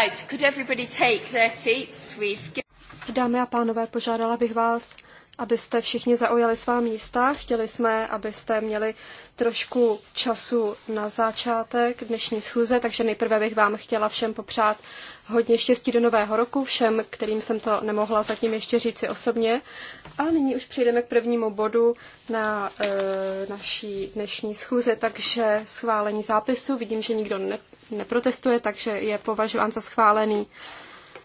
Right, could everybody take their seats? We've... Dámy a pánové, požádala bych vás, abyste všichni zaujali svá místa. Chtěli jsme, abyste měli trošku času na začátek dnešní schůze, takže nejprve bych vám chtěla všem popřát hodně štěstí do nového roku, všem, kterým jsem to nemohla zatím ještě říci osobně. A nyní už přejdeme k prvnímu bodu na e, naší dnešní schůze, takže schválení zápisu. Vidím, že nikdo ne, neprotestuje, takže je považován za schválený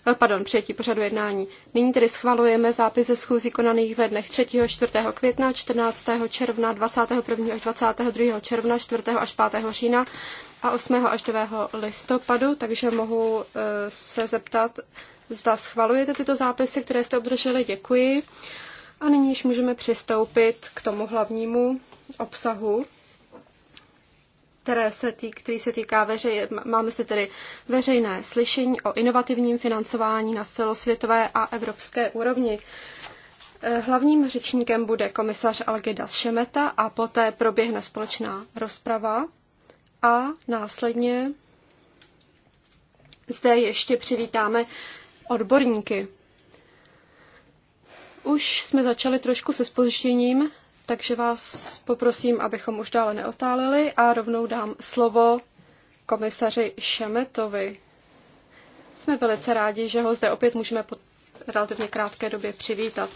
eh, pardon, přijetí pořadu jednání. Nyní tedy schvalujeme zápis ze schůzí konaných ve dnech 3. 4. května, 14. června, 21. až 22. června, 4. až 5. října a 8. až 9. listopadu, takže mohu eh, se zeptat, zda schvalujete tyto zápisy, které jste obdrželi. Děkuji. A nyní již můžeme přistoupit k tomu hlavnímu obsahu které se tý, který se týká veřej, máme se tedy veřejné slyšení o inovativním financování na celosvětové a evropské úrovni. Eh, hlavním řečníkem bude komisař Algeda Šemeta a poté proběhne společná rozprava a následně zde ještě přivítáme odborníky. Už jsme začali trošku se spožděním, takže vás poprosím, abychom už dále neotáleli a rovnou dám slovo komisaři Šemetovi. Jsme velice rádi, že ho zde opět můžeme po relativně krátké době přivítat.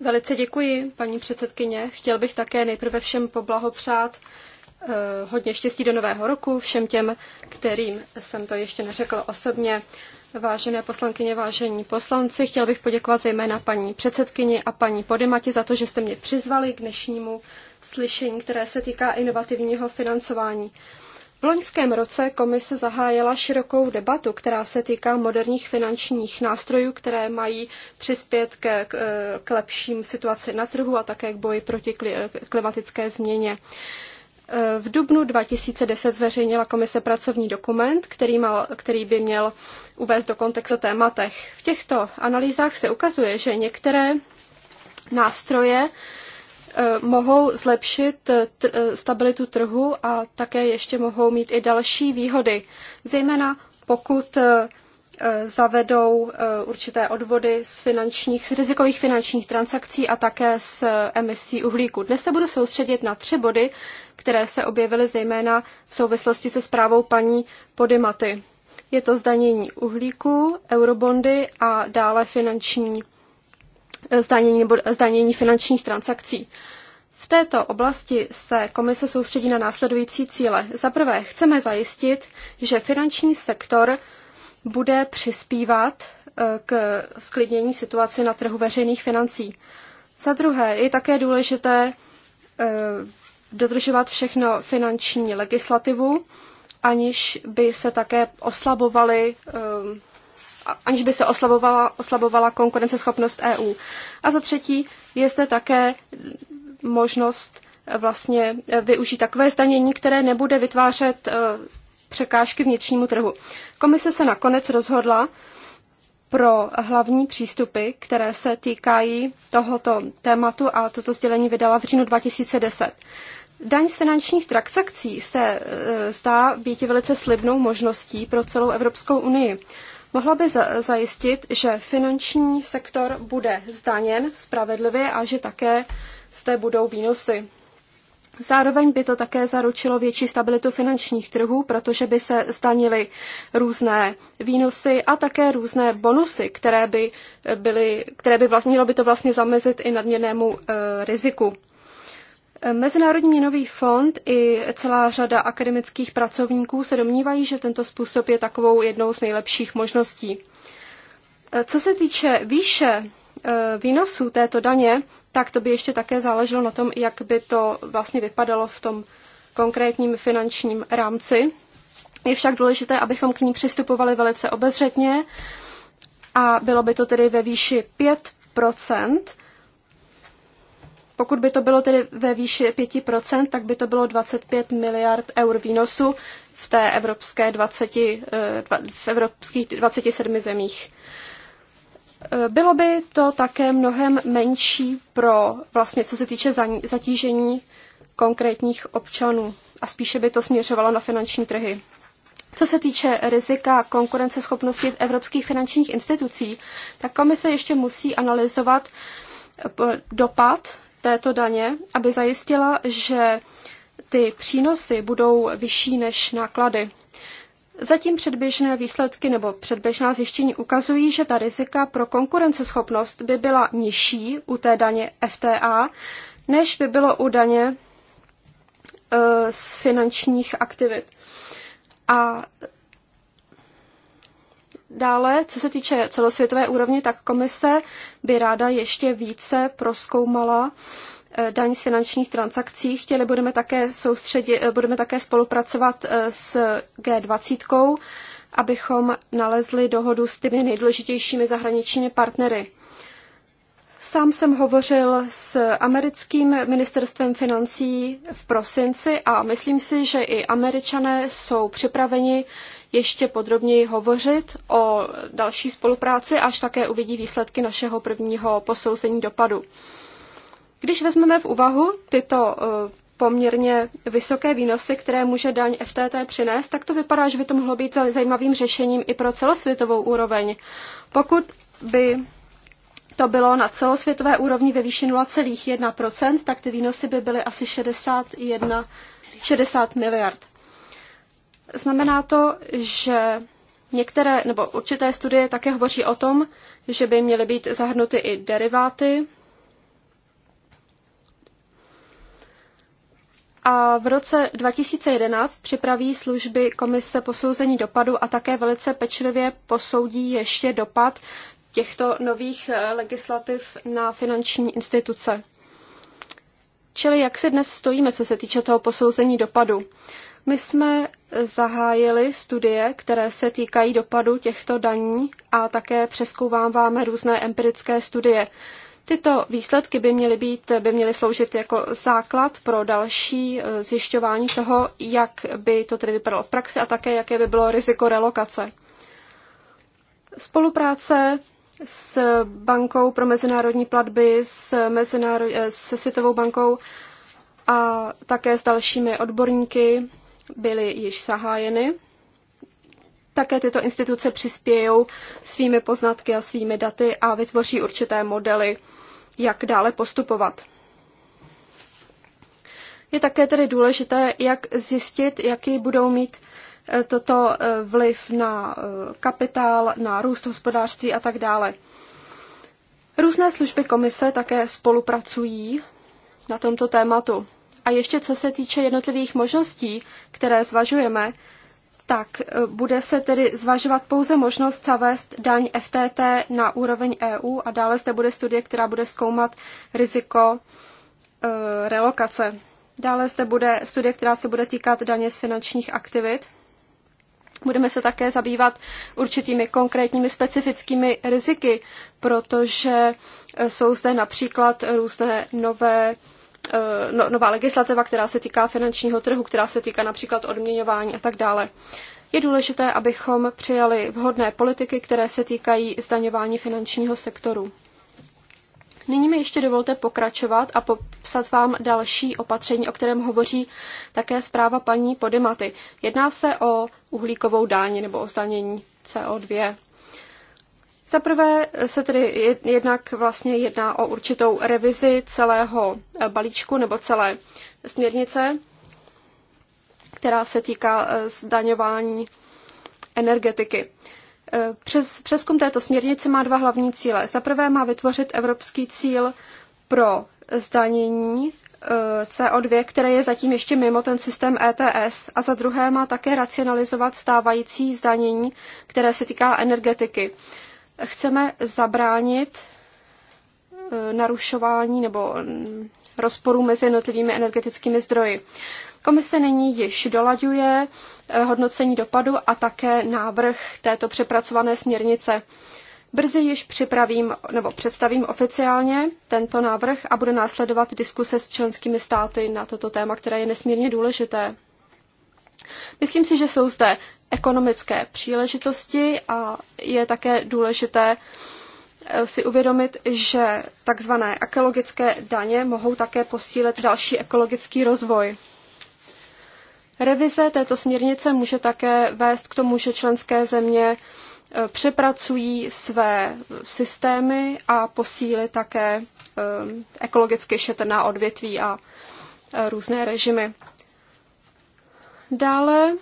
Velice děkuji, paní předsedkyně. Chtěl bych také nejprve všem poblahopřát eh, hodně štěstí do nového roku všem těm, kterým jsem to ještě neřekla osobně. Vážené poslankyně, vážení poslanci, chtěl bych poděkovat zejména paní předsedkyni a paní Podimati za to, že jste mě přizvali k dnešnímu slyšení, které se týká inovativního financování. V loňském roce komise zahájila širokou debatu, která se týká moderních finančních nástrojů, které mají přispět k, k, k lepším situaci na trhu a také k boji proti klimatické změně. Eh, v dubnu 2010 zveřejnila komise pracovní dokument, který, mal, který by měl uvést do kontextu tématech. V těchto analýzách se ukazuje, že některé nástroje eh, mohou zlepšit eh, stabilitu trhu a také ještě mohou mít i další výhody, zejména pokud Eh, zavedou eh, určité odvody z, finančních, z rizikových finančních transakcí a také z eh, emisí uhlíku. Dnes se budu soustředit na tři body, které se objevily zejména v souvislosti se zprávou paní Podimaty. Je to zdanění uhlíku, eurobondy a dále finanční zdanění, nebo zdanění finančních transakcí. V této oblasti se komise soustředí na následující cíle. Za prvé, chceme zajistit, že finanční sektor bude přispívat eh, k sklidnění situace na trhu veřejných financí. Za druhé je také důležité eh, dodržovat všechno finanční legislativu, aniž by se také oslabovaly eh, aniž by se oslabovala, oslabovala konkurenceschopnost EU. A za třetí je zde také možnost vlastně využít takové zdanění, které nebude vytvářet překážky vnitřnímu trhu. Komise se nakonec rozhodla pro hlavní přístupy, které se týkají tohoto tématu a toto sdělení vydala v říjnu 2010. Daň z finančních transakcí se e, zdá být velice slibnou možností pro celou Evropskou unii. Mohla by za- zajistit, že finanční sektor bude zdaněn spravedlivě a že také zde budou výnosy. Zároveň by to také zaručilo větší stabilitu finančních trhů, protože by se zdanily různé výnosy a také různé bonusy, které by, byly, které by vlastně, mělo by to vlastně zamezit i nadměrnému e, riziku. Mezinárodní měnový fond i celá řada akademických pracovníků se domnívají, že tento způsob je takovou jednou z nejlepších možností. Eh, co se týče výše eh, výnosů této daně, tak to by ještě také záleželo na tom, jak by to vlastně vypadalo v tom konkrétním finančním rámci. Je však důležité, abychom k ní přistupovali velice obezřetně a bylo by to tedy ve výši 5 pokud by to bylo tedy ve výši 5%, tak by to bylo 25 miliard eur výnosu v té evropské 20, eh, v evropských 27 zemích. Eh, bylo by to také mnohem menší pro vlastně, co se týče zatížení konkrétních občanů a spíše by to směřovalo na finanční trhy. Co se týče rizika konkurenceschopnosti evropských finančních institucí, tak komise ještě musí analyzovat eh, dopad této daně, aby zajistila, že ty přínosy budou vyšší než náklady. Zatím předběžné výsledky nebo předběžná zjištění ukazují, že ta rizika pro konkurenceschopnost by byla nižší u té daně FTA, než by bylo u daně e, z finančních aktivit. A dále, co se týče celosvětové úrovně, tak komise by ráda ještě více proskoumala Eh, daň z finančních transakcí. Chtěli budeme také, soustředit, eh, budeme také spolupracovat eh, s G20, abychom nalezli dohodu s těmi nejdůležitějšími zahraničními partnery. Sám jsem hovořil s americkým ministerstvem financí v prosinci a myslím si, že i američané jsou připraveni ještě podrobněji hovořit o další spolupráci, až také uvidí výsledky našeho prvního posouzení dopadu. Když vezmeme v úvahu tyto eh, poměrně vysoké výnosy, které může daň FTT přinést, tak to vypadá, že by to mohlo být zajímavým řešením i pro celosvětovou úroveň. Pokud by to bylo na celosvětové úrovni ve výši 0,1%, tak ty výnosy by byly asi 61, 60 miliard. Znamená to, že některé nebo určité studie také hovoří o tom, že by měly být zahrnuty i deriváty, a v roce 2011 připraví služby Komise posouzení dopadu a také velice pečlivě posoudí ještě dopad těchto nových eh, legislativ na finanční instituce. Čili jak se dnes stojíme, co se týče toho posouzení dopadu? My jsme zahájili studie, které se týkají dopadu těchto daní a také přeskouváváme různé empirické studie. Tyto výsledky by měly, být, by měly sloužit jako základ pro další eh, zjišťování toho, jak by to tedy vypadalo v praxi a také, jaké by bylo riziko relokace. Spolupráce s Bankou pro mezinárodní platby, s mezinárod... Eh, se Světovou bankou a také s dalšími odborníky byly již zahájeny. Také tyto instituce přispějou svými poznatky a svými daty a vytvoří určité modely jak dále postupovat. Je také tedy důležité, jak zjistit, jaký budou mít eh, toto eh, vliv na eh, kapitál, na růst hospodářství a tak dále. Různé služby komise také spolupracují na tomto tématu. A ještě co se týče jednotlivých možností, které zvažujeme, tak eh, bude se tedy zvažovat pouze možnost zavést daň FTT na úroveň EU a dále zde bude studie, která bude zkoumat riziko e, relokace. Dále zde bude studie, která se bude týkat daně z finančních aktivit. Budeme se také zabývat určitými konkrétními specifickými riziky, protože eh, jsou zde například různé nové Eh, no, nová legislativa, která se týká finančního trhu, která se týká například odměňování a tak dále. Je důležité, abychom přijali vhodné politiky, které se týkají zdaňování finančního sektoru. Nyní mi ještě dovolte pokračovat a popsat vám další opatření, o kterém hovoří také zpráva paní Podimaty. Jedná se o uhlíkovou dáně nebo o zdanění CO2. Za prvé se tedy jednak vlastně jedná o určitou revizi celého eh, balíčku nebo celé směrnice, která se týká eh, zdaňování energetiky. Eh, přes, přeskum této směrnice má dva hlavní cíle. Za prvé má vytvořit evropský cíl pro zdanění CO2, které je zatím ještě mimo ten systém ETS, a za druhé má také racionalizovat stávající zdanění, které se týká energetiky. Chceme zabránit e, narušování nebo mm, rozporu mezi jednotlivými energetickými zdroji. Komise nyní již dolaďuje e, hodnocení dopadu a také návrh této přepracované směrnice. Brzy již připravím nebo představím oficiálně tento návrh a bude následovat diskuse s členskými státy na toto téma, které je nesmírně důležité. Myslím si, že jsou zde ekonomické příležitosti a je také důležité eh, si uvědomit, že takzvané ekologické daně mohou také posílit další ekologický rozvoj. Revize této směrnice může také vést k tomu, že členské země eh, přepracují své systémy a posílí také eh, ekologicky šetrná odvětví a různé režimy. Dále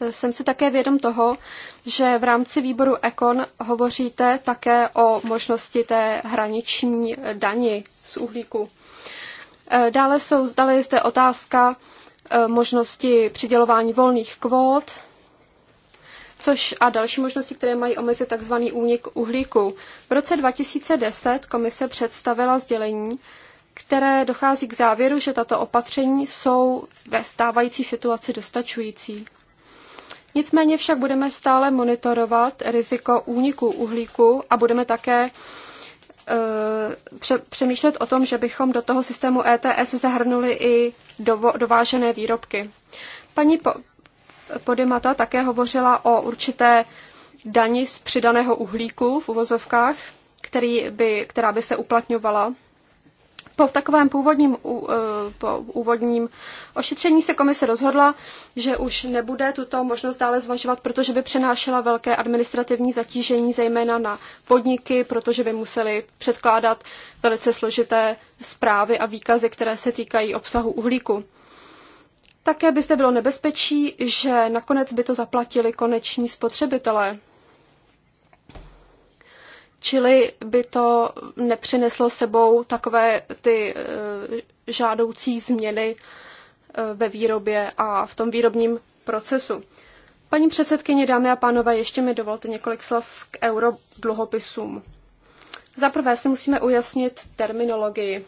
eh, jsem si také vědom toho, že v rámci výboru Econ hovoříte také o možnosti té hraniční dani z uhlíku. Eh, dále jsou zdali zde otázka eh, možnosti přidělování volných kvót, což a další možnosti, které mají omezit tzv. únik uhlíku. V roce 2010 komise představila sdělení, které dochází k závěru, že tato opatření jsou ve stávající situaci dostačující. Nicméně však budeme stále monitorovat riziko úniku uhlíku a budeme také e, přemýšlet o tom, že bychom do toho systému ETS zahrnuli i dovážené výrobky. Paní Podimata také hovořila o určité dani z přidaného uhlíku v uvozovkách, který by, která by se uplatňovala po takovém původním, eh, po úvodním ošetření se komise rozhodla, že už nebude tuto možnost dále zvažovat, protože by přenášela velké administrativní zatížení, zejména na podniky, protože by museli předkládat velice složité zprávy a výkazy, které se týkají obsahu uhlíku. Také by zde bylo nebezpečí, že nakonec by to zaplatili koneční spotřebitelé čili by to nepřineslo sebou takové ty eh, žádoucí změny eh, ve výrobě a v tom výrobním procesu. Paní předsedkyně, dámy a pánové, ještě mi dovolte několik slov k eurodluhopisům. Za prvé si musíme ujasnit terminologii.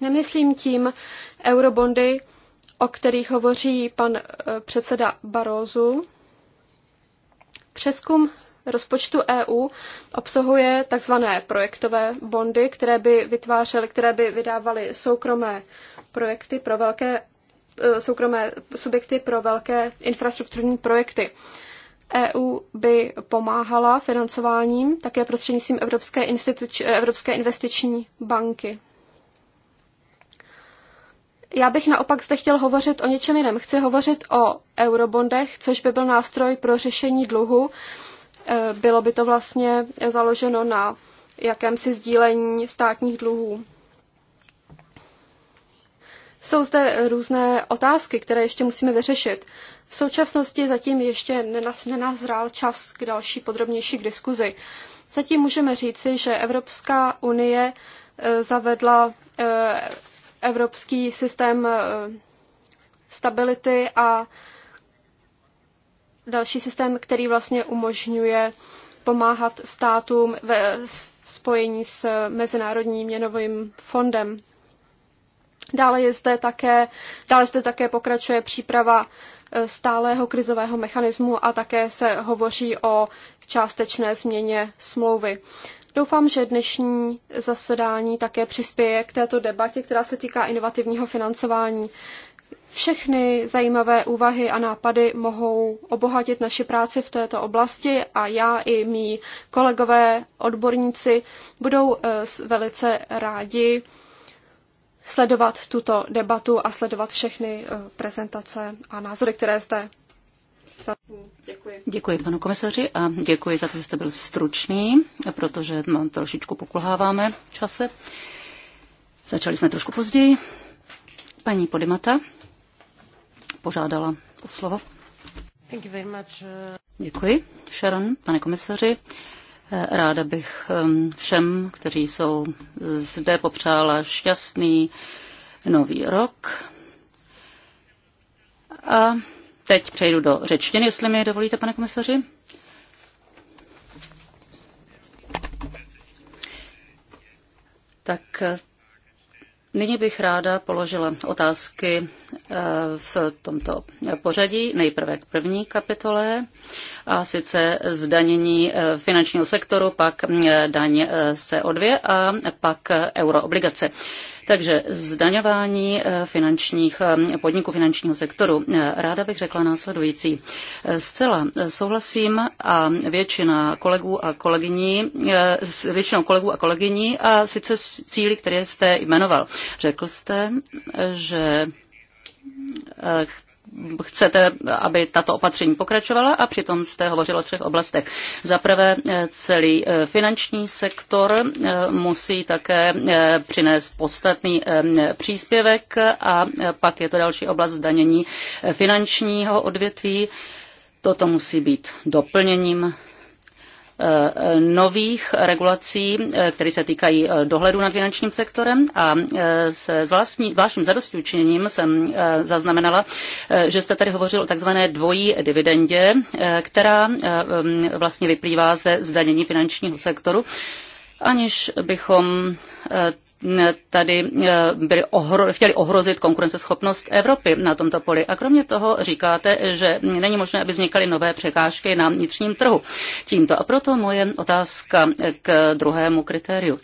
Nemyslím tím eurobondy, o kterých hovoří pan eh, předseda Barozu. Přeskum rozpočtu EU obsahuje takzvané projektové bondy, které by vytvářely, které by vydávaly soukromé projekty pro velké eh, soukromé subjekty pro velké infrastrukturní projekty. EU by pomáhala financováním také prostřednictvím Evropské, eh, Evropské investiční banky. Já bych naopak zde chtěl hovořit o něčem jiném. Chci hovořit o eurobondech, což by byl nástroj pro řešení dluhu, Eh, bylo by to vlastně založeno na jakémsi sdílení státních dluhů. Jsou zde různé otázky, které ještě musíme vyřešit. V současnosti zatím ještě nenazrál čas k další podrobnější k diskuzi. Zatím můžeme říci, že Evropská unie eh, zavedla eh, evropský systém stability a další systém, který vlastně umožňuje pomáhat státům ve spojení s Mezinárodním měnovým fondem. Dále, je zde také, dále zde také pokračuje příprava eh, stálého krizového mechanismu a také se hovoří o částečné změně smlouvy. Doufám, že dnešní zasedání také přispěje k této debatě, která se týká inovativního financování. Všechny zajímavé úvahy a nápady mohou obohatit naši práci v této oblasti a já i mý kolegové odborníci budou eh, velice rádi sledovat tuto debatu a sledovat všechny eh, prezentace a názory, které zde Děkuji. Děkuji panu komisaři a děkuji za to, že jste byl stručný, protože trošičku pokulháváme čase. Začali jsme trošku později. Paní Podimata požádala o slovo. Uh, Děkuji, Sharon, pane komisaři. Ráda bych um, všem, kteří jsou zde, popřála šťastný nový rok. A teď přejdu do řečtiny, jestli mi dovolíte, pane komisaři. Tak Nyní bych ráda položila otázky eh, v tomto pořadí. Nejprve k první kapitole, a sice zdanění eh, finančního sektoru, pak eh, daň CO2 a pak euroobligace. Takže zdaňování eh, finančních eh, podniků finančního sektoru. Eh, ráda bych řekla následující. Zcela souhlasím a většina kolegů a kolegyní, s většinou kolegů a kolegyní a sice s cíly, které jste jmenoval. Řekl jste, že chcete, aby tato opatření pokračovala a přitom jste hovořil o třech oblastech. Za prvé eh, celý eh, finanční sektor eh, musí také přinést podstatný příspěvek a pak je to další oblast zdanění finančního odvětví. Toto musí být doplněním Eh, nových regulací, eh, které se týkají eh, dohledu nad finančním sektorem a s zvláštní, zvláštním zadostiučiněním jsem zaznamenala, že jste tady hovořil o takzvané dvojí dividendě, která mm, vlastně vyplývá ze zdanění finančního sektoru aniž bychom tady eh, byli ohro, chtěli ohrozit konkurenceschopnost Evropy na tomto poli. A kromě toho říkáte, že není možné, aby vznikaly nové překážky na vnitřním trhu tímto. A proto moje otázka k druhému kritériu.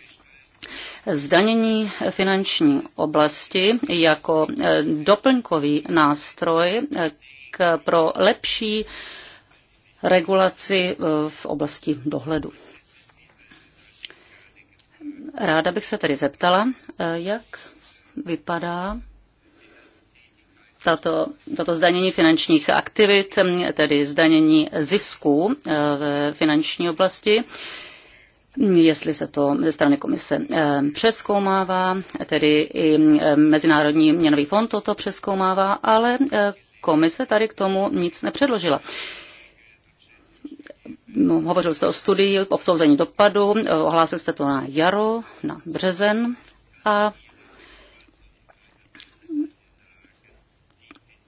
Zdanění finanční oblasti jako eh, doplňkový nástroj eh, k pro lepší regulaci v oblasti dohledu. Ráda bych se tedy zeptala, eh, jak vypadá tato, tato zdanění finančních aktivit, mm, tedy zdanění zisků eh, v finanční oblasti, mm, jestli se to ze strany komise eh, přeskoumává, tedy i mm, Mezinárodní měnový fond toto přeskoumává, ale komise tady k tomu nic nepředložila. No, hovořil jste o studii, o vzouzení dopadu, ohlásil jste to na jaro, na březen a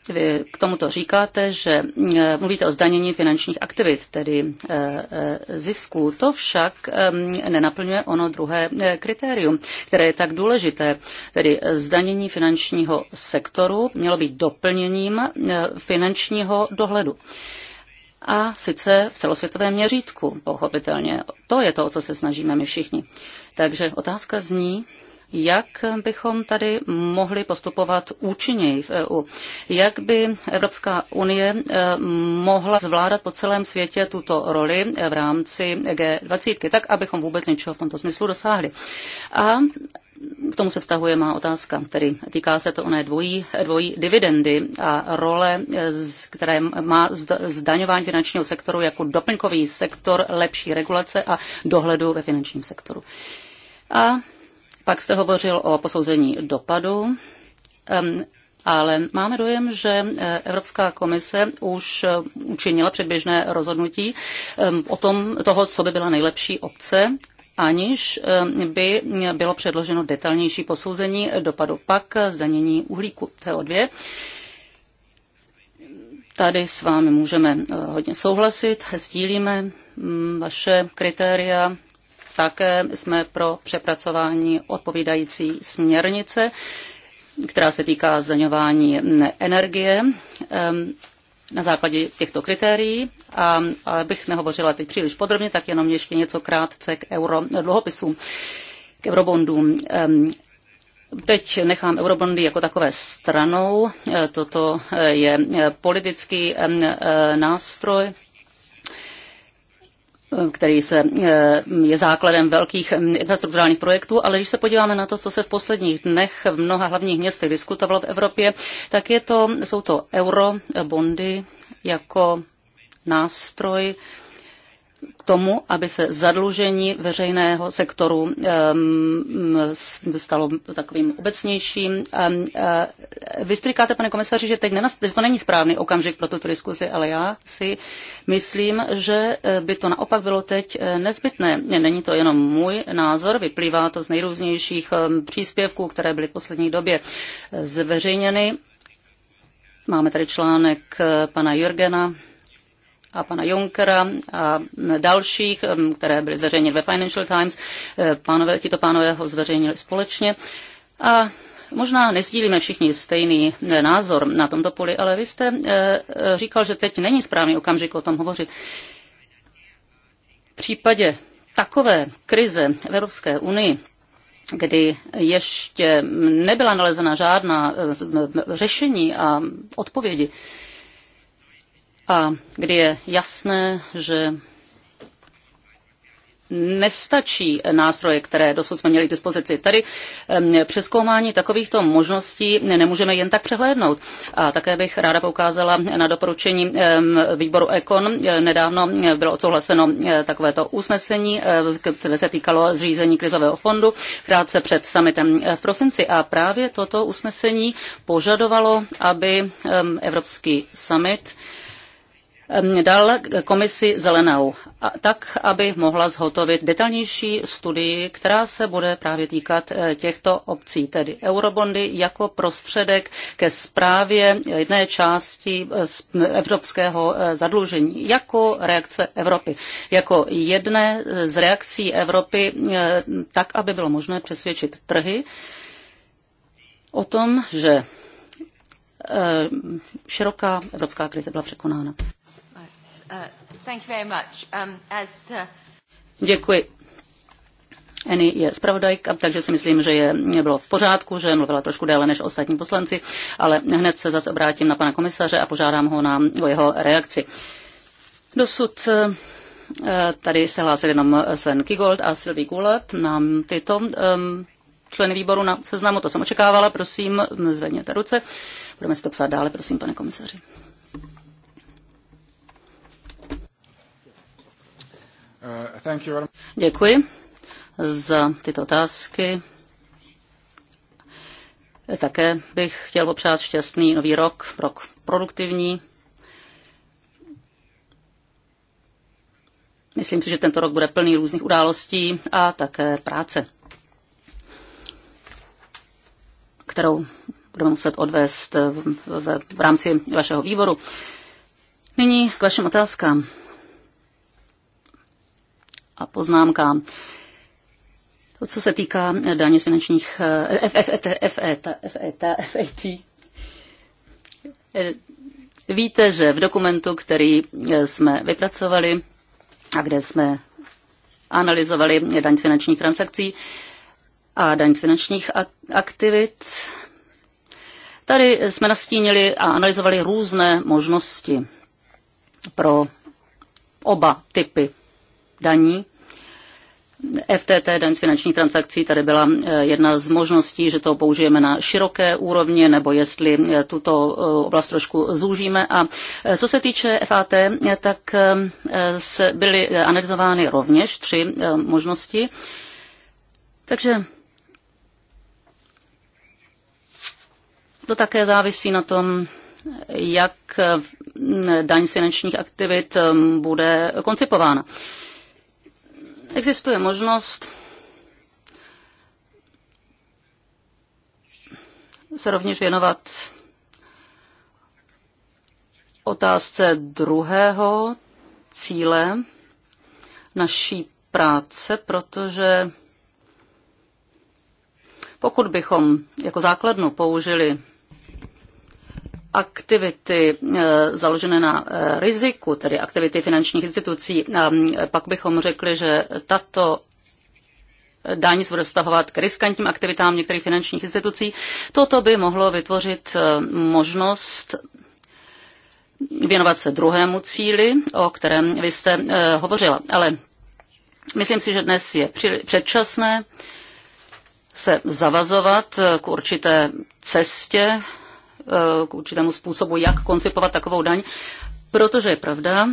Vy k tomuto říkáte, že eh, mluvíte o zdanění finančních aktivit, tedy eh, eh, zisků. To však ehm, nenaplňuje ono druhé kritérium, které je tak důležité, tedy zdanění finančního sektoru mělo být doplněním finančního dohledu a sice v celosvětovém měřítku, pochopitelně. To je to, o co se snažíme my všichni. Takže otázka zní, jak bychom tady mohli postupovat účinněji v EU. Jak by Evropská unie e, mohla zvládat po celém světě tuto roli e, v rámci G20, tak abychom vůbec něčeho v tomto smyslu dosáhli. A k tomu se vztahuje má otázka, tedy týká se to oné dvojí, dvojí dividendy a role, eh, které má zdaňování finančního sektoru jako doplňkový sektor lepší regulace a dohledu ve finančním sektoru. A pak jste hovořil o posouzení dopadu ehm, ale máme dojem, že eh, Evropská komise už eh, učinila předběžné rozhodnutí ehm, o tom toho, co by byla nejlepší obce aniž eh, by bylo předloženo detailnější posouzení dopadu pak zdanění uhlíku CO2. Tady s vámi můžeme eh, hodně souhlasit, sdílíme mm, vaše kritéria, také jsme pro přepracování odpovídající směrnice, která se týká zdaňování energie. Ehm, na základě těchto kritérií. A abych nehovořila teď příliš podrobně, tak jenom ještě něco krátce k euro dluhopisům, k eurobondům. Teď nechám eurobondy jako takové stranou. E, toto e, je e, politický nástroj, který se, eh, je základem velkých mm, infrastrukturálních projektů, ale když se podíváme na to, co se v posledních dnech v mnoha hlavních městech diskutovalo v Evropě, tak je to, jsou to eurobondy eh, jako nástroj, tomu, aby se zadlužení veřejného sektoru stalo takovým obecnějším. uh, eh, říkáte, pane komisaři, že teď nenast- že to není správný okamžik pro tuto diskuzi, ale já si myslím, že eh, by to naopak bylo teď eh, nezbytné. Není to jenom můj názor, vyplývá to z nejrůznějších příspěvků, které byly v poslední době zveřejněny. Máme tady článek pana Jurgena a pana Junckera a dalších, které byly zveřejněny ve Financial Times. E, pánové, tito pánové ho zveřejnili společně. A Možná nezdílíme všichni stejný e, názor na tomto poli, ale vy jste e, říkal, že teď není správný okamžik o tom hovořit. V případě takové krize v Evropské unii, kdy ještě nebyla nalezena žádná řešení a odpovědi, a kdy je jasné, že nestačí nástroje, které dosud jsme měli k dispozici. Tady přeskoumání takovýchto možností nemůžeme jen tak přehlédnout. A také bych ráda poukázala na doporučení výboru Ekon. Nedávno bylo odsouhlaseno e, takovéto usnesení, e, které se týkalo zřízení krizového fondu krátce před summitem v prosinci. A právě toto usnesení požadovalo, aby Evropský summit dal komisi zelenou, tak, aby mohla zhotovit detailnější studii, která se bude právě týkat eh, těchto obcí, tedy eurobondy jako prostředek ke zprávě jedné části eh, evropského eh, zadlužení, jako reakce Evropy, jako jedné z reakcí Evropy, tak, aby bylo možné přesvědčit trhy o tom, že široká evropská krize byla překonána. Uh, um, uh, Děkuji. Eny je zpravodajka, takže si myslím, že je, bylo v pořádku, že mluvila trošku déle než ostatní poslanci, ale hned se zase obrátím na pana komisaře a požádám ho na, o jeho reakci. Dosud eh, tady se hlásil jenom Sven Kigold a Sylvie Gulat na tyto ehm, členy výboru na seznamu, to jsem očekávala, prosím, zvedněte ruce. Budeme si to psát dále, prosím, pane komisaři. Uh, Děkuji za tyto otázky. Také bych chtěl popřát šťastný nový rok, rok produktivní. Myslím si, že tento rok bude plný různých událostí a také práce, kterou budeme muset odvést v, v, v rámci vašeho výboru. Nyní k vašim otázkám a poznámkám. To, co se týká daně z finančních eh, FET, e e e eh, víte, že v dokumentu, který eh, jsme vypracovali a kde jsme analyzovali daň z finančních transakcí a daň z finančních aktivit, tady jsme nastínili a analyzovali různé možnosti pro oba typy daní. FTT, daň z finančních transakcí, tady byla eh, jedna z možností, že to použijeme na široké úrovně, nebo jestli eh, tuto eh, oblast trošku zúžíme. A co se týče FAT, tak se byly analyzovány rovněž tři možnosti. Takže to také závisí na tom, jak daň z finančních aktivit bude koncipována. Existuje možnost se rovněž věnovat otázce druhého cíle naší práce, protože pokud bychom jako základnu použili aktivity eh, založené na eh, riziku, tedy aktivity finančních institucí, mm, pak bychom řekli, že tato daň se bude vztahovat k riskantním aktivitám některých finančních institucí. Toto by mohlo vytvořit eh, možnost věnovat se druhému cíli, o kterém vy jste hovořila. Ale myslím si, že dnes je předčasné se zavazovat k určité cestě k určitému způsobu, jak koncipovat takovou daň, Protože je pravda,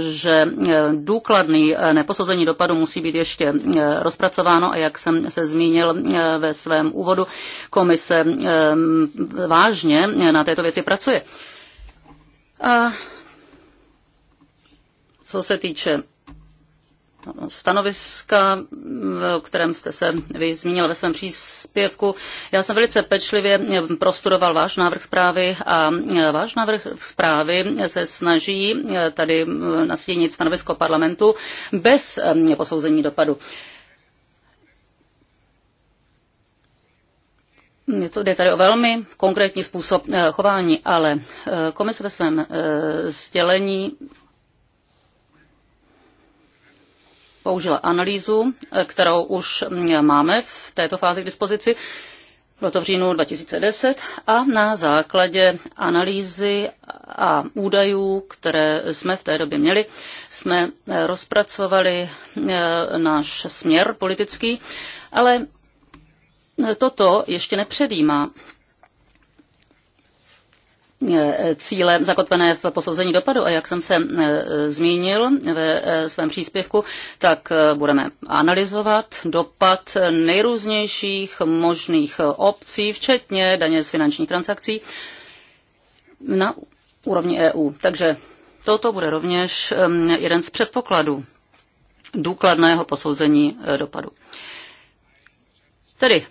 že eh, důkladný eh, neposouzení dopadu musí být ještě eh, rozpracováno a jak jsem se zmínil ve svém úvodu, komise vážně na této věci pracuje. A co se týče stanoviska, o kterém jste se vy zmínil ve svém příspěvku. Já jsem velice pečlivě prostudoval váš návrh zprávy a e, váš návrh zprávy se snaží e, tady nastínit stanovisko parlamentu bez e, posouzení dopadu. to jde tady o velmi konkrétní způsob chování, ale komise ve svém sdělení použila analýzu, eh, kterou už mm, máme v této fázi k dispozici. Bylo to v říjnu 2010 a na základě analýzy a údajů, které jsme v té době měli, jsme eh, rozpracovali eh, náš směr politický, ale toto ještě nepředjímá E, cíle zakotvené v posouzení dopadu. A jak jsem se e, zmínil ve e, svém příspěvku, tak budeme analyzovat dopad nejrůznějších možných obcí, včetně daně z finančních transakcí na úrovni EU. Takže toto bude rovněž jeden z předpokladů důkladného posouzení dopadu. Tedy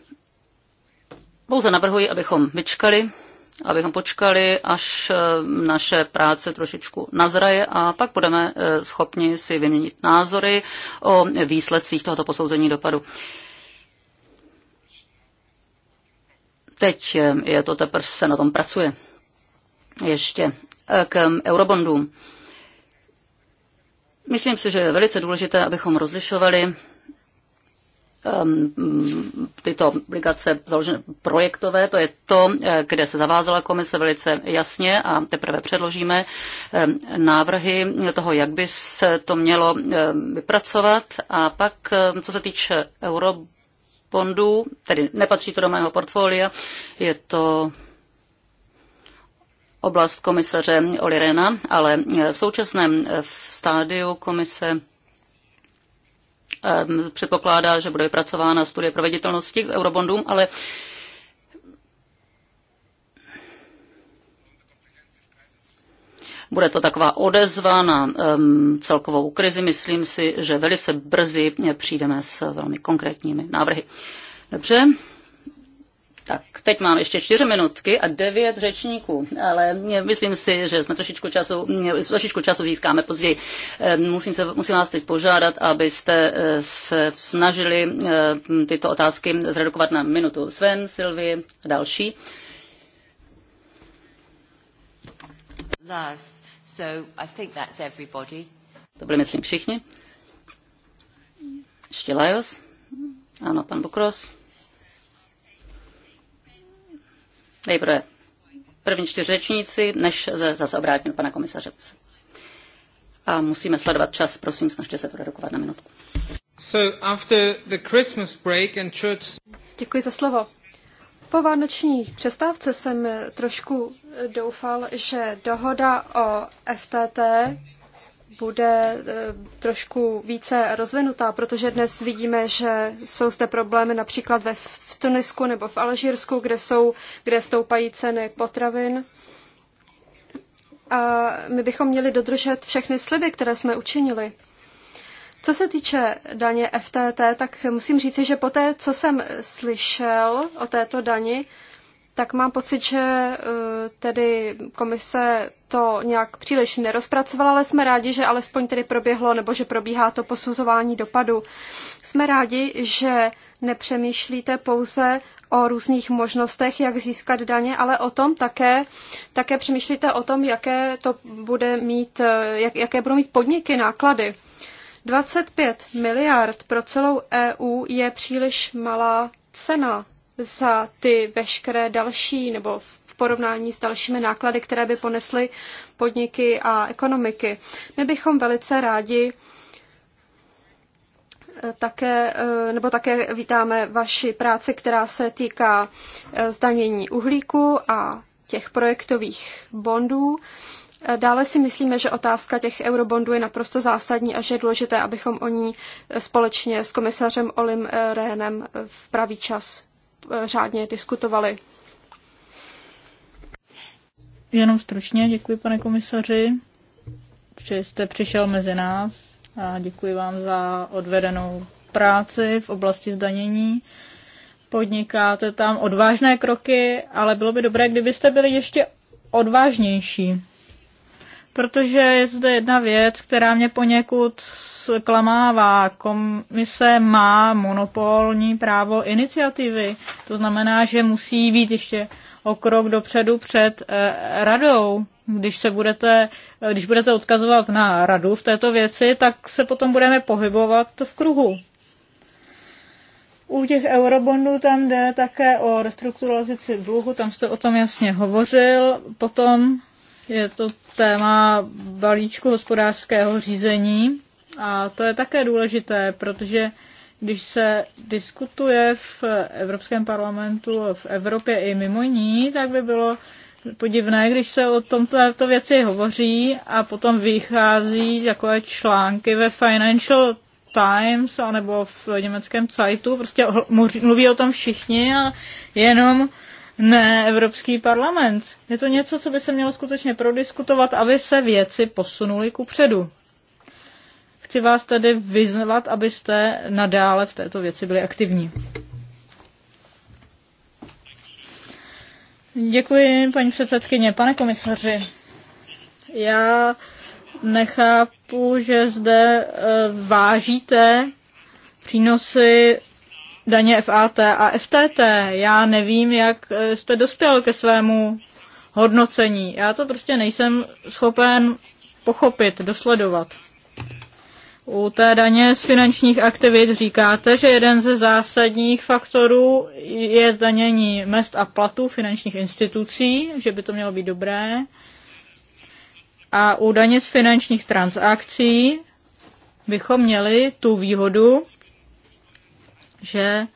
pouze navrhuji, abychom vyčkali abychom počkali, až eh, naše práce trošičku nazraje a pak budeme eh, schopni si vyměnit názory o výsledcích tohoto posouzení dopadu. Teď eh, je to teprve se na tom pracuje. Ještě k eurobondům. Myslím si, že je velice důležité, abychom rozlišovali Ehm, tyto obligace založené projektové, to je to, eh, kde se zavázala komise velice jasně a teprve předložíme ehm, návrhy toho, jak by se to mělo ehm, vypracovat. A pak, co se týče eurobondů, tedy nepatří to do mého portfolia, je to oblast komisaře Olirena, ale v současném eh, stádiu komise Ehm, předpokládá, že bude vypracována studie proveditelnosti k eurobondům, ale Bude to taková odezva na um, celkovou krizi. Myslím si, že velice brzy přijdeme s velmi konkrétními návrhy. Dobře, tak teď mám ještě čtyři minutky a devět řečníků, ale myslím si, že jsme trošičku času, trošičku času získáme později. Musím, se, musím vás teď požádat, abyste eh, se snažili eh, tyto otázky zredukovat na minutu. Sven, Silvi a další. Loves. So I think that's everybody. To byli, myslím, všichni. Ještě Lajos. Ano, pan Bukros. Nejprve první čtyři řečníci, než zase obrátím pana komisaře. A musíme sledovat čas, prosím, snažte se to redukovat na minutku. So after the Christmas break and church... Děkuji za slovo. Po vánoční přestávce jsem trošku doufal, že dohoda o FTT bude e, trošku více rozvinutá, protože dnes vidíme, že jsou zde problémy například ve v Tunisku nebo v Alžírsku, kde, jsou, kde stoupají ceny potravin. A my bychom měli dodržet všechny sliby, které jsme učinili. Co se týče daně FTT, tak musím říci, že po té, co jsem slyšel o této dani, tak mám pocit, že eh, tedy komise to nějak příliš nerozpracovala, ale jsme rádi, že alespoň tedy proběhlo, nebo že probíhá to posuzování dopadu. Jsme rádi, že nepřemýšlíte pouze o různých možnostech, jak získat daně, ale o tom také, také přemýšlíte o tom, jaké to bude mít, eh, jak, jaké budou mít podniky, náklady. 25 miliard pro celou EU je příliš malá cena za ty veškeré další nebo v porovnání s dalšími náklady, které by ponesly podniky a ekonomiky. My bychom velice rádi eh, také, eh, nebo také vítáme vaši práci, která se týká eh, zdanění uhlíku a těch projektových bondů. Dále si myslíme, že otázka těch eurobondů je naprosto zásadní a že je důležité, abychom o ní společně s komisařem Olim Rehnem v pravý čas Eh, řádně diskutovali. Jenom stručně děkuji, pane komisaři, že jste přišel mezi nás a děkuji vám za odvedenou práci v oblasti zdanění. Podnikáte tam odvážné kroky, ale bylo by dobré, kdybyste byli ještě odvážnější protože je zde jedna věc, která mě poněkud zklamává. Komise má monopolní právo iniciativy, to znamená, že musí být ještě o krok dopředu před eh, radou. Když, se budete, eh, když budete odkazovat na radu v této věci, tak se potom budeme pohybovat v kruhu. U těch eurobondů tam jde také o restrukturalizaci dluhu, tam jste o tom jasně hovořil. Potom je to téma balíčku hospodářského řízení a to je také důležité, protože když se diskutuje v Evropském parlamentu, v Evropě i mimo ní, tak by bylo podivné, když se o tomto věci hovoří a potom vychází takové články ve Financial Times nebo v německém Zeitu, prostě mluví o tom všichni a jenom ne Evropský parlament. Je to něco, co by se mělo skutečně prodiskutovat, aby se věci posunuly ku předu. Chci vás tedy vyzvat, abyste nadále v této věci byli aktivní. Děkuji, paní předsedkyně. Pane komisaři, já nechápu, že zde eh, vážíte přínosy daně FAT a FTT. Já nevím, jak eh, jste dospěl ke svému hodnocení. Já to prostě nejsem schopen pochopit, dosledovat. U té daně z finančních aktivit říkáte, že jeden ze zásadních faktorů je zdanění mest a platů finančních institucí, že by to mělo být dobré. A u daně z finančních transakcí bychom měli tu výhodu, že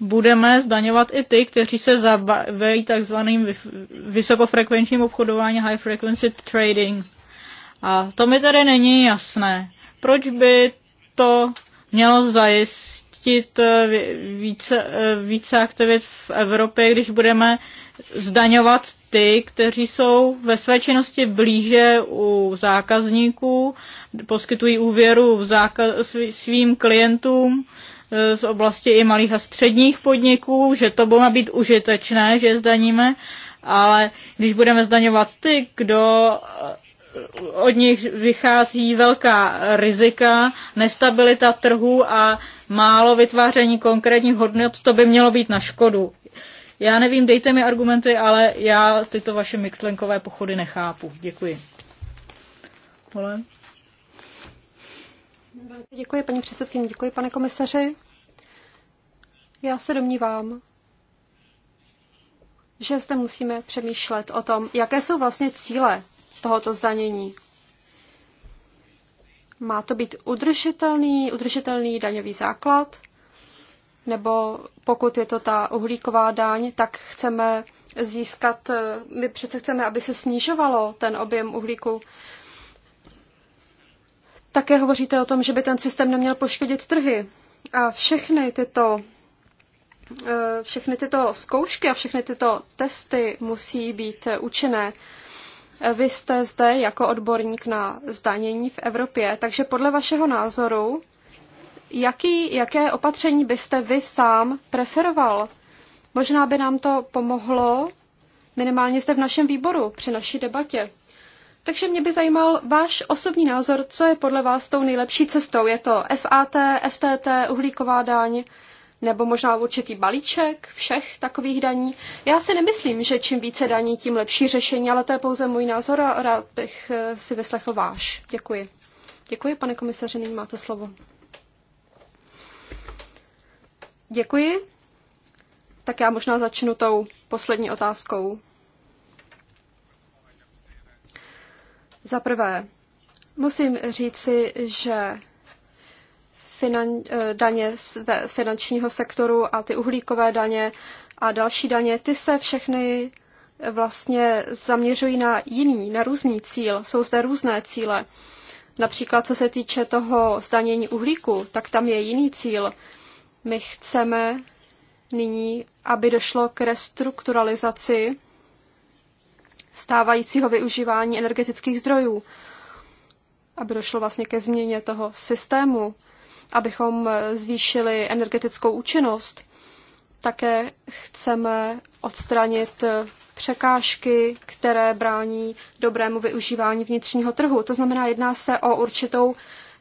budeme zdaňovat i ty, kteří se zabývají takzvaným vysokofrekvenčním obchodováním high frequency trading. A to mi tedy není jasné. Proč by to mělo zajistit eh, více, eh, více aktivit v Evropě, když budeme zdaňovat ty, kteří jsou ve své činnosti blíže u zákazníků, poskytují úvěru v zákaz, svým klientům, Eh, z oblasti i malých a středních podniků, že to bude být užitečné, že je zdaníme, ale když budeme zdaňovat ty, kdo eh, od nich vychází velká rizika, nestabilita trhu a málo vytváření konkrétních hodnot, to by mělo být na škodu. Já nevím, dejte mi argumenty, ale já tyto vaše myklenkové pochody nechápu. Děkuji. Hola. Děkuji, paní předsedkyně, děkuji, pane komisaři. Já se domnívám, že zde musíme přemýšlet o tom, jaké jsou vlastně cíle tohoto zdanění. Má to být udržitelný, udržitelný daňový základ, nebo pokud je to ta uhlíková daň, tak chceme získat, my přece chceme, aby se snižovalo ten objem uhlíku. Také hovoříte o tom, že by ten systém neměl poškodit trhy. A všechny tyto, eh, všechny tyto zkoušky a všechny tyto testy musí být učené. Vy jste zde jako odborník na zdanění v Evropě, takže podle vašeho názoru, jaký, jaké opatření byste vy sám preferoval? Možná by nám to pomohlo minimálně zde v našem výboru při naší debatě. Takže mě by zajímal váš osobní názor, co je podle vás tou nejlepší cestou. Je to FAT, FTT, uhlíková daň, nebo možná určitý balíček všech takových daní. Já si nemyslím, že čím více daní, tím lepší řešení, ale to je pouze můj názor a rád bych eh, si vyslechl váš. Děkuji. Děkuji, pane komisaři, nyní máte slovo. Děkuji. Tak já možná začnu tou poslední otázkou. Za prvé, musím říci, že finan, eh, daně z finančního sektoru a ty uhlíkové daně a další daně, ty se všechny vlastně zaměřují na jiný, na různý cíl. Jsou zde různé cíle. Například co se týče toho zdanění uhlíku, tak tam je jiný cíl. My chceme nyní, aby došlo k restrukturalizaci stávajícího využívání energetických zdrojů, aby došlo vlastně ke změně toho systému, abychom zvýšili energetickou účinnost. Také chceme odstranit překážky, které brání dobrému využívání vnitřního trhu. To znamená, jedná se o určitou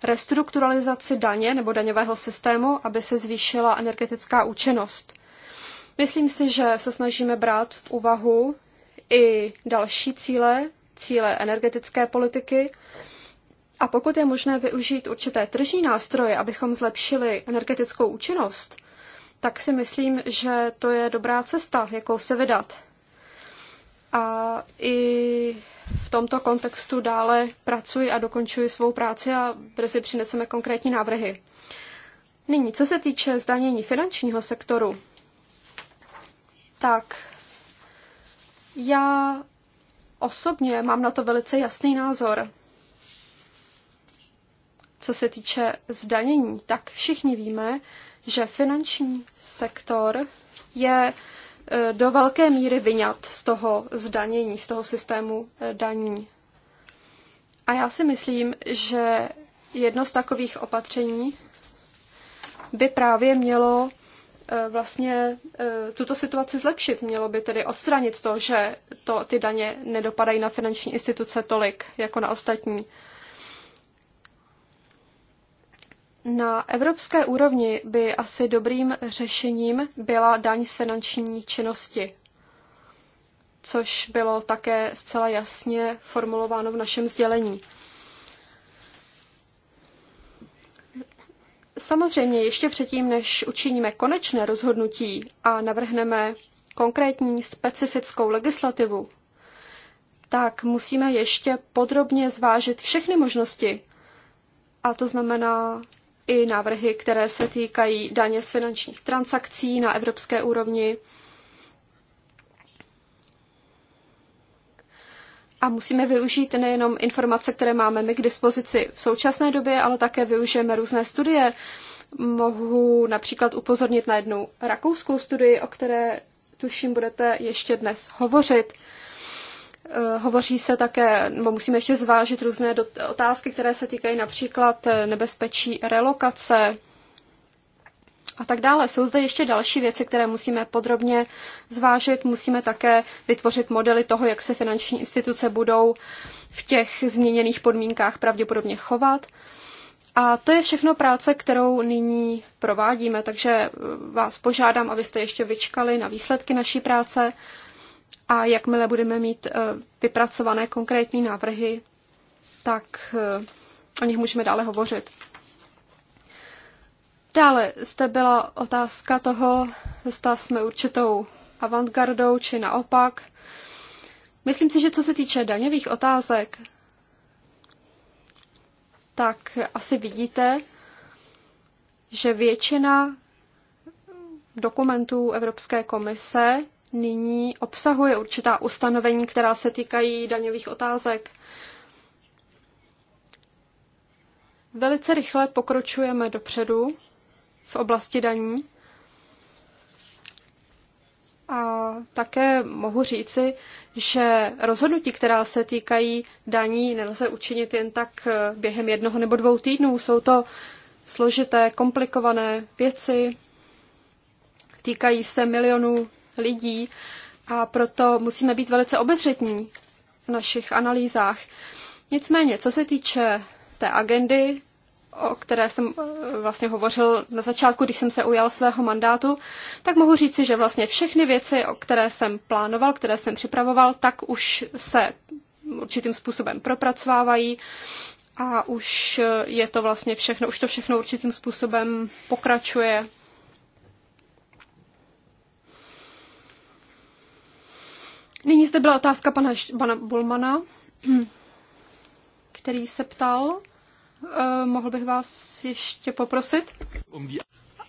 restrukturalizaci daně nebo daňového systému, aby se zvýšila energetická účinnost. Myslím si, že se snažíme brát v úvahu i další cíle, cíle energetické politiky. A pokud je možné využít určité tržní nástroje, abychom zlepšili energetickou účinnost, tak si myslím, že to je dobrá cesta, jakou se vydat. A i v tomto kontextu dále pracuji a dokončuji svou práci a brzy přineseme konkrétní návrhy. Nyní, co se týče zdanění finančního sektoru, tak já osobně mám na to velice jasný názor. Co se týče zdanění, tak všichni víme, že finanční sektor je e, do velké míry vyňat z toho zdanění, z toho systému e, daní. A já si myslím, že jedno z takových opatření by právě mělo E, vlastně e, tuto situaci zlepšit. Mělo by tedy odstranit to, že to, ty daně nedopadají na finanční instituce tolik jako na ostatní. Na evropské úrovni by asi dobrým řešením byla daň z finanční činnosti, což bylo také zcela jasně formulováno v našem sdělení. Samozřejmě ještě předtím, než učiníme konečné rozhodnutí a navrhneme konkrétní specifickou legislativu, tak musíme ještě podrobně zvážit všechny možnosti. A to znamená i návrhy, které se týkají daně z finančních transakcí na evropské úrovni, a musíme využít nejenom informace, které máme my k dispozici v současné době, ale také využijeme různé studie. Mohu například upozornit na jednu rakouskou studii, o které tuším budete ještě dnes hovořit. Eh, hovoří se také, nebo musíme ještě zvážit různé otázky, které se týkají například eh, nebezpečí relokace, a tak dále. Jsou zde ještě další věci, které musíme podrobně zvážit. Musíme také vytvořit modely toho, jak se finanční instituce budou v těch změněných podmínkách pravděpodobně chovat. A to je všechno práce, kterou nyní provádíme, takže eh, vás požádám, abyste ještě vyčkali na výsledky naší práce a jakmile budeme mít eh, vypracované konkrétní návrhy, tak eh, o nich můžeme dále hovořit. Dále zde byla otázka toho, zda jsme určitou avantgardou či naopak. Myslím si, že co se týče daňových otázek, tak asi vidíte, že většina dokumentů Evropské komise nyní obsahuje určitá ustanovení, která se týkají daňových otázek. Velice rychle pokročujeme dopředu v oblasti daní. A také mohu říci, že rozhodnutí, která se týkají daní, nelze učinit jen tak eh, během jednoho nebo dvou týdnů. Jsou to složité, komplikované věci, týkají se milionů lidí a proto musíme být velice obezřetní v našich analýzách. Nicméně, co se týče té agendy, o které jsem eh, vlastně hovořil na začátku, když jsem se ujal svého mandátu, tak mohu říci, že vlastně všechny věci, o které jsem plánoval, které jsem připravoval, tak už se určitým způsobem propracovávají a už eh, je to vlastně všechno, už to všechno určitým způsobem pokračuje. Nyní zde byla otázka pana, pana Bulmana, který se ptal, Eh, mohl bych vás ještě poprosit?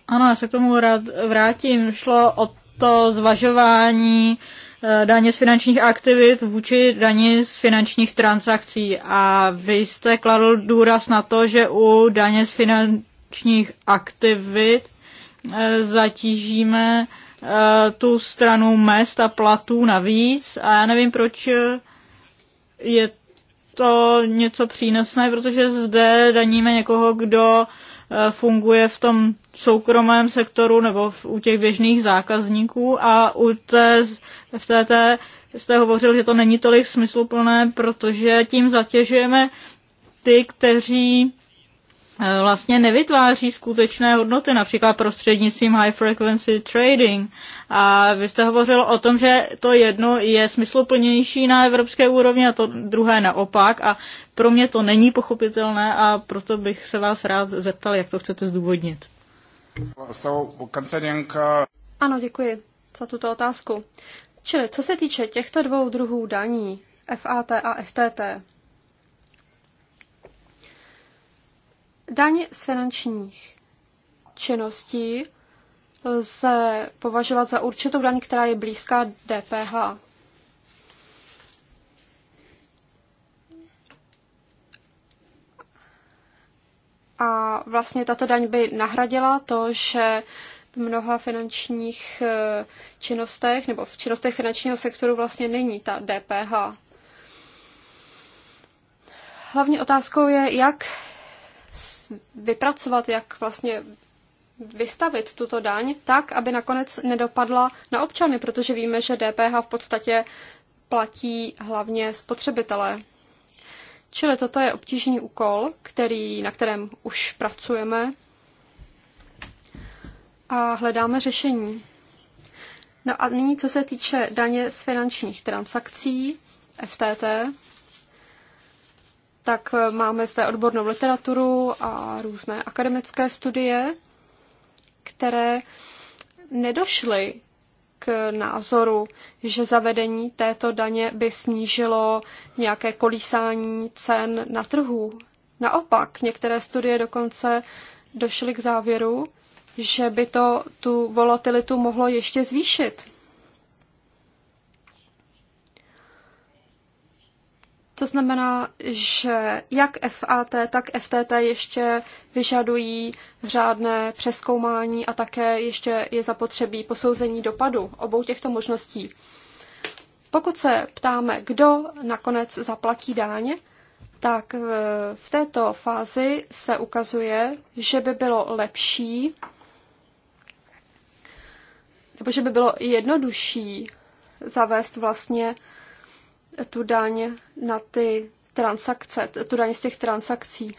Ano, já se k tomu rád vrátím. Šlo o to zvažování eh, daně z finančních aktivit vůči daní z finančních transakcí. A vy jste kladl důraz na to, že u daně z finančních aktivit eh, zatížíme tu stranu mest a platů navíc. A já nevím, proč je to něco přínosné, protože zde daníme někoho, kdo eh, funguje v tom soukromém sektoru nebo v, u těch běžných zákazníků a u té té jste hovořil, že to není tolik smysluplné, protože tím zatěžujeme ty, kteří Eh, vlastně nevytváří skutečné hodnoty, například prostřednictvím high frequency trading. A vy jste hovořil o tom, že to jedno je smysluplnější na evropské úrovni a to druhé naopak. A pro mě to není pochopitelné a proto bych se vás rád zeptal, jak to chcete zdůvodnit. Uh, ano, děkuji za tuto otázku. Čili, co se týče těchto dvou druhů daní, FAT a FTT, Daň z finančních činností lze považovat za určitou daň, která je blízká DPH. A vlastně tato daň by nahradila to, že v mnoha finančních eh, činnostech nebo v činnostech finančního sektoru vlastně není ta DPH. Hlavní otázkou je, jak vypracovat, jak vlastně vystavit tuto daň tak, aby nakonec nedopadla na občany, protože víme, že DPH v podstatě platí hlavně spotřebitelé. Čili toto je obtížný úkol, který, na kterém už pracujeme a hledáme řešení. No a nyní, co se týče daně z finančních transakcí, FTT, tak eh, máme zde odbornou literaturu a různé akademické studie, které nedošly k názoru, že zavedení této daně by snížilo nějaké kolísání cen na trhu. Naopak, některé studie dokonce došly k závěru, že by to tu volatilitu mohlo ještě zvýšit. To znamená, že jak FAT, tak FTT ještě vyžadují řádné přeskoumání a také ještě je zapotřebí posouzení dopadu obou těchto možností. Pokud se ptáme, kdo nakonec zaplatí dáň, tak v této fázi se ukazuje, že by bylo lepší nebo že by bylo jednodušší zavést vlastně tu daň na ty transakce, tu daň z těch transakcí.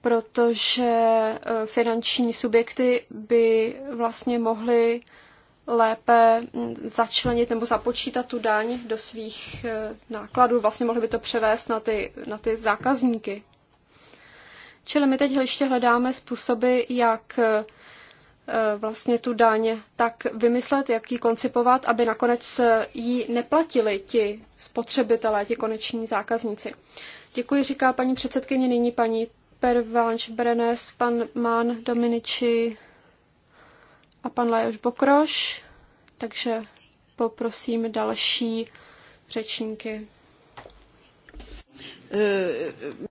Protože eh, finanční subjekty by vlastně mohly lépe hm, začlenit nebo započítat tu daň do svých eh, nákladů. Vlastně mohli by to převést na ty, na ty zákazníky. Čili my teď ještě hledáme způsoby, jak eh, Eh, vlastně tu daň tak vymyslet, jak ji koncipovat, aby nakonec eh, ji neplatili ti spotřebitelé, ti koneční zákazníci. Děkuji, říká paní předsedkyně, nyní paní Pervanš Brenes, pan Mán Dominici a pan Lajos Bokroš, takže poprosím další řečníky. Eh,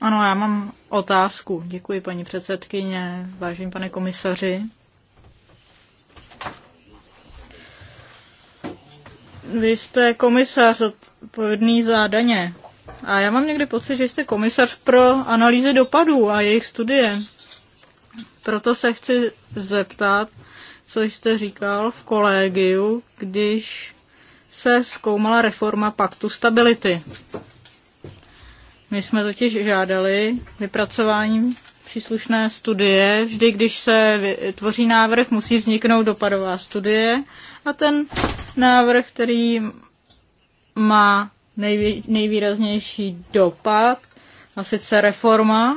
ano, já mám otázku. Děkuji, paní předsedkyně, vážení pane komisaři. Vy jste komisař odpovědný za daně. A já mám někdy pocit, že jste komisař pro analýzy dopadů a jejich studie. Proto se chci zeptat, co jste říkal v kolegiu, když se zkoumala reforma paktu stability. My jsme totiž žádali vypracováním příslušné studie. Vždy, když se tvoří návrh, musí vzniknout dopadová studie a ten návrh, který má nejvý, nejvýraznější dopad, a sice reforma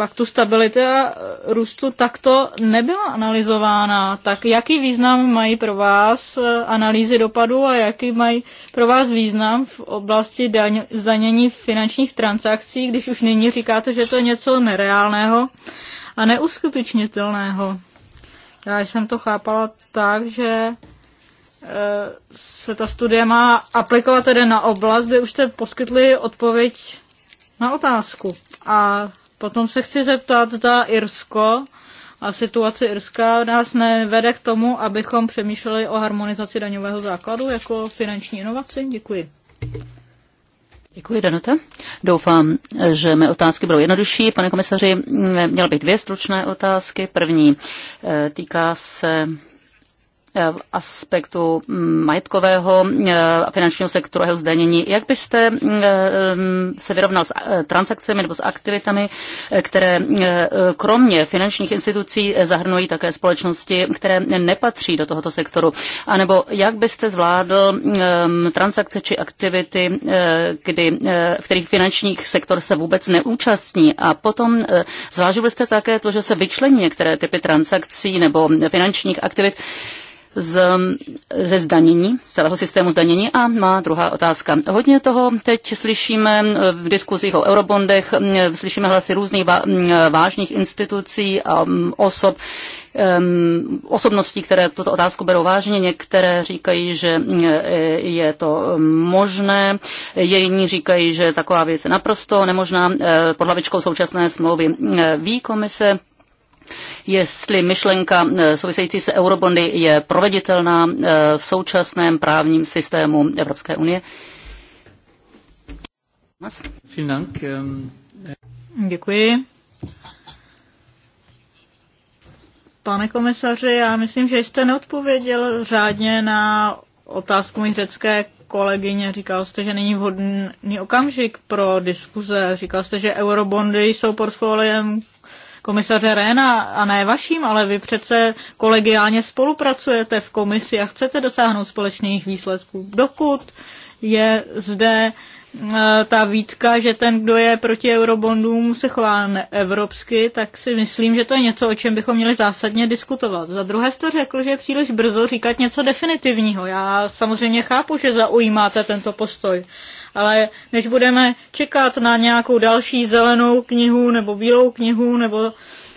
paktu stability a růstu takto nebyla analyzována. Tak jaký význam mají pro vás eh, analýzy dopadu a jaký mají pro vás význam v oblasti daň, zdanění finančních transakcí, když už nyní říkáte, že to je něco nereálného a neuskutečnitelného? Já jsem to chápala tak, že eh, se ta studie má aplikovat tedy na oblast, kde už jste poskytli odpověď na otázku. A Potom se chci zeptat, zda Irsko a situace Irska nás nevede k tomu, abychom přemýšleli o harmonizaci daňového základu jako finanční inovaci. Děkuji. Děkuji, Danuta. Doufám, že mé otázky budou jednodušší. Pane komisaři, měla bych dvě stručné otázky. První eh, týká se Eh, v aspektu mm, majetkového a eh, finančního sektoru jeho zdanění. Jak byste mm, eh, se vyrovnal s transakcemi nebo s aktivitami, které kromě finančních institucí zahrnují také společnosti, které nepatří do tohoto sektoru? A nebo jak byste zvládl mm, transakce či aktivity, kdy, v kterých finančních sektor se vůbec neúčastní? A potom zvážil byste také to, že se vyčlení některé typy transakcí nebo finančních aktivit, z, ze zdanění, z celého systému zdanění. A má druhá otázka. Hodně toho teď slyšíme v diskuzích o eurobondech, slyšíme hlasy různých vážných institucí a mm, osob, osobností, které tuto otázku berou vážně. Některé říkají, že e, je to mm, možné, jiní říkají, že taková věc je naprosto nemožná e, pod hlavičkou současné smlouvy. E, ví komise, jestli myšlenka e, související se eurobondy je proveditelná e, v současném právním systému Evropské unie. Ähm, Děkuji. Pane komisaři, já myslím, že jste neodpověděl řádně na otázku mojí řecké kolegyně. Říkal jste, že není vhodný okamžik pro diskuze. Říkal jste, že eurobondy jsou portfoliem komisaře Réna a ne vaším, ale vy přece kolegiálně spolupracujete v komisi a chcete dosáhnout společných výsledků. Dokud je zde eh, ta výtka, že ten, kdo je proti eurobondům, se chová evropsky, tak si myslím, že to je něco, o čem bychom měli zásadně diskutovat. Za druhé jste řekl, že je příliš brzo říkat něco definitivního. Já samozřejmě chápu, že zaujímáte tento postoj, ale než budeme čekat na nějakou další zelenou knihu nebo bílou knihu nebo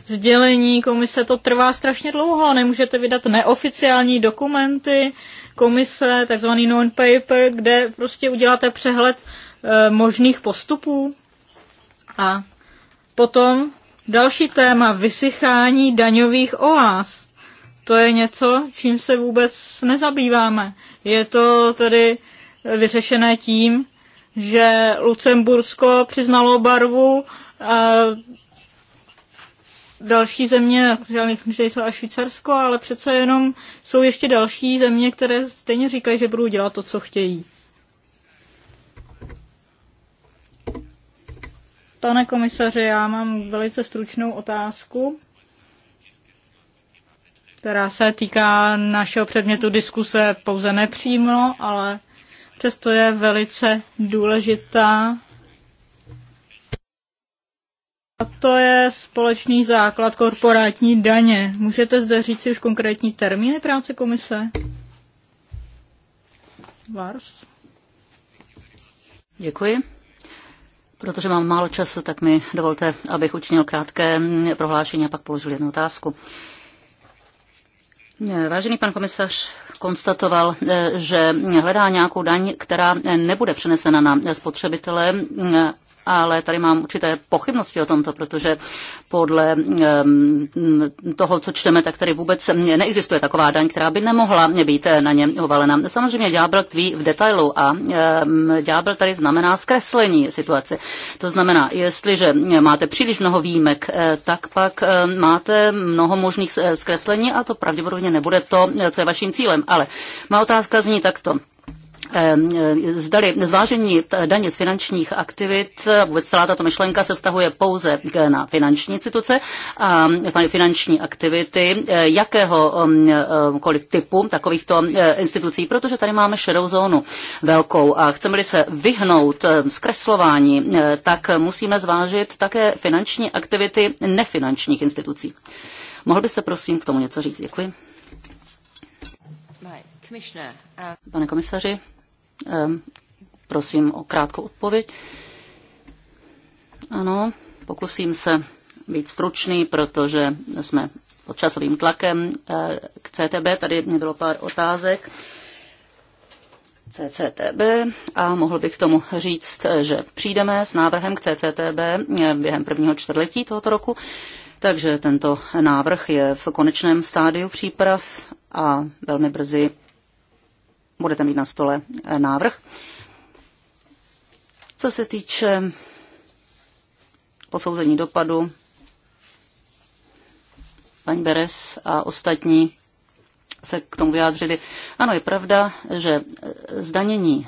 sdělení komise, to trvá strašně dlouho, nemůžete vydat neoficiální dokumenty komise, takzvaný non-paper, kde prostě uděláte přehled e, možných postupů a potom další téma, vysychání daňových oáz to je něco, čím se vůbec nezabýváme. Je to tedy vyřešené tím, že Lucembursko přiznalo barvu, a další země, já nevím, že jsou až Švýcarsko, ale přece jenom jsou ještě další země, které stejně říkají, že budou dělat to, co chtějí. Pane komisaři, já mám velice stručnou otázku, která se týká našeho předmětu diskuse pouze nepřímo, ale přesto je velice důležitá. A to je společný základ korporátní daně. Můžete zde říct si už konkrétní termíny práce komise? Vars. Děkuji. Protože mám málo času, tak mi dovolte, abych učinil krátké prohlášení a pak položil jednu otázku. Vážený pan komisař, konstatoval, eh, že hledá nějakou daň, která eh, nebude přenesena na spotřebitele eh, ale tady mám určité pochybnosti o tomto, protože podle toho, co čteme, tak tady vůbec neexistuje taková daň, která by nemohla být na ně uvalena. Samozřejmě ďábel tví v detailu a ďábel tady znamená zkreslení situace. To znamená, jestliže máte příliš mnoho výjimek, eh, tak pak eh, máte mnoho možných zkreslení a to pravděpodobně nebude to, co je vaším cílem. Ale má otázka zní takto. Ehm, eh, zdali zvážení daně z finančních aktivit, vůbec celá tato myšlenka se vztahuje pouze na finanční instituce a finanční aktivity eh, jakéhokoliv mm, eh, typu takovýchto institucí, protože tady máme šedou zónu velkou a chceme-li se vyhnout zkreslování, tak musíme zvážit také finanční aktivity nefinančních institucí. Mohl byste prosím k tomu něco říct? Děkuji. Uh- Pane komisaři, Ehm, prosím o krátkou odpověď. Ano, pokusím se být stručný, protože jsme pod časovým tlakem eh, k CTB. Tady mě bylo pár otázek. CCTB a mohl bych k tomu říct, eh, že přijdeme s návrhem k CCTB eh, během prvního čtvrtletí tohoto roku. Takže tento návrh je v konečném stádiu příprav a velmi brzy budete mít na stole eh, návrh. Co se týče posouzení dopadu, paní Beres a ostatní se k tomu vyjádřili. Ano, je pravda, že eh, zdanění,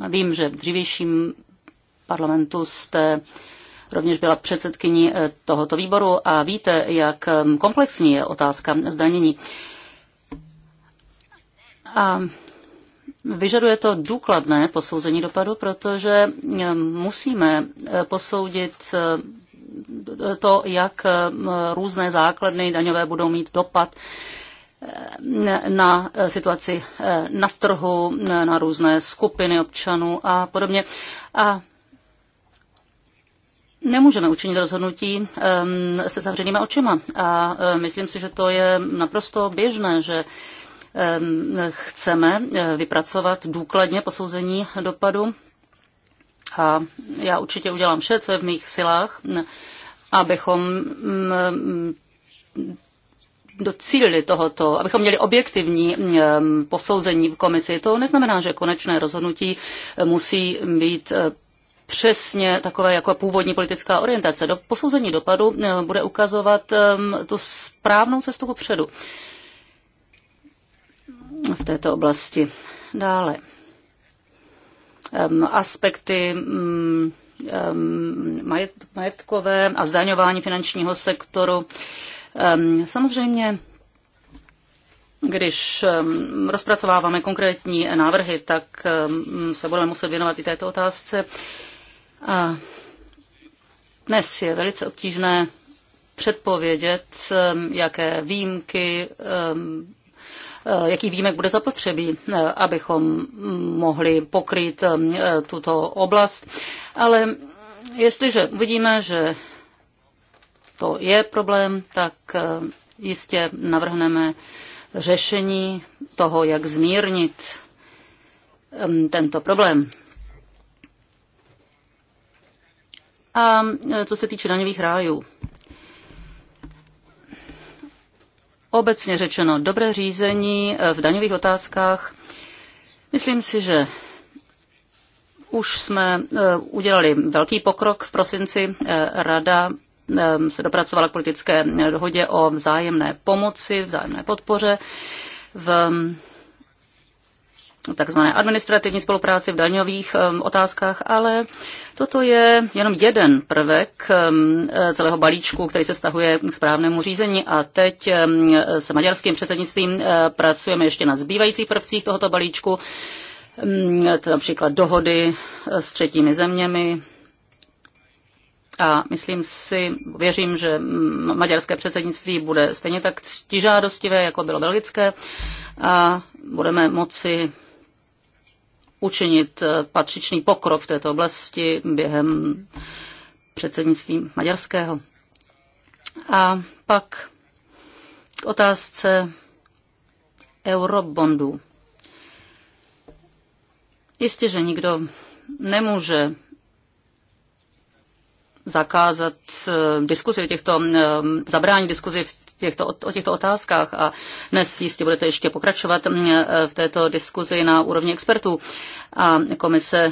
a vím, že v dřívějším parlamentu jste rovněž byla předsedkyní eh, tohoto výboru a víte, jak komplexní je otázka zdanění. A Vyžaduje to důkladné posouzení dopadu, protože eh, musíme eh, posoudit eh, to, jak různé základny daňové budou mít dopad na situaci na trhu, na různé skupiny občanů a podobně. A Nemůžeme učinit rozhodnutí se zavřenýma očima. A myslím si, že to je naprosto běžné, že Chceme eh, vypracovat důkladně posouzení dopadu a já určitě udělám vše, co je v mých silách, abychom mm, mm, docílili tohoto, abychom měli objektivní mm, posouzení v komisi. To neznamená, že konečné rozhodnutí musí být eh, přesně takové jako původní politická orientace. Do posouzení dopadu eh, bude ukazovat tu správnou cestu kupředu. předu v této oblasti. Dále. Aspekty majetkové a zdaňování finančního sektoru. Samozřejmě když rozpracováváme konkrétní návrhy, tak se budeme muset věnovat i této otázce. A dnes je velice obtížné předpovědět, jaké výjimky Eh, jaký výjimek bude zapotřebí, eh, abychom mohli pokryt eh, tuto oblast. Ale jestliže uvidíme, že to je problém, tak jistě navrhneme řešení toho, jak zmírnit tento problém. A co se týče daňových rájů, obecně řečeno dobré řízení eh, v daňových otázkách. Myslím si, že už jsme eh, udělali velký pokrok v prosinci. Eh, Rada se dopracovala k politické dohodě o vzájemné pomoci, vzájemné podpoře. V takzvané administrativní spolupráci v daňových otázkách, ale toto je jenom jeden prvek celého balíčku, který se stahuje k správnému řízení a teď s maďarským předsednictvím eh, pracujeme ještě na zbývajících prvcích tohoto balíčku, například dohody eh, s třetími zeměmi, a myslím si, věřím, že maďarské předsednictví bude stejně tak ctižádostivé, jako bylo belgické a budeme moci učinit eh, patřičný pokrok v této oblasti během předsednictví maďarského. A pak k otázce eurobondů. Jistě, že nikdo nemůže zakázat eh, diskuzi o těchto, eh, zabránit diskuzi v těchto, o těchto otázkách a dnes jistě budete ještě pokračovat mm, eh, v této diskuzi na úrovni expertů a komise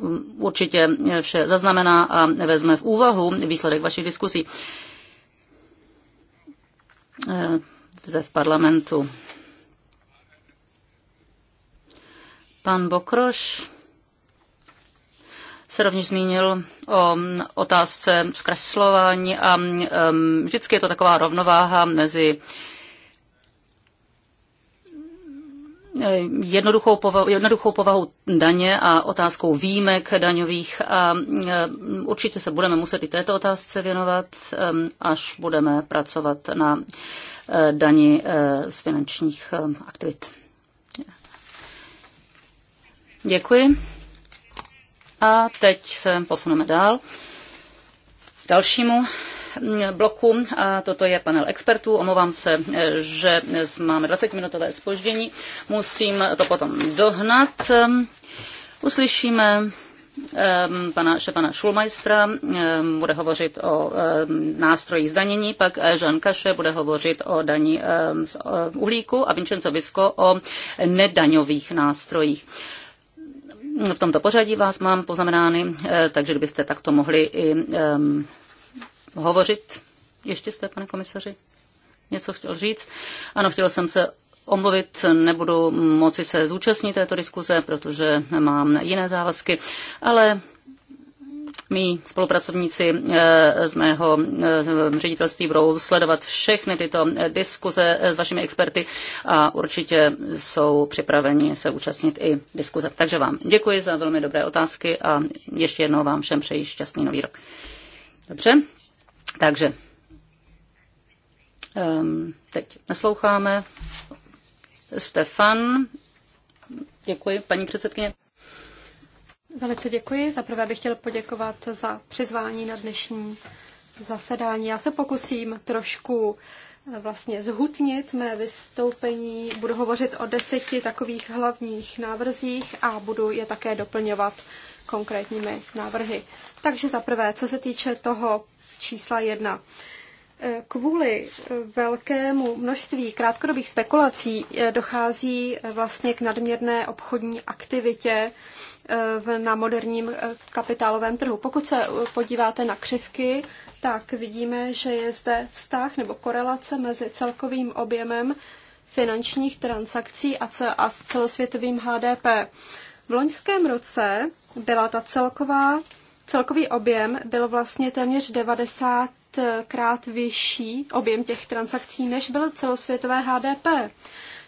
mm, určitě vše zaznamená a vezme v úvahu výsledek vašich diskuzí ze v parlamentu. Pan Bokroš se rovněž zmínil o otázce zkreslování a um, vždycky je to taková rovnováha mezi eh, jednoduchou povahu jednoduchou povahou daně a otázkou výjimek daňových a eh, určitě se budeme muset i této otázce věnovat, eh, až budeme pracovat na dani z finančních aktivit. Děkuji. A teď se posuneme dál dalšímu bloku. A toto je panel expertů. Omlouvám se, že máme 20-minutové spoždění. Musím to potom dohnat. Ehm, uslyšíme ehm, pana Šepana Šulmajstra ehm, bude hovořit o nástroji zdanění, pak Jean Kaše bude hovořit o daní z uhlíku a Vincenzo Visco o nedaňových nástrojích v tomto pořadí vás mám poznamenány, eh, takže kdybyste takto mohli i um, hovořit. Ještě jste, pane komisaři, něco chtěl říct? Ano, chtěl jsem se omluvit, nebudu moci se zúčastnit této diskuze, protože mám jiné závazky, ale Mí spolupracovníci eh, z mého eh, ředitelství budou sledovat všechny tyto eh, diskuze s vašimi experty a určitě jsou připraveni se účastnit i diskuze. Takže vám děkuji za velmi dobré otázky a ještě jednou vám všem přeji šťastný nový rok. Dobře, takže ehm, teď nasloucháme. Stefan, děkuji, paní předsedkyně. Velice děkuji. Za prvé bych chtěl poděkovat za přizvání na dnešní zasedání. Já se pokusím trošku eh, vlastně zhutnit mé vystoupení. Budu hovořit o deseti takových hlavních návrzích a budu je také doplňovat konkrétními návrhy. Takže za prvé, co se týče toho čísla jedna. Eh, kvůli eh, velkému množství krátkodobých spekulací dochází vlastně k nadměrné obchodní aktivitě v, na moderním eh, kapitálovém trhu. Pokud se eh, podíváte na křivky, tak vidíme, že je zde vztah nebo korelace mezi celkovým objemem finančních transakcí a, a s celosvětovým HDP. V loňském roce byla ta celková, celkový objem byl vlastně téměř 90 krát vyšší objem těch transakcí, než byl celosvětové HDP.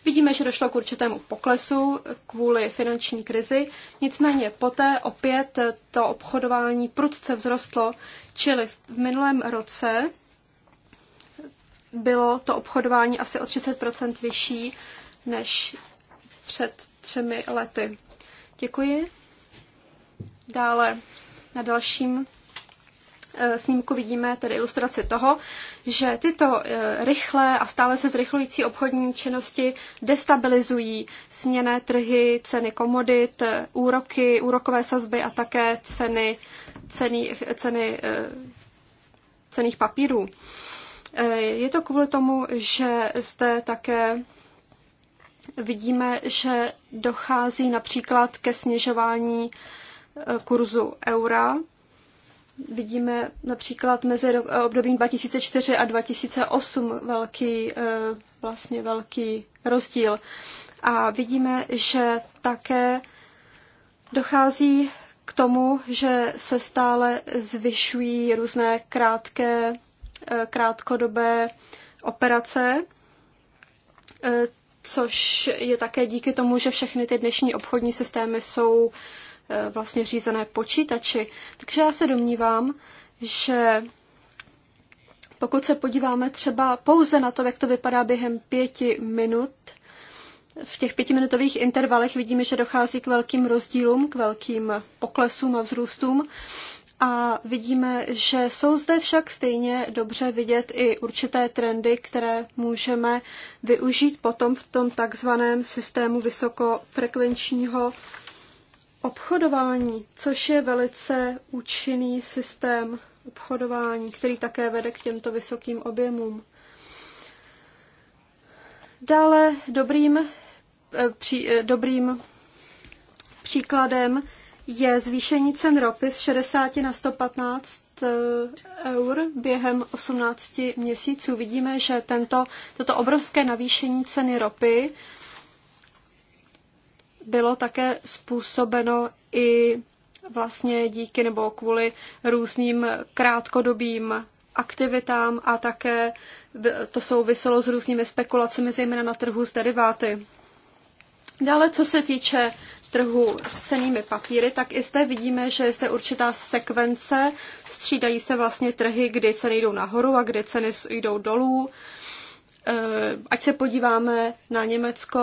Vidíme, že došlo k určitému poklesu kvůli finanční krizi, nicméně poté opět to obchodování prudce vzrostlo, čili v minulém roce bylo to obchodování asi o 30 vyšší než před třemi lety. Děkuji. Dále na dalším Eh, snímku vidíme tedy ilustraci toho, že tyto eh, rychlé a stále se zrychlující obchodní činnosti destabilizují směné trhy, ceny komodit, eh, úroky, úrokové sazby a také ceny, ceny, ceny cených papírů. Je to kvůli tomu, že zde také vidíme, že dochází například ke snižování kurzu eura Vidíme například mezi eh, obdobím 2004 a 2008 velký, eh, vlastně velký rozdíl. A vidíme, že také dochází k tomu, že se stále zvyšují různé krátké, eh, krátkodobé operace, což je také díky tomu, že všechny ty dnešní obchodní systémy jsou Eh, vlastně řízené počítači. Takže já se domnívám, že pokud se podíváme třeba pouze na to, jak to vypadá během pěti minut, v těch pětiminutových intervalech vidíme, že dochází k velkým rozdílům, k velkým poklesům a vzrůstům. A vidíme, že jsou zde však stejně dobře vidět i určité trendy, které můžeme využít potom v tom takzvaném systému vysokofrekvenčního obchodování, což je velice účinný systém obchodování, který také vede k těmto vysokým objemům. Dále dobrým, eh, pří, eh, dobrým příkladem je zvýšení cen ropy z 60 na 115 eh, eur během 18 měsíců. Vidíme, že tento, toto obrovské navýšení ceny ropy bylo také způsobeno i vlastně díky nebo kvůli různým krátkodobým aktivitám a také to souviselo s různými spekulacemi, zejména na trhu s deriváty. Dále, co se týče trhu s cenými papíry, tak i zde vidíme, že je zde určitá sekvence, střídají se vlastně trhy, kdy ceny jdou nahoru a kdy ceny jdou dolů. E, ať se podíváme na Německo,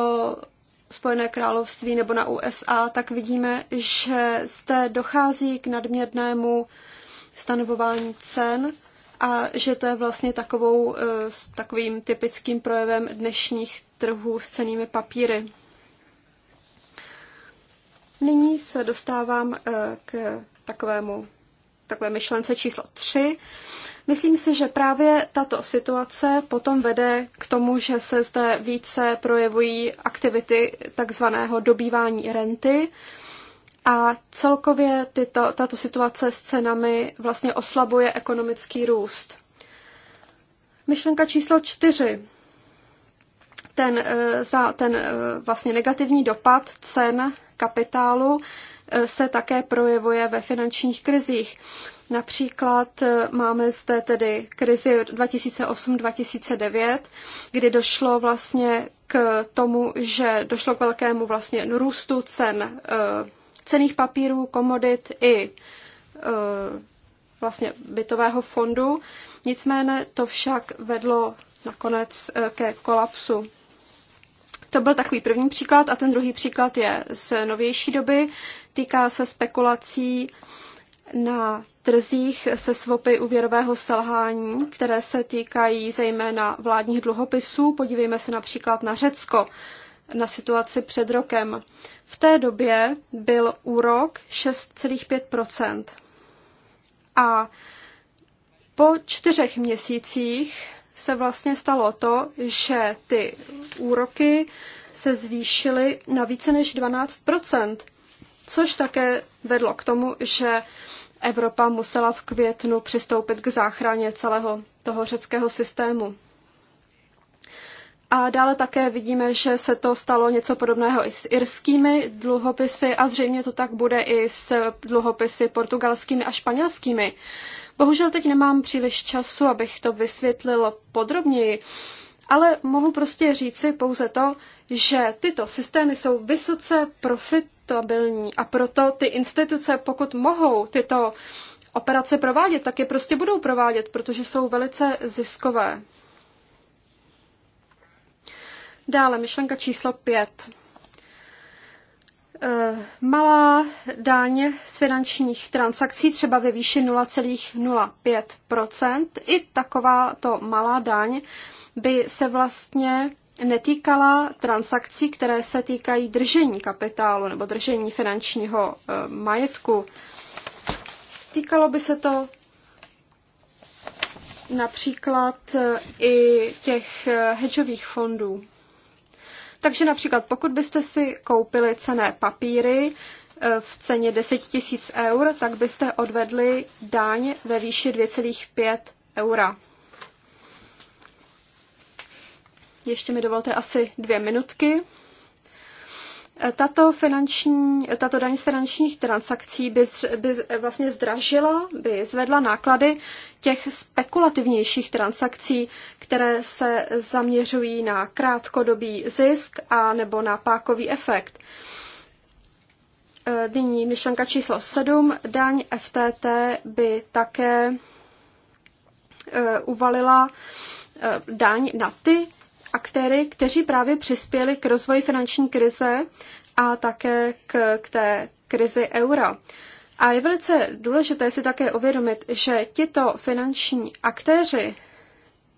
Spojené království nebo na USA, tak vidíme, že zde dochází k nadměrnému stanovování cen a že to je vlastně takovou, eh, takovým typickým projevem dnešních trhů s cenými papíry. Nyní se dostávám eh, k takovému takové myšlence číslo tři. Myslím si, že právě tato situace potom vede k tomu, že se zde více projevují aktivity takzvaného dobývání renty a celkově tyto, tato situace s cenami vlastně oslabuje ekonomický růst. Myšlenka číslo čtyři. ten, eh, za ten eh, vlastně negativní dopad cen kapitálu se také projevuje ve finančních krizích. Například eh, máme zde tedy krizi 2008-2009, kdy došlo vlastně k tomu, že došlo k velkému vlastně růstu cen eh, cených papírů, komodit i eh, vlastně bytového fondu. Nicméně to však vedlo nakonec ke kolapsu to byl takový první příklad a ten druhý příklad je z novější doby. Týká se spekulací na trzích se svopy úvěrového selhání, které se týkají zejména vládních dluhopisů. Podívejme se například na Řecko, na situaci před rokem. V té době byl úrok 6,5 a po čtyřech měsících se vlastně stalo to, že ty úroky se zvýšily na více než 12 což také vedlo k tomu, že Evropa musela v květnu přistoupit k záchraně celého toho řeckého systému. A dále také vidíme, že se to stalo něco podobného i s irskými dluhopisy a zřejmě to tak bude i s dluhopisy portugalskými a španělskými. Uh, Bohužel teď nemám příliš času, abych to vysvětlil podrobněji, ale mohu prostě říci pouze to, že tyto systémy jsou vysoce profitabilní a proto ty instituce, pokud mohou tyto operace provádět, tak je prostě budou provádět, protože jsou velice ziskové. Dále myšlenka číslo pět. Eh, malá dáň z finančních transakcí, třeba ve výši 0,05 i taková to malá daň by se vlastně netýkala transakcí, které se týkají držení kapitálu nebo držení finančního eh, majetku. Týkalo by se to například eh, i těch hedžových fondů. Takže například pokud byste si koupili cené papíry eh, v ceně 10 tisíc eur, tak byste odvedli dáň ve výši 2,5 eura. Ještě mi dovolte asi dvě minutky. Tato, finanční, tato daň z finančních transakcí by, by vlastně zdražila, by zvedla náklady těch spekulativnějších transakcí, které se zaměřují na krátkodobý zisk a nebo na pákový efekt. E, nyní myšlenka číslo 7. Daň FTT by také e, uvalila e, daň na ty aktéry, kteří právě přispěli k rozvoji finanční krize a také k, k té krizi eura. A je velice důležité si také uvědomit, že tito finanční aktéři,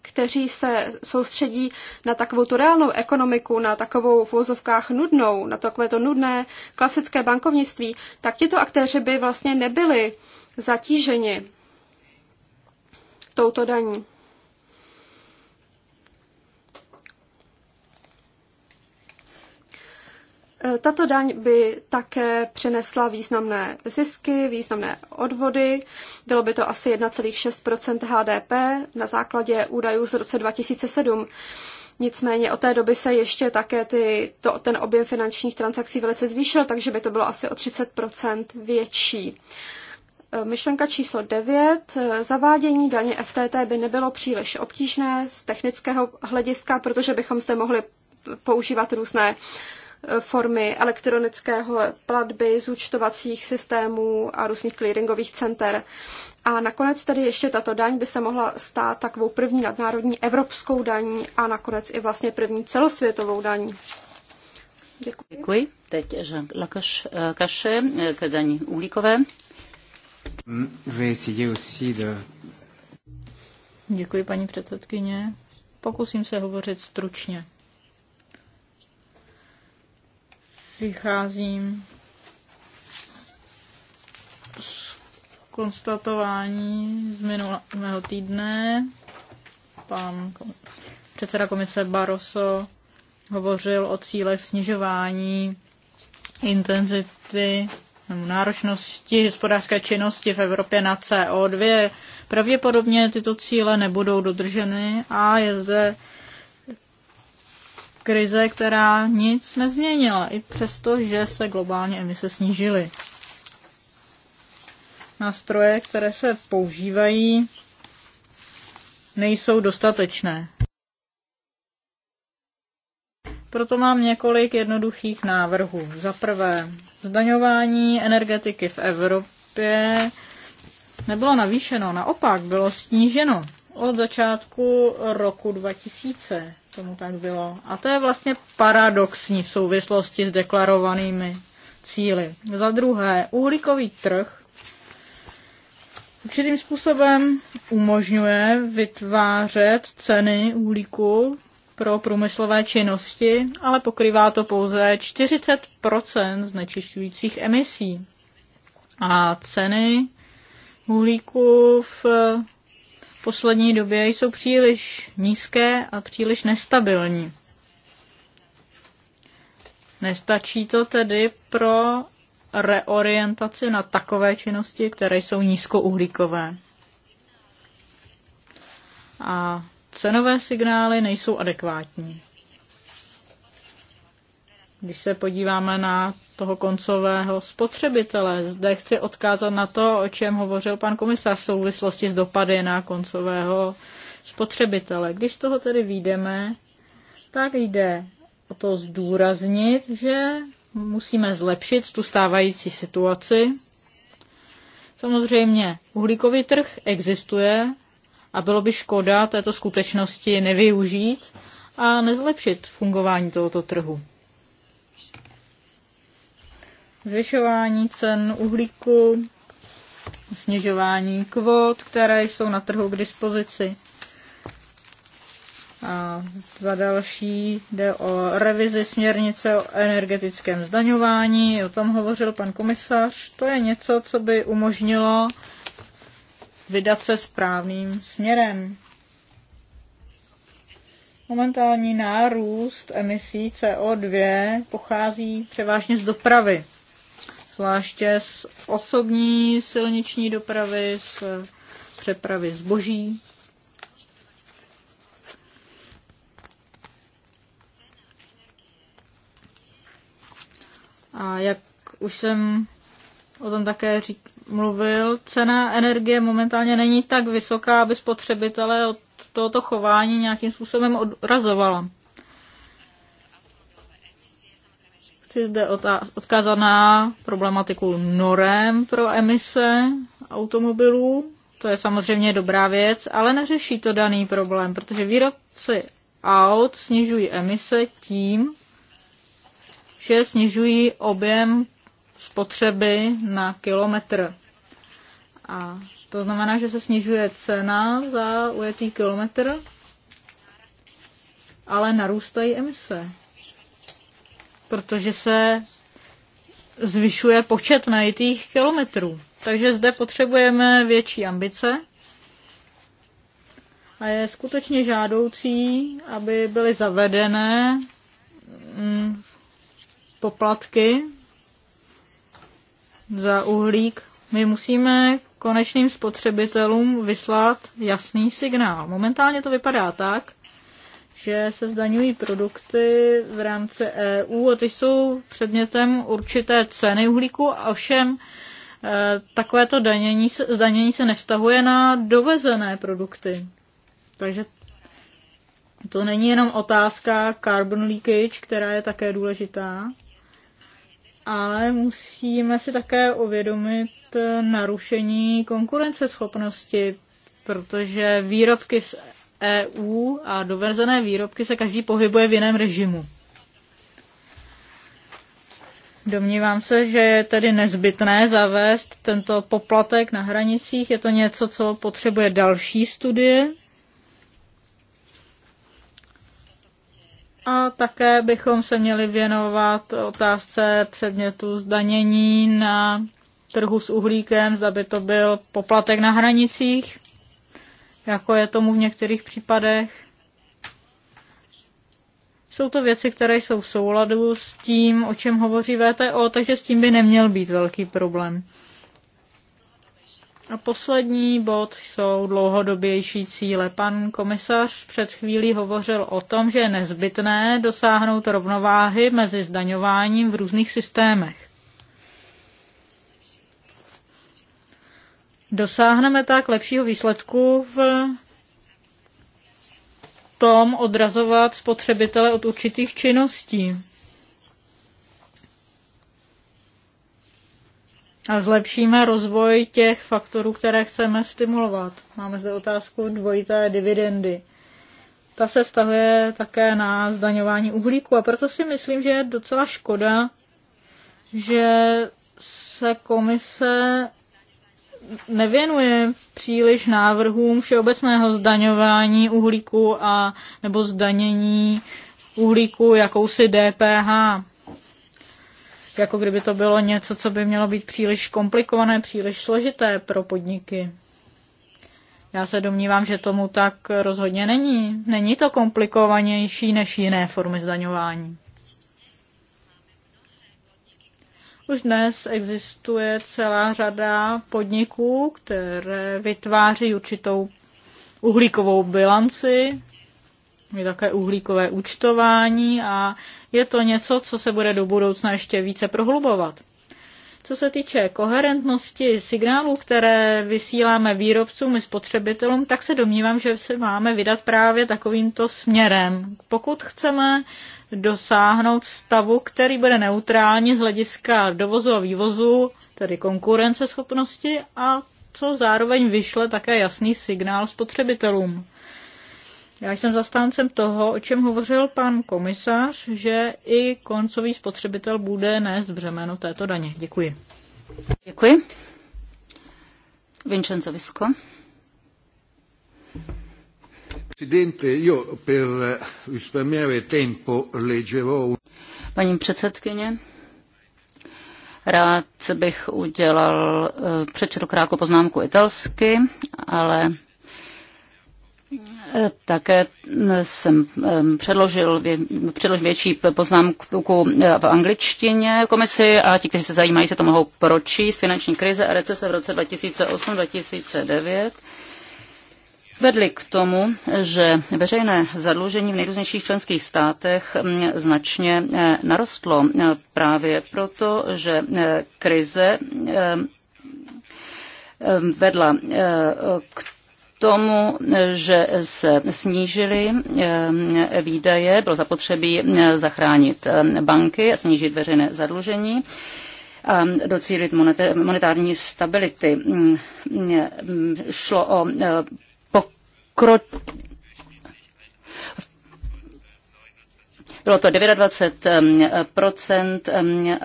kteří se soustředí na takovou tu reálnou ekonomiku, na takovou v úzovkách nudnou, na takové to nudné klasické bankovnictví, tak tito aktéři by vlastně nebyli zatíženi touto daní. Eh, tato daň by také přinesla významné zisky, významné odvody. Bylo by to asi 1,6 HDP na základě údajů z roce 2007. Nicméně od té doby se ještě také ty, to, ten objem finančních transakcí velice zvýšil, takže by to bylo asi o 30 větší. Eh, myšlenka číslo 9. Eh, zavádění daně FTT by nebylo příliš obtížné z technického hlediska, protože bychom zde mohli používat různé uh, formy elektronického platby, zúčtovacích systémů a různých clearingových center. A nakonec tedy ještě tato daň by se mohla stát takovou první nadnárodní evropskou daní a nakonec i vlastně první celosvětovou daní. Děkuji. Děkuji. Teď Jean Lakaš, Kaše eh, eh, k daní uhlíkové. Mm, Děkuji, paní předsedkyně. Pokusím se hovořit stručně. vycházím z konstatování z minulého týdne. Pan předseda komise Barroso hovořil o cílech snižování intenzity nebo náročnosti hospodářské činnosti v Evropě na CO2. Pravděpodobně tyto cíle nebudou dodrženy a je zde krize, která nic nezměnila, i přesto, že se globálně emise snížily. Nástroje, které se používají, nejsou dostatečné. Proto mám několik jednoduchých návrhů. Za prvé, zdaňování energetiky v Evropě nebylo navýšeno, naopak bylo sníženo od začátku roku 2000 tomu tak bylo. A to je vlastně paradoxní v souvislosti s deklarovanými cíly. Za druhé, uhlíkový trh určitým způsobem umožňuje vytvářet ceny uhlíku pro průmyslové činnosti, ale pokrývá to pouze 40 znečišťujících emisí. A ceny uhlíku v v poslední době jsou příliš nízké a příliš nestabilní. Nestačí to tedy pro reorientaci na takové činnosti, které jsou nízkouhlíkové. A cenové signály nejsou adekvátní. Když se podíváme na toho koncového spotřebitele. Zde chci odkázat na to, o čem hovořil pan komisař v souvislosti s dopady na koncového spotřebitele. Když z toho tedy výjdeme, tak jde o to zdůraznit, že musíme zlepšit tu stávající situaci. Samozřejmě uhlíkový trh existuje a bylo by škoda této skutečnosti nevyužít a nezlepšit fungování tohoto trhu zvyšování cen uhlíku, snižování kvót, které jsou na trhu k dispozici. A za další jde o revizi směrnice o energetickém zdaňování, o tom hovořil pan komisař. To je něco, co by umožnilo vydat se správným směrem. Momentální nárůst emisí CO2 pochází převážně z dopravy zvláště z osobní silniční dopravy, z přepravy zboží. A jak už jsem o tom také řík, mluvil, cena energie momentálně není tak vysoká, aby spotřebitele od tohoto chování nějakým způsobem odrazovala. Chci zde odkázat na problematiku norem pro emise automobilů. To je samozřejmě dobrá věc, ale neřeší to daný problém, protože výrobci aut snižují emise tím, že snižují objem spotřeby na kilometr. A to znamená, že se snižuje cena za ujetý kilometr, ale narůstají emise protože se zvyšuje počet najitých kilometrů. Takže zde potřebujeme větší ambice a je skutečně žádoucí, aby byly zavedené mm, poplatky za uhlík. My musíme konečným spotřebitelům vyslat jasný signál. Momentálně to vypadá tak, že se zdaňují produkty v rámci EU a ty jsou předmětem určité ceny uhlíku, a ovšem eh, takovéto danění, zdanění se nevztahuje na dovezené produkty. Takže to není jenom otázka carbon leakage, která je také důležitá, ale musíme si také uvědomit narušení konkurenceschopnosti, protože výrobky z EU a dovezené výrobky se každý pohybuje v jiném režimu. Domnívám se, že je tedy nezbytné zavést tento poplatek na hranicích. Je to něco, co potřebuje další studie. A také bychom se měli věnovat otázce předmětu zdanění na trhu s uhlíkem, zda by to byl poplatek na hranicích jako je tomu v některých případech. Jsou to věci, které jsou v souladu s tím, o čem hovoří VTO, takže s tím by neměl být velký problém. A poslední bod jsou dlouhodobější cíle. Pan komisař před chvílí hovořil o tom, že je nezbytné dosáhnout rovnováhy mezi zdaňováním v různých systémech. Dosáhneme tak lepšího výsledku v tom odrazovat spotřebitele od určitých činností. A zlepšíme rozvoj těch faktorů, které chceme stimulovat. Máme zde otázku dvojité dividendy. Ta se vztahuje také na zdaňování uhlíku a proto si myslím, že je docela škoda, že se komise nevěnuje příliš návrhům všeobecného zdaňování uhlíku a nebo zdanění uhlíku jakousi DPH. Jako kdyby to bylo něco, co by mělo být příliš komplikované, příliš složité pro podniky. Já se domnívám, že tomu tak rozhodně není. Není to komplikovanější než jiné formy zdaňování. Už dnes existuje celá řada podniků, které vytváří určitou uhlíkovou bilanci, je také uhlíkové účtování a je to něco, co se bude do budoucna ještě více prohlubovat. Co se týče koherentnosti signálů, které vysíláme výrobcům i spotřebitelům, tak se domnívám, že se máme vydat právě takovýmto směrem. Pokud chceme dosáhnout stavu, který bude neutrální z hlediska dovozu a vývozu, tedy konkurenceschopnosti a co zároveň vyšle také jasný signál spotřebitelům. Já jsem zastáncem toho, o čem hovořil pan komisař, že i koncový spotřebitel bude nést břemeno této daně. Děkuji. Děkuji. Vincenzo Visco. Presidente, io per risparmiare tempo leggerò... Paní předsedkyně, rád bych udělal, eh, přečetl krátkou poznámku italsky, ale eh, také mm, jsem eh, předložil, předložil větší poznámku v angličtině komisi a ti, kteří se zajímají, se to mohou pročíst. Finanční krize a recese v roce 2008-2009 vedly k tomu, že veřejné zadlužení v nejrůznějších členských státech mm, značně eh, narostlo právě proto, že eh, krize eh, vedla k tomu, že se snížily výdaje, bylo zapotřebí zachránit banky a snížit veřejné zadlužení a docílit monetární stability. Mm, mm, šlo o kro... Bylo to 29 um, uh, um, uh,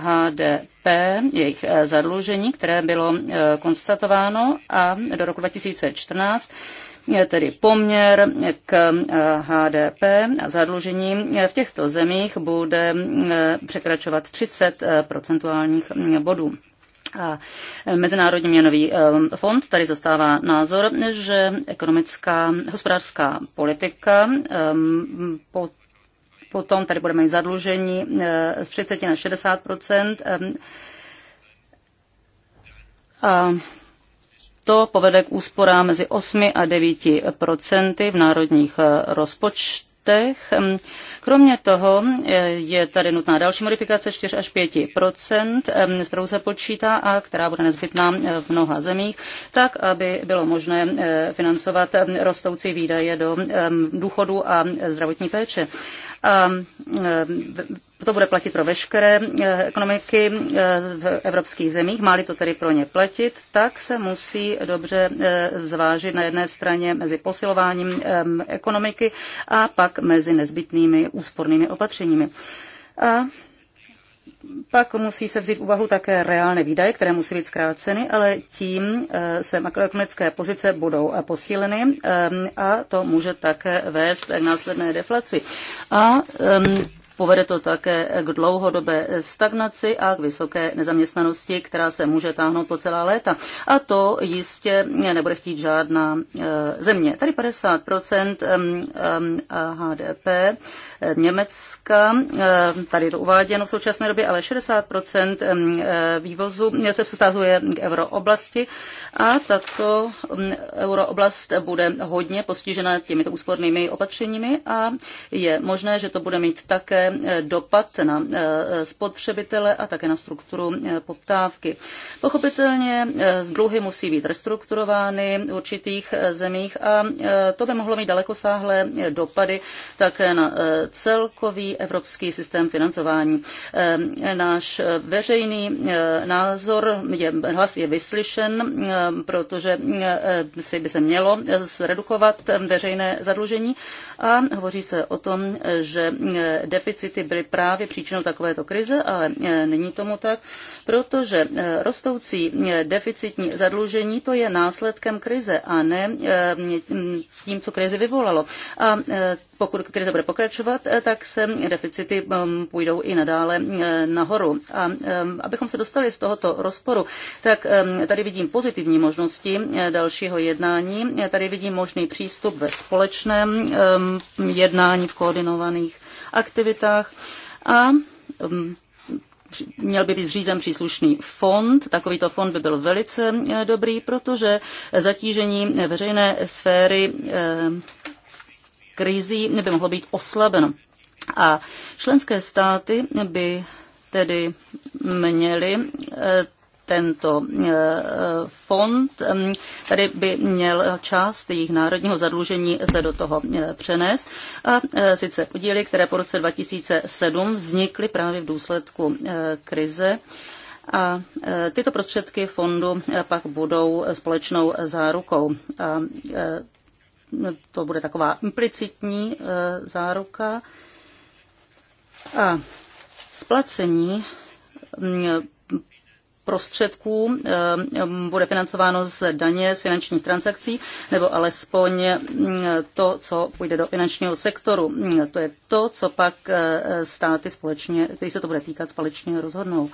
HDP, jejich uh, zadlužení, které bylo konstatováno a do roku 2014 tedy poměr k HDP a zadlužení v těchto zemích bude překračovat 30 procentuálních bodů. A Mezinárodní měnový eh, fond tady zastává názor, že ekonomická hospodářská politika eh, po Potom tady budeme mít zadlužení eh, z 30 na 60 A to povede k úsporám mezi 8 a 9 procenty v národních rozpočtech letech. Kromě toho eh, je tady nutná další modifikace 4 až 5 s kterou se počítá a která bude nezbytná eh, v mnoha zemích, tak aby bylo možné eh, financovat rostoucí výdaje do důchodu a zdravotní péče. A Toto bude platit pro veškeré eh, ekonomiky eh, v evropských zemích. Má-li to tedy pro ně platit, tak se musí dobře eh, zvážit na jedné straně mezi posilováním ekonomiky a pak mezi nezbytnými úspornými opatřeními. A pak musí se vzít úvahu také reálné výdaje, které musí být zkráceny, ale tím se makroekonomické pozice budou posíleny a to může také vést k následné deflaci. A ehm, Povede to také k dlouhodobé stagnaci a k vysoké nezaměstnanosti, která se může táhnout po celá léta. A to jistě nebude chtít žádná eh, země. Tady 50 HDP eh, Německa, eh, tady je to uváděno v současné době, ale 60 vývozu se vztahuje k eurooblasti a tato eurooblast bude hodně postižena těmito úspornými opatřeními a je možné, že to bude mít také dopad na eh, spotřebitele a také na strukturu eh, poptávky. Pochopitelně eh, dluhy musí být restrukturovány v určitých zemích a to by mohlo mít dalekosáhlé dopady také na celkový evropský systém financování. Náš veřejný názor je, hlas je vyslyšen, protože si by se mělo zredukovat veřejné zadlužení a hovoří se o tom, že deficity byly právě příčinou takovéto krize, ale e, není tomu tak, protože e, rostoucí e, deficitní zadlužení to je následkem krize a ne tím, co krizi vyvolalo. A pokud krize bude pokračovat, eh, tak se deficity eh, půjdou i nadále eh, nahoru. A abychom se dostali z tohoto rozporu, tak tady vidím pozitivní možnosti dalšího jednání. Tady vidím možný přístup ve společném jednání v koordinovaných aktivitách a mm, měl by být zřízen příslušný fond. Takovýto fond by byl velice dobrý, protože zatížení veřejné sféry krizí by mohlo být oslabeno. A členské státy by tedy měly eh, tento eh, fond, eh, tady by měl část jejich národního zadlužení se do toho přenést. A sice podíly, které po roce 2007 vznikly právě v důsledku krize, a tyto prostředky fondu pak budou společnou zárukou. A to bude taková implicitní eh, záruka. A splacení mm, prostředků eh, bude financováno z daně z finančních transakcí, nebo alespoň eh, to, co půjde do finančního sektoru. Mm, to je to, co pak státy společně, který se to bude týkat, společně rozhodnou.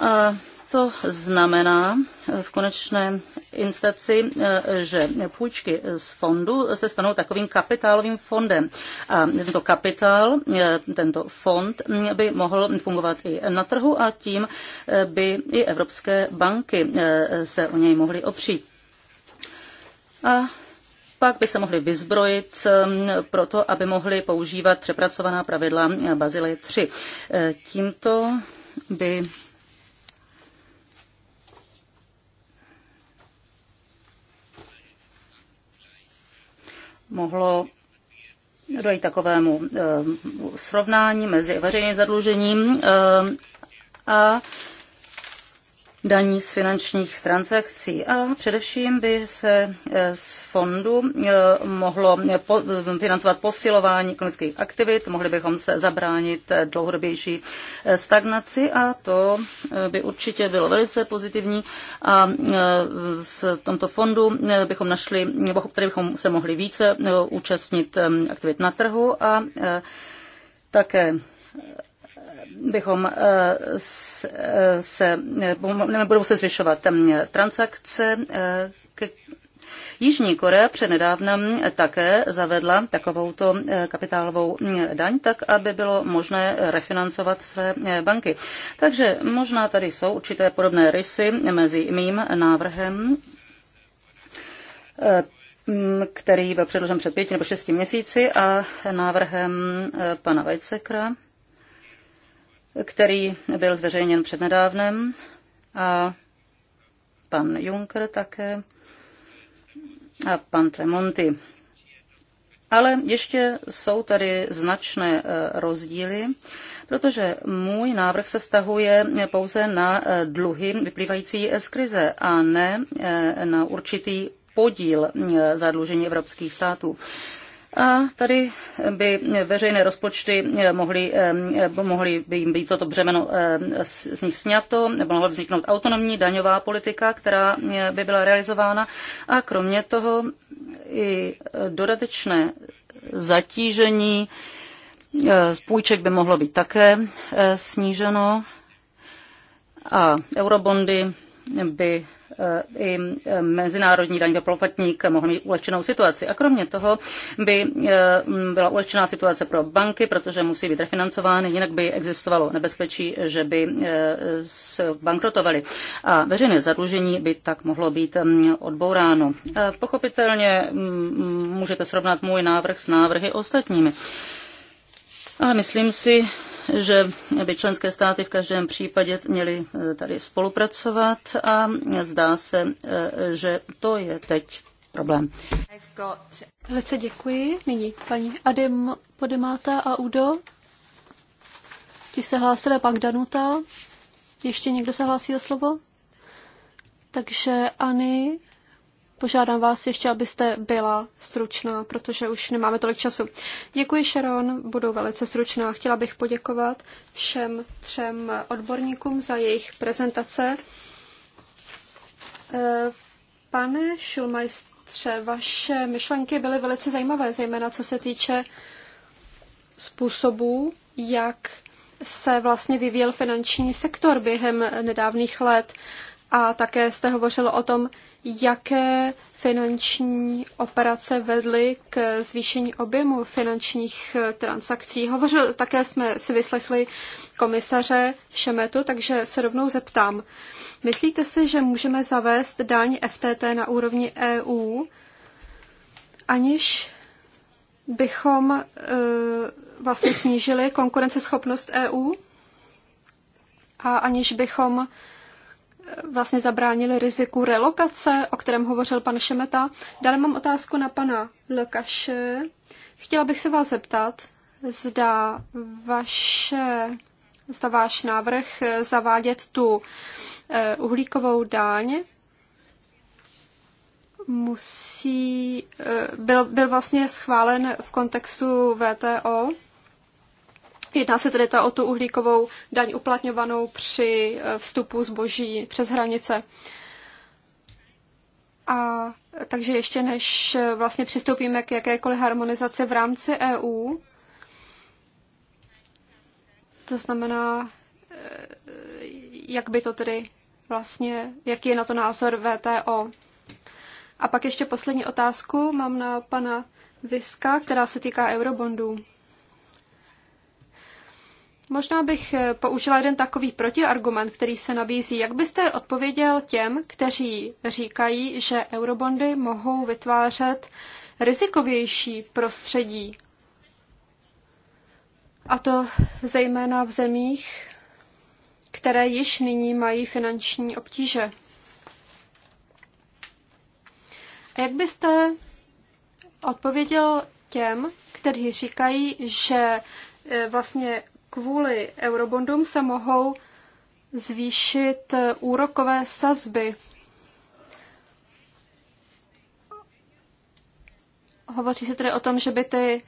A to znamená v konečné instanci, eh, že půjčky z fondu se stanou takovým kapitálovým fondem. A tento kapitál, eh, tento fond by mohl fungovat i na trhu a tím eh, by i evropské banky se o něj mohly opřít. A pak by se mohli vyzbrojit ehm, proto, aby mohli používat přepracovaná pravidla Bazile 3. Tímto by mohlo dojít takovému eh, srovnání mezi veřejným zadlužením eh, a daní z finančních transakcí a především by se eh, z fondu eh, mohlo eh, financovat posilování ekonomických aktivit, mohli bychom se zabránit dlouhodobější stagnaci a to by určitě bylo velice pozitivní a v tomto fondu bychom našli, nebo tady bychom se mohli více účastnit aktivit na trhu a také bychom eh, eh, se, eh, budou se zvyšovat transakce. Jižní Korea přednedávnem také zavedla takovouto kapitálovou mm, daň, tak aby bylo možné refinancovat své banky. Takže možná tady jsou určité podobné rysy mezi mým návrhem mm, který byl předložen před pěti nebo šesti měsíci a návrhem pana Vajcekra který byl zveřejněn přednedávnem a pan Juncker také a pan Tremonti. Ale ještě jsou tady značné eh, rozdíly, protože můj návrh se vztahuje pouze na eh, dluhy vyplývající z krize a ne eh, na určitý podíl zadlužení evropských států. A tady by veřejné rozpočty eh, mohly, eh, mohly by jim být toto břemeno eh, z nich sněto, nebo mohla vzniknout autonomní daňová politika, která by byla realizována. A kromě toho i dodatečné zatížení z půjček by mohlo být také sníženo a eurobondy by i mezinárodní daňový poplatník mohl mít ulehčenou situaci. A kromě toho by e, byla ulehčená situace pro banky, protože musí být refinancovány, jinak by existovalo nebezpečí, že by e, bankrotovaly. A veřejné zadlužení by tak mohlo být odbouráno. E, pochopitelně můžete srovnat můj návrh s návrhy ostatními. Ale myslím si, že by členské státy v každém případě měly eh, tady spolupracovat a zdá se, eh, že to je teď problém. Velice děkuji. Nyní paní Adem Podemáta a Udo. Ti se hlásili pak Danuta. Ještě někdo se hlásí o slovo? Takže Ani, Požádám vás ještě, abyste byla stručná, protože už nemáme tolik času. Děkuji, Sharon, budu velice stručná. Chtěla bych poděkovat všem třem odborníkům za jejich prezentace. Eh, pane Šulmajstře, vaše myšlenky byly velice zajímavé, zejména co se týče způsobů, jak se vlastně vyvíjel finanční sektor během nedávných let. A také jste hovořil o tom, jaké finanční operace vedly k zvýšení objemu finančních eh, transakcí. Hovořil, také jsme si vyslechli komisaře Šemetu, takže se rovnou zeptám. Myslíte si, že můžeme zavést daň FTT na úrovni EU, aniž bychom e, vlastně snížili konkurenceschopnost EU a aniž bychom vlastně zabránili riziku relokace, o kterém hovořil pan Šemeta. Dále mám otázku na pana Lkaše. Chtěla bych se vás zeptat, zda vaše zda váš návrh eh, zavádět tu eh, uhlíkovou daň musí, eh, byl, byl vlastně schválen v kontextu VTO Jedná se tedy ta o tu uhlíkovou daň uplatňovanou při eh, vstupu zboží přes hranice. A takže ještě než eh, vlastně přistoupíme k jakékoliv harmonizaci v rámci EU, to znamená, eh, jak by to tedy vlastně, jaký je na to názor VTO. A pak ještě poslední otázku mám na pana Viska, která se týká eurobondů. Možná bych eh, použila jeden takový protiargument, který se nabízí. Jak byste odpověděl těm, kteří říkají, že eurobondy mohou vytvářet rizikovější prostředí? A to zejména v zemích, které již nyní mají finanční obtíže. A jak byste odpověděl těm, kteří říkají, že eh, vlastně kvůli eurobondům se mohou zvýšit úrokové sazby. Hovoří se tedy o tom, že by ty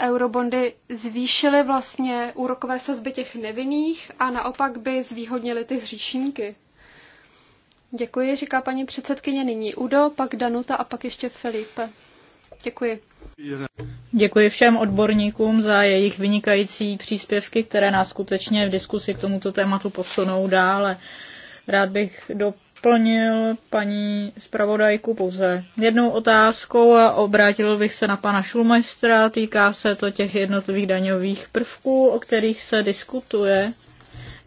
eurobondy zvýšily vlastně úrokové sazby těch nevinných a naopak by zvýhodnily ty hříšníky. Děkuji, říká paní předsedkyně nyní Udo, pak Danuta a pak ještě Filipe. Děkuji. Děkuji všem odborníkům za jejich vynikající příspěvky, které nás skutečně v diskusi k tomuto tématu posunou dále. Rád bych doplnil paní zpravodajku pouze jednou otázkou a obrátil bych se na pana Šulmajstra. Týká se to těch jednotlivých daňových prvků, o kterých se diskutuje.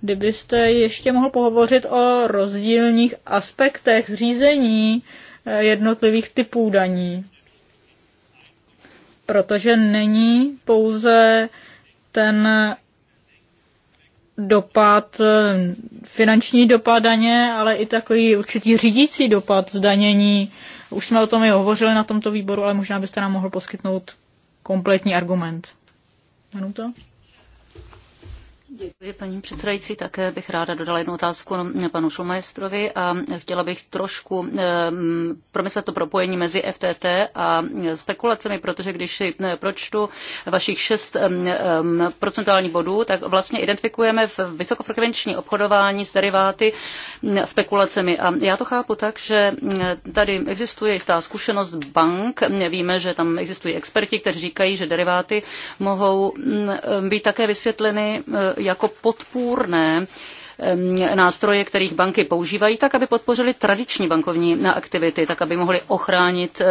Kdybyste ještě mohl pohovořit o rozdílných aspektech řízení eh, jednotlivých typů daní protože není pouze ten dopad, finanční dopad daně, ale i takový určitý řídící dopad zdanění. Už jsme o tom i hovořili na tomto výboru, ale možná byste nám mohl poskytnout kompletní argument. Ano, to? Děkuji, paní předsedající. Také bych ráda dodala jednu otázku panu Šumajstrovi a chtěla bych trošku eh, promyslet to propojení mezi FTT a spekulacemi, protože když si eh, pročtu vašich šest eh, procentuálních bodů, tak vlastně identifikujeme v vysokofrekvenční obchodování s deriváty spekulacemi. A já to chápu tak, že tady existuje jistá zkušenost bank. Víme, že tam existují experti, kteří říkají, že deriváty mohou mm, být také vysvětleny jako podpůrné nástroje, kterých banky používají, tak aby podpořili tradiční bankovní aktivity, tak aby mohly ochránit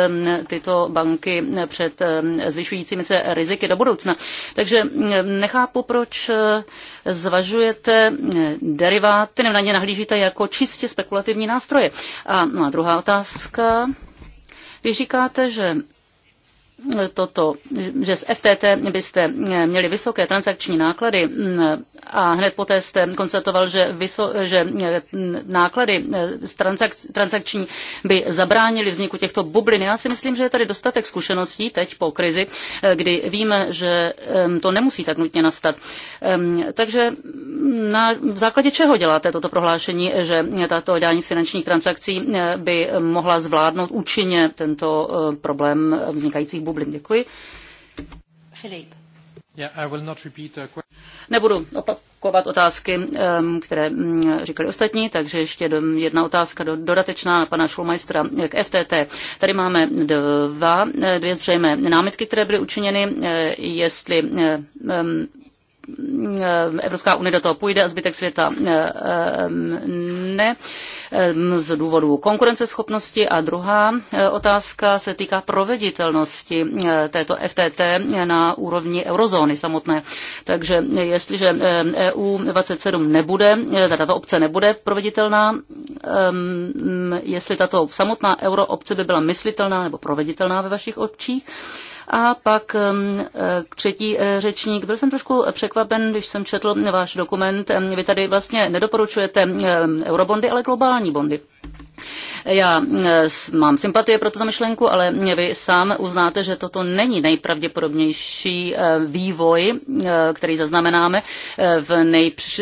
tyto banky před zvyšujícími se riziky do budoucna. Takže nechápu, proč eh, zvažujete eh, deriváty, nebo na ně nahlížíte jako čistě spekulativní nástroje. A no a druhá otázka. Vy říkáte, že toto, že z FTT byste měli vysoké transakční náklady mm, a hned poté jste konstatoval, že, vyso, že mm, náklady mm, z transak, transakční by zabránili vzniku těchto bublin. Já si myslím, že je tady dostatek zkušeností teď po krizi, eh, kdy víme, že to nemusí tak nutně nastat. Ehm, takže na základě čeho děláte toto prohlášení, že tato dání z finančních transakcí eh, by mohla zvládnout účinně tento eh, problém vznikajících bublin? bublin. Děkuji. Filip. Uh, Nebudu opakovat otázky, um, které mm, říkali ostatní, takže ještě jedna otázka dodatečná na pana Schulmeistera k FTT. Tady máme dva, eh, dvě zřejmé námitky, které byly učiněny, eh, jestli eh, mm, Evropská unie do toho půjde a zbytek světa eh, eh, ne eh, z důvodu konkurenceschopnosti. A druhá otázka se týká proveditelnosti této FTT na úrovni eurozóny samotné. Takže jestliže EU e 27 nebude, tato obce nebude proveditelná, jestli tato samotná euroobce by byla myslitelná nebo proveditelná ve vašich očích, a pak um, eh, třetí eh, řečník. Byl jsem trošku překvapen, když jsem četl váš dokument. Vy tady vlastně nedoporučujete eh, eurobondy, ale globální bondy. Já mm, mám sympatie pro tuto myšlenku, ale mě vy sám uznáte, že toto není nejpravděpodobnější eh, vývoj, eh, který zaznamenáme eh, v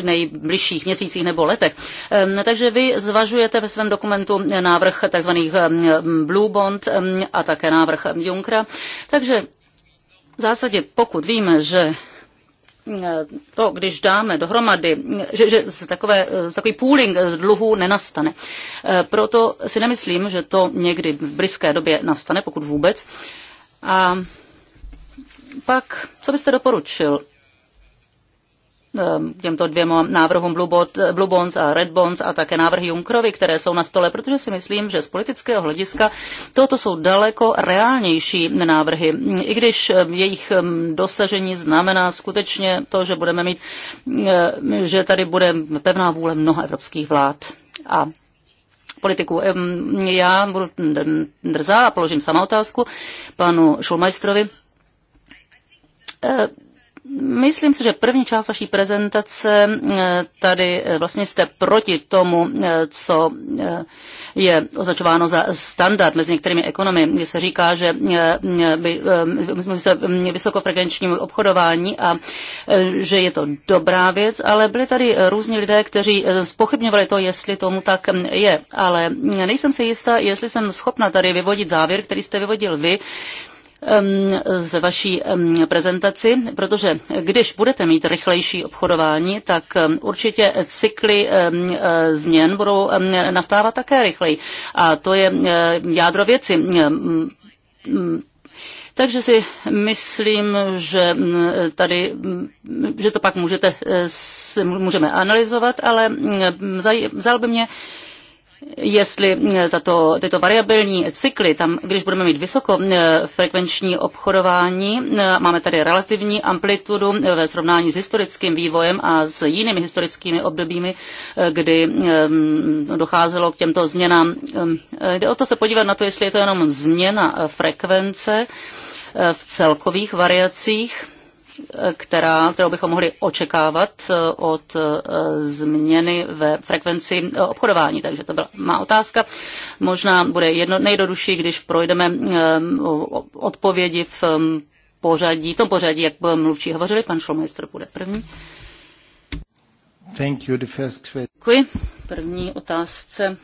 nejbližších měsících nebo letech. Ehm, takže vy zvažujete ve svém dokumentu návrh tzv. Ehm, Blue Bond ehm, a také návrh Junkra. Takže v zásadě, pokud víme, že to, když dáme dohromady, že, že z takové, z takový pooling dluhů nenastane. E, proto si nemyslím, že to někdy v blízké době nastane, pokud vůbec. A pak, co byste doporučil? Ehm, těmto dvěma návrhům Blue, Bot, Blue Bonds a Red Bonds a také návrhy Junkerovi, které jsou na stole, protože si myslím, že z politického hlediska toto jsou daleko reálnější návrhy. I když ehm, jejich ehm, dosažení znamená skutečně to, že budeme mít, že tady bude pevná vůle mnoha evropských vlád. A politiku. Já budu drzá a položím sama otázku panu Šulmajstrovi Myslím si, že první část vaší prezentace eh, tady eh, vlastně jste proti tomu, eh, co je označováno za standard mezi některými ekonomy, kdy se říká, že by, se mm, vysokofrekvenční obchodování a že je to dobrá věc, ale byli tady různí lidé, kteří spochybňovali to, jestli tomu tak mm, je. Ale mm, nejsem si jistá, jestli jsem schopna tady vyvodit závěr, který jste vyvodil vy, ve vaší prezentaci, protože když budete mít rychlejší obchodování, tak určitě cykly e, změn budou nastávat také rychleji. A to je e, jádro věci. Takže si myslím, že tady, že to pak můžete, e, můžeme analyzovat, ale vzal by mě jestli eh, tato, tyto variabilní cykly, tam, když budeme mít vysokofrekvenční eh, obchodování, eh, máme tady relativní amplitudu ve srovnání s historickým vývojem a s jinými historickými obdobími, kdy docházelo k těmto změnám. Jde o to se podívat na to, jestli je to jenom změna frekvence v celkových variacích která, kterou bychom mohli očekávat eh, od eh, změny ve frekvenci eh, obchodování. Takže to byla má otázka. Možná bude jedno, nejjednodušší, když projdeme odpovědi v pořadí, tom pořadí, jak mluvčí hovořili. Pan Šlomejstr bude první. Thank you, the first Děkuji. První otázce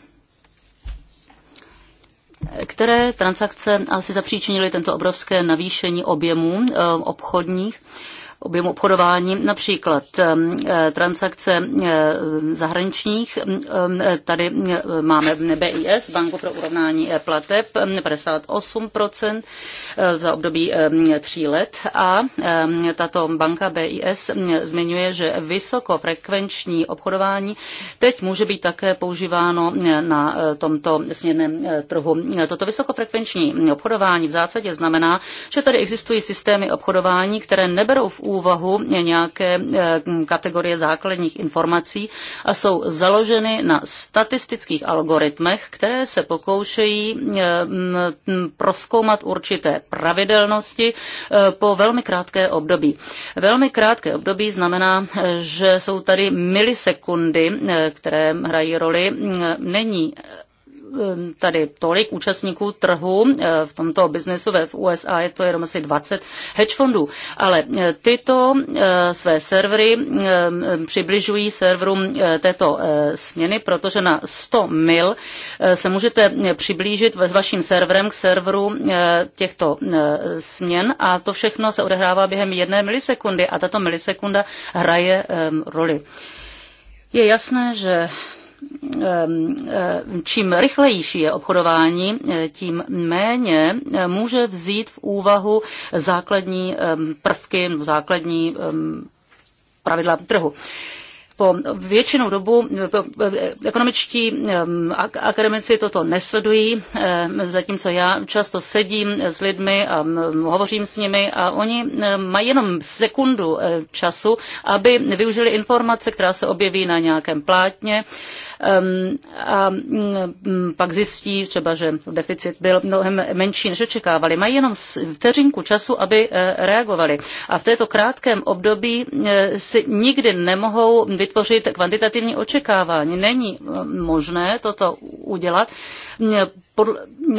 které transakce asi zapříčinily tento obrovské navýšení objemů eh, obchodních? objemu obchodování, například um, eh, transakce eh, zahraničních. Um, eh, tady máme BIS, Banku pro urovnání plateb, 58% um, za období tří let a tato banka BIS zmiňuje, že vysokofrekvenční obchodování teď může být také používáno na tomto směrném trhu. Toto vysokofrekvenční obchodování v zásadě znamená, že tady existují systémy obchodování, které neberou v úvahu nějaké eh, kategorie základních informací a jsou založeny na statistických algoritmech, které se pokoušejí eh, proskoumat určité pravidelnosti eh, po velmi krátké období. Velmi krátké období znamená, že jsou tady milisekundy, které hrají roli. Není Ehm, tady tolik účastníků trhu eh, v tomto biznesu ve v USA, je to jenom asi 20 hedge fondů, ale eh, tyto eh, své servery ehm, ehm, přibližují serverům této směny, protože na 100 mil se můžete přiblížit s vaším serverem k serveru těchto směn a to všechno se odehrává během jedné milisekundy a tato milisekunda hraje roli. Je jasné, že Ehm, ehm, čím rychlejší je obchodování, eh, tím méně eh, může vzít v úvahu základní ehm, prvky, základní pravidla trhu po většinou dobu eh, ekonomičtí akademici toto nesledují, zatímco já často sedím s lidmi a hovořím s nimi a oni mají jenom sekundu času, aby využili informace, která se objeví na nějakém plátně Ehm, a mm, mm, pak zjistí třeba, že deficit byl mnohem menší, než očekávali. Mají jenom vteřinku času, aby eh, reagovali. A v této krátkém období eh, si nikdy nemohou vytvořit kvantitativní očekávání. Není eh, možné toto udělat mm,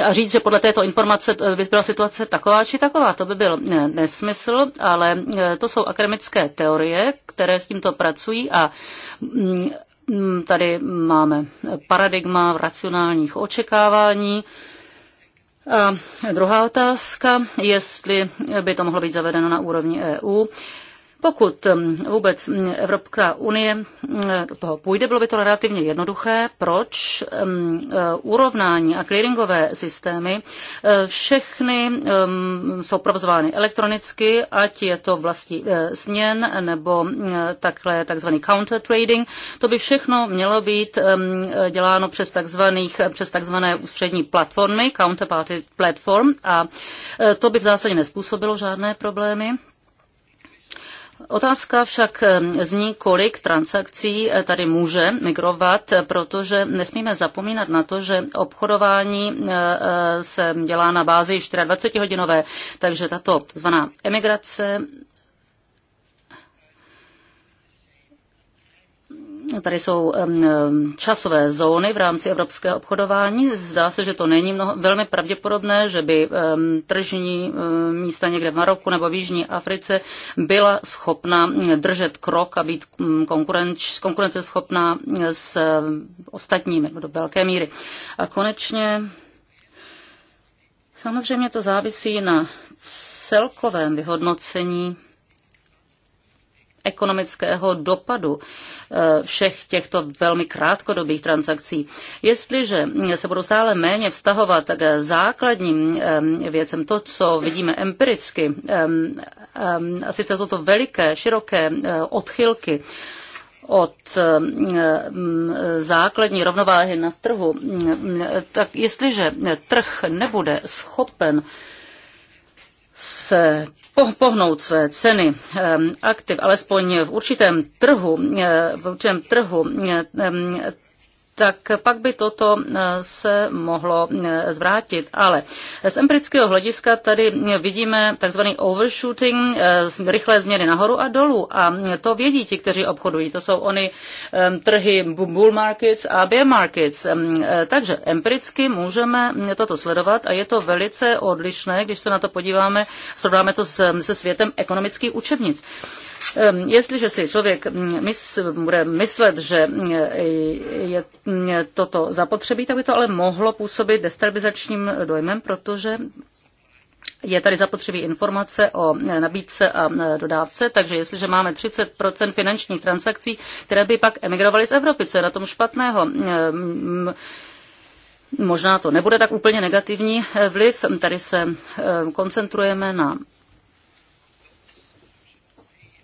a říct, že podle této informace by byla situace taková či taková. To by byl nesmysl, ale to jsou akademické teorie, které s tímto pracují a Mm, tady máme paradigma racionálních očekávání. A druhá otázka, jestli by to mohlo být zavedeno na úrovni EU. Pokud mm, vůbec mm, Evropská unie mm, do toho půjde, bylo by to relativně jednoduché. Proč eh, urovnání a clearingové systémy eh, všechny jsou provozovány elektronicky, ať je to vlastní eh, směn nebo takhle takzvaný counter trading. To by všechno mělo být děláno přes, takzvaných, přes takzvané ústřední platformy, counterparty platform a to by v zásadě nespůsobilo žádné problémy Otázka však zní, kolik transakcí eh, tady může migrovat, protože nesmíme zapomínat na to, že obchodování eh, eh, se dělá na bázi 24-hodinové, takže tato zvaná emigrace No, tady jsou časové zóny v rámci evropského obchodování. Zdá se, že to není mnoho, velmi pravděpodobné, že by tržní místa někde v Maroku nebo v Jižní Africe byla schopna držet krok a být konkurenč, konkurenceschopná s ostatními do velké míry. A konečně samozřejmě to závisí na celkovém vyhodnocení ekonomického dopadu eh, všech těchto velmi krátkodobých transakcí. Jestliže se budou stále méně vztahovat k základním eh, věcem, to, co vidíme empiricky, eh, a sice jsou to veliké, široké odchylky, od mm, základní rovnováhy na trhu, mm, tak jestliže trh nebude schopen se pohnout své ceny ehm, aktiv alespoň v určitém trhu, eh, v určitém trhu eh, ehm, tak pak by toto eh, se mohlo eh, zvrátit. Ale z empirického hlediska tady vidíme takzvaný overshooting, eh, rychlé změny nahoru a dolů. A to vědí ti, kteří obchodují. To jsou oni trhy bull markets a bear markets. Ehm, takže empiricky můžeme toto sledovat a je to velice odlišné, když se na to podíváme, srovnáme to se světem ekonomických učebnic. Ehm, jestliže si člověk mm, mys, bude myslet, že mm, je mm, toto zapotřebí, tak by to ale mohlo působit destabilizačním dojmem, protože je tady zapotřebí informace o e, nabídce a e, dodávce, takže jestliže máme 30 finančních transakcí, které by pak emigrovaly z Evropy, co je na tom špatného? Ehm, možná to nebude tak úplně negativní e, vliv. Tady se koncentrujeme na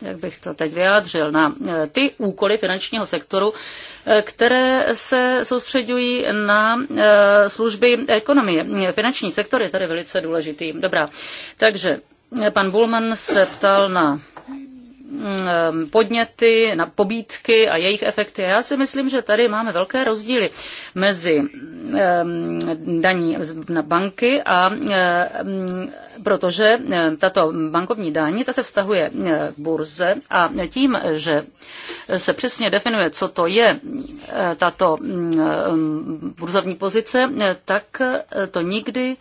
jak bych to teď vyjádřil, na eh, ty úkoly finančního sektoru, eh, které se soustředují na eh, služby ekonomie. Finanční sektor je tady velice důležitý. Dobrá, takže pan Bulman se ptal na Mm, eh, podněty, na pobídky a jejich efekty. Já si myslím, že tady máme velké rozdíly mezi mm, eh, daní na banky a eh, mm, protože tato bankovní daň, ta se vztahuje k burze a tím, že se přesně definuje, co to je tato burzovní pozice, tak to nikdy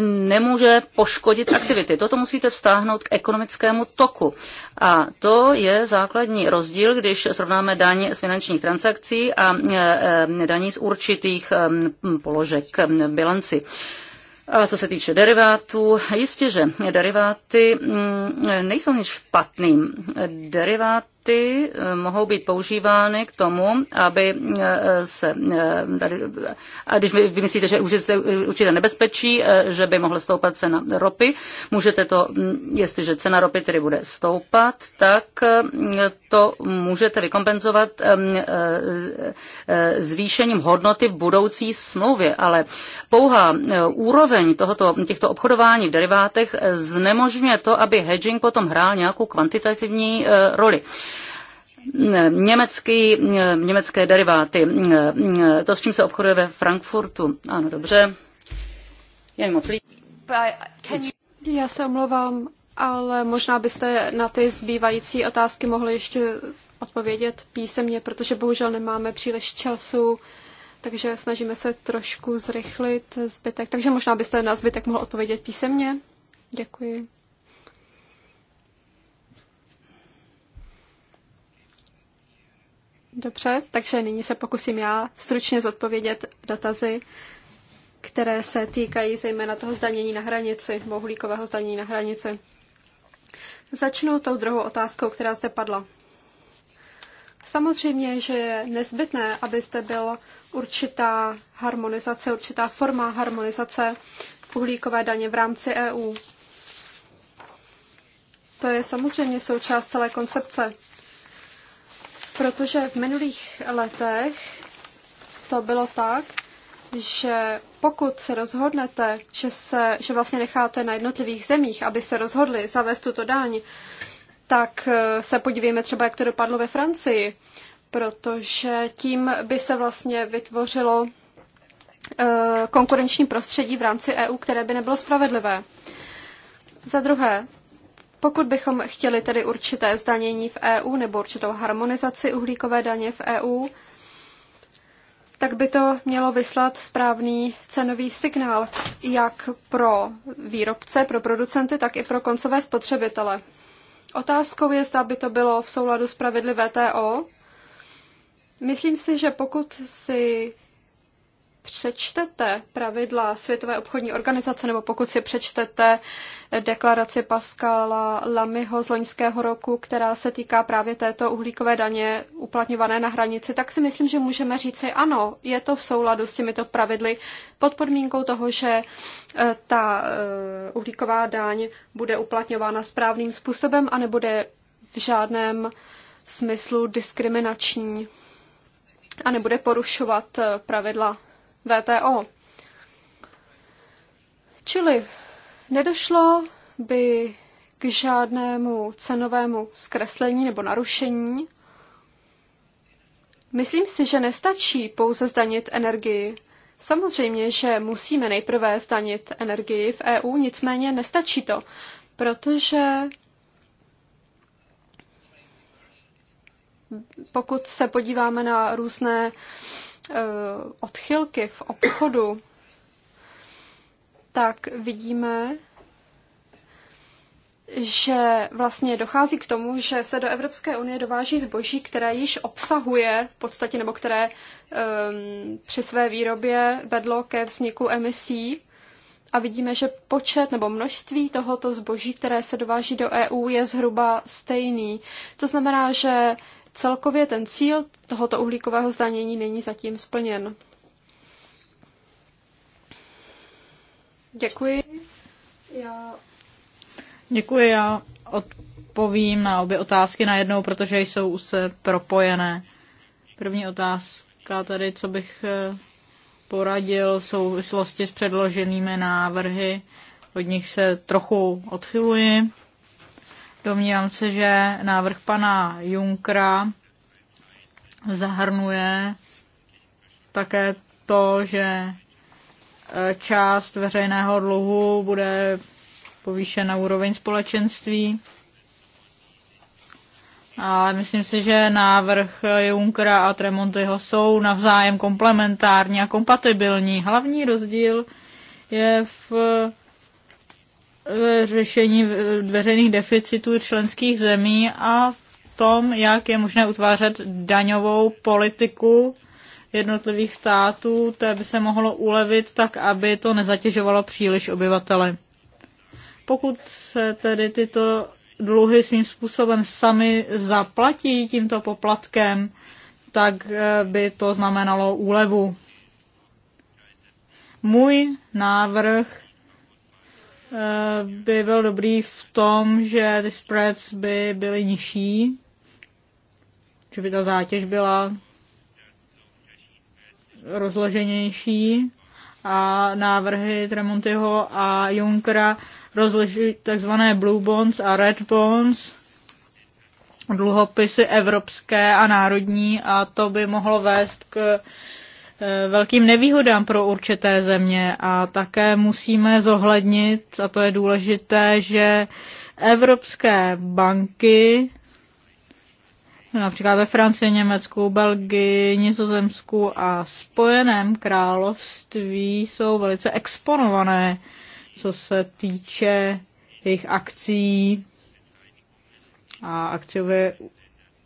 nemůže poškodit aktivity. Toto musíte vztáhnout k ekonomickému toku. A to je základní rozdíl, když srovnáme daň z finančních transakcí a e, e, daní z určitých e, položek bilanci. A co se týče derivátů, jistě, že deriváty mm, nejsou nic špatným. Derivát ty eh, mohou být používány k tomu, aby eh, se eh, tady, a když vy myslíte, že je určité nebezpečí, že by mohla stoupat cena ropy, můžete to, hm, jestliže cena ropy tedy bude stoupat, tak hm, to můžete vykompenzovat hm, zvýšením hodnoty v budoucí smlouvě, ale pouhá úroveň tohoto, těchto obchodování v derivátech znemožňuje to, aby hedging potom hrál nějakou kvantitativní roli německý, německé deriváty, to, s čím se obchoduje ve Frankfurtu. Ano, dobře. Je mi moc Já se omlouvám, ale možná byste na ty zbývající otázky mohli ještě odpovědět písemně, protože bohužel nemáme příliš času, takže snažíme se trošku zrychlit zbytek. Takže možná byste na zbytek mohl odpovědět písemně. Děkuji. Dobře, takže nyní se pokusím já stručně zodpovědět dotazy, které se týkají zejména toho zdanění na hranici, bohulíkového zdanění na hranici. Začnu tou druhou otázkou, která zde padla. Samozřejmě, že je nezbytné, abyste byl určitá harmonizace, určitá forma harmonizace uhlíkové daně v rámci EU. To je samozřejmě součást celé koncepce protože v minulých letech to bylo tak, že pokud se rozhodnete, že, se, že vlastně necháte na jednotlivých zemích, aby se rozhodli zavést tuto daň, tak eh, se podívejme třeba, jak to dopadlo ve Francii, protože tím by se vlastně vytvořilo eh, konkurenční prostředí v rámci EU, které by nebylo spravedlivé. Za druhé, pokud bychom chtěli tedy určité zdanění v EU nebo určitou harmonizaci uhlíkové daně v EU, tak by to mělo vyslat správný cenový signál jak pro výrobce, pro producenty, tak i pro koncové spotřebitele. Otázkou je, zda by to bylo v souladu s pravidly VTO. Myslím si, že pokud si přečtete pravidla Světové obchodní organizace, nebo pokud si přečtete deklaraci Pascala Lamyho z loňského roku, která se týká právě této uhlíkové daně uplatňované na hranici, tak si myslím, že můžeme říci ano, je to v souladu s těmito pravidly pod podmínkou toho, že eh, ta eh, uhlíková daň bude uplatňována správným způsobem a nebude v žádném smyslu diskriminační a nebude porušovat eh, pravidla VTO. Čili nedošlo by k žádnému cenovému zkreslení nebo narušení. Myslím si, že nestačí pouze zdanit energii. Samozřejmě, že musíme nejprve zdanit energii v EU, nicméně nestačí to, protože pokud se podíváme na různé Eh, odchylky v obchodu, tak vidíme, že vlastně dochází k tomu, že se do Evropské unie dováží zboží, které již obsahuje v podstatě, nebo které um, při své výrobě vedlo ke vzniku emisí. A vidíme, že počet nebo množství tohoto zboží, které se dováží do EU, je zhruba stejný. To znamená, že celkově ten cíl tohoto uhlíkového zdanění není zatím splněn. Děkuji. Já... Děkuji, já odpovím na obě otázky najednou, protože jsou už se propojené. První otázka tady, co bych eh, poradil v souvislosti s předloženými návrhy, od nich se trochu odchyluji. Domnívám se, že návrh pana Junkra zahrnuje také to, že e, část veřejného dluhu bude povýšena úroveň společenství. Ale myslím si, že návrh Junkera a Tremontyho jsou navzájem komplementární a kompatibilní. Hlavní rozdíl je v řešení veřejných deficitů členských zemí a v tom, jak je možné utvářet daňovou politiku jednotlivých států, to by se mohlo ulevit tak, aby to nezatěžovalo příliš obyvatele. Pokud se tedy tyto dluhy svým způsobem sami zaplatí tímto poplatkem, tak eh, by to znamenalo úlevu. Můj návrh Eh, by byl dobrý v tom, že ty spreads by byly nižší, že by ta zátěž byla rozloženější a návrhy Tremontyho a Junkera rozložit takzvané blue bonds a red bonds, dluhopisy evropské a národní a to by mohlo vést k Eh, velkým nevýhodám pro určité země a také musíme zohlednit, a to je důležité, že evropské banky například ve Francii, Německu, Belgii, Nizozemsku a Spojeném království jsou velice exponované, co se týče jejich akcí a akciové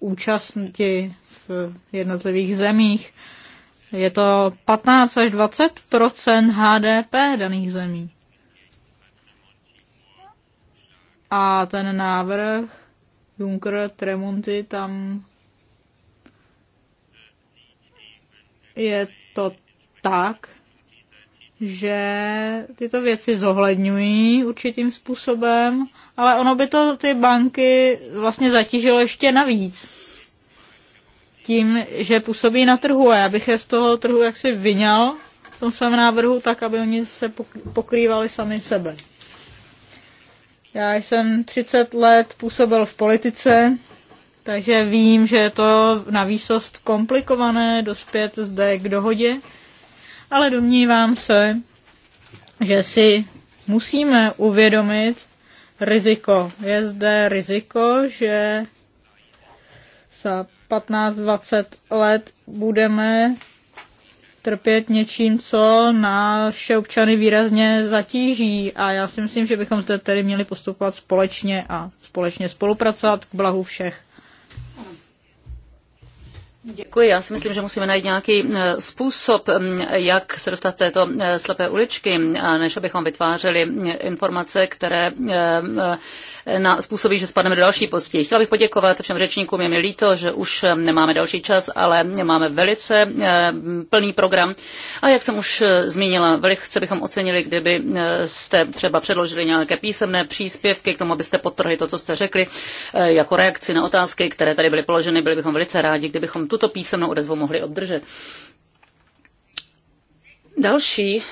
účastnosti v jednotlivých zemích. Je to 15 až 20 HDP daných zemí. A ten návrh Juncker Tremonti tam je to tak, že tyto věci zohledňují určitým způsobem, ale ono by to ty banky vlastně zatížilo ještě navíc tím, že působí na trhu a já bych je z toho trhu jaksi vyňal v tom svém návrhu, tak aby oni se pokrývali sami sebe. Já jsem 30 let působil v politice, takže vím, že je to na výsost komplikované dospět zde k dohodě, ale domnívám se, že si musíme uvědomit riziko. Je zde riziko, že se 15-20 let budeme trpět něčím, co naše občany výrazně zatíží. A já si myslím, že bychom zde tedy měli postupovat společně a společně spolupracovat k blahu všech. Děkuji. Já si myslím, že musíme najít nějaký eh, způsob, mm, jak se dostat z této eh, slepé uličky, než abychom vytvářeli mm, informace, které eh, na, způsobí, že spadneme do další posti. Chtěla bych poděkovat všem řečníkům, je mi líto, že už eh, nemáme další čas, ale máme velice eh, plný program. A jak jsem už eh, zmínila, velice bychom ocenili, kdyby jste třeba předložili nějaké písemné příspěvky k tomu, abyste podtrhli to, co jste řekli, jako reakci na otázky, které tady byly položeny. Byli bychom velice rádi, kdybychom tuto písemnou odezvu mohli obdržet. Další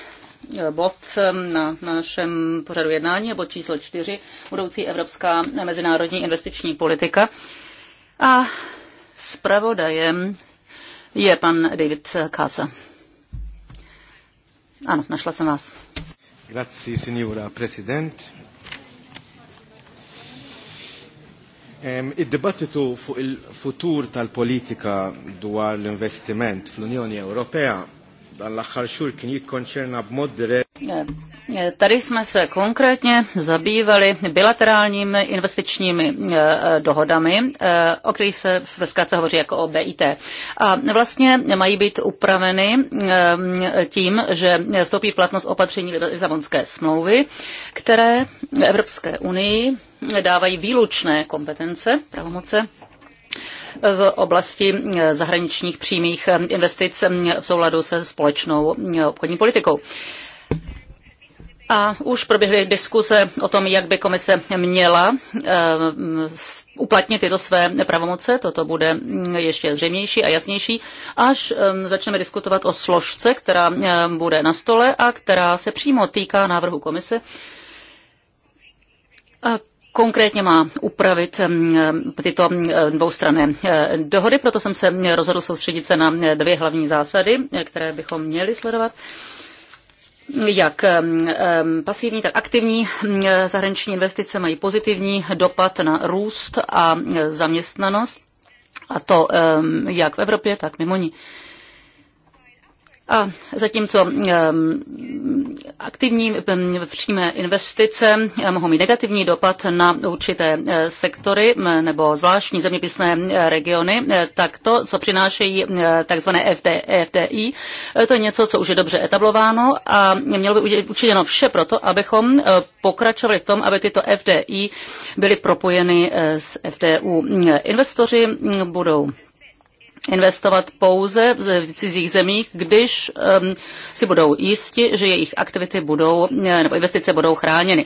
bod ehm, na našem pořadu jednání, bod číslo čtyři, budoucí evropská mezinárodní investiční politika. A zpravodajem je pan David Kasa. Ano, našla jsem vás. Grazie, signora president. Ehm, Id-dibattitu fuq il-futur tal-politika dwar l-investiment fl-Unjoni Ewropea Eh, eh, tady jsme se konkrétně zabývali bilaterálními investičními eh, dohodami, o kterých se ve zkratce hovoří jako o BIT. A vlastně mají být upraveny tím, že stoupí v platnost opatření Lisabonské smlouvy, které Evropské unii dávají výlučné kompetence, pravomoce v oblasti eh, zahraničních přímých eh, investic mm, v souladu se společnou eh, obchodní politikou. A už proběhly diskuse o tom, jak by komise měla mm, uplatnit tyto své pravomoce. Toto bude mm, ještě zřejmější a jasnější, až začneme diskutovat o složce, která bude na stole a která se přímo týká návrhu komise a konkrétně má upravit tyto dvoustrané eh, dohody, proto jsem se rozhodl soustředit se na eh, dvě hlavní zásady, eh, které bychom měli sledovat jak pasivní, tak aktivní zahraniční investice mají pozitivní dopad na růst a zaměstnanost, a to jak v Evropě, tak mimo ní. A zatímco aktivní přímé investice mohou mít negativní dopad na určité e, sektory nebo zvláštní zeměpisné e, regiony, e, tak to, co přinášejí tzv. FD, FDI, to je něco, co už je dobře etablováno a mělo by učiněno vše proto, abychom pokračovali v tom, aby tyto FDI byly propojeny s FDU. Investoři budou investovat pouze v cizích zemích, když um, si budou jisti, že jejich aktivity budou, eh, nebo investice budou chráněny.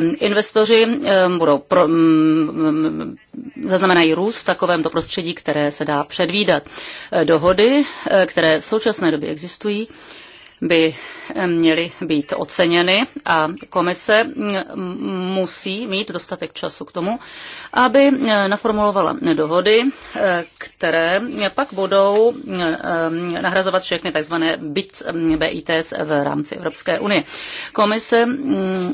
Um, investoři um, budou pro, um, zaznamenají růst v takovémto prostředí, které se dá předvídat. Eh, dohody, eh, které v současné době existují, by eh, měly být oceněny a komise mm, musí mít dostatek času k tomu, aby eh, naformulovala dohody, eh, které pak budou nahrazovat všechny tzv. BITS mm, v rámci Evropské unie. Komise mm,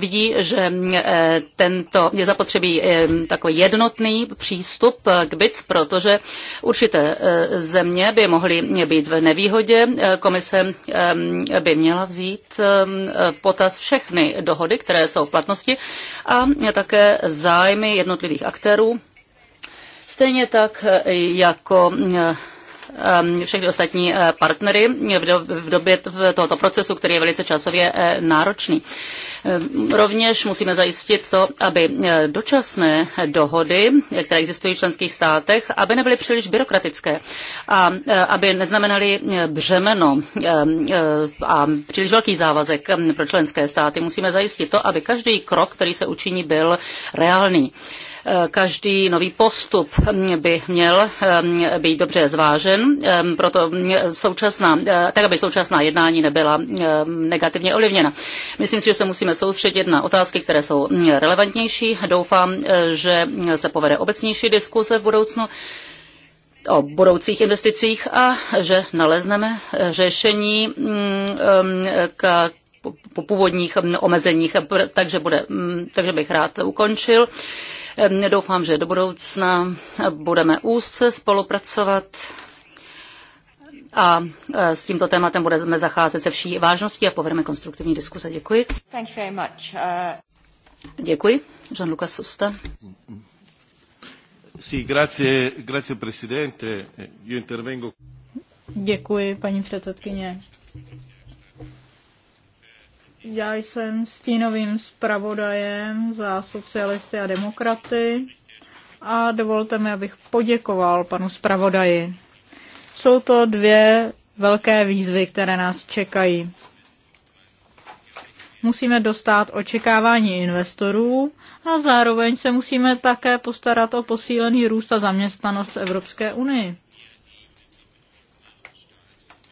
vidí, že eh, tento je zapotřebí eh, takový jednotný přístup eh, k BIC, protože určité země by mohly být v nevýhodě. Komise by měla vzít v potaz všechny dohody, které jsou v platnosti a také zájmy jednotlivých aktérů. Stejně tak jako Um, všechny ostatní uh, partnery v době tohoto procesu, který je velice časově uh, náročný. Um, rovněž musíme zajistit to, aby uh, dočasné dohody, které existují v členských státech, aby nebyly příliš byrokratické a aby neznamenaly břemeno um, a příliš velký závazek pro členské státy. Musíme zajistit to, aby každý krok, který se učiní, byl reálný. Každý nový postup by měl ehm, být dobře zvážen, ehm, proto ehm, současná, eh, tak aby současná jednání nebyla negativně ovlivněna. Myslím si, že se musíme soustředit na otázky, které jsou mm, relevantnější. Doufám, eh, že se povede obecnější diskuse v budoucnu o budoucích investicích a že nalezneme eh, řešení mm, k po původních mm, omezeních, takže, bude, takže bych rád ukončil Doufám, že do budoucna budeme úzce spolupracovat a e, s tímto tématem budeme zacházet se vší vážností a povedeme konstruktivní diskuse. Děkuji. Thank you very much. Uh... Děkuji. Jean-Luc Susta. Sí, grazie, grazie presidente. Eh, io intervengo. Děkuji, paní předsedkyně. Já jsem stínovým zpravodajem za socialisty a demokraty a dovolte mi, abych poděkoval panu zpravodaji. Jsou to dvě velké výzvy, které nás čekají. Musíme dostat očekávání investorů a zároveň se musíme také postarat o posílený růst a zaměstnanost v Evropské unii.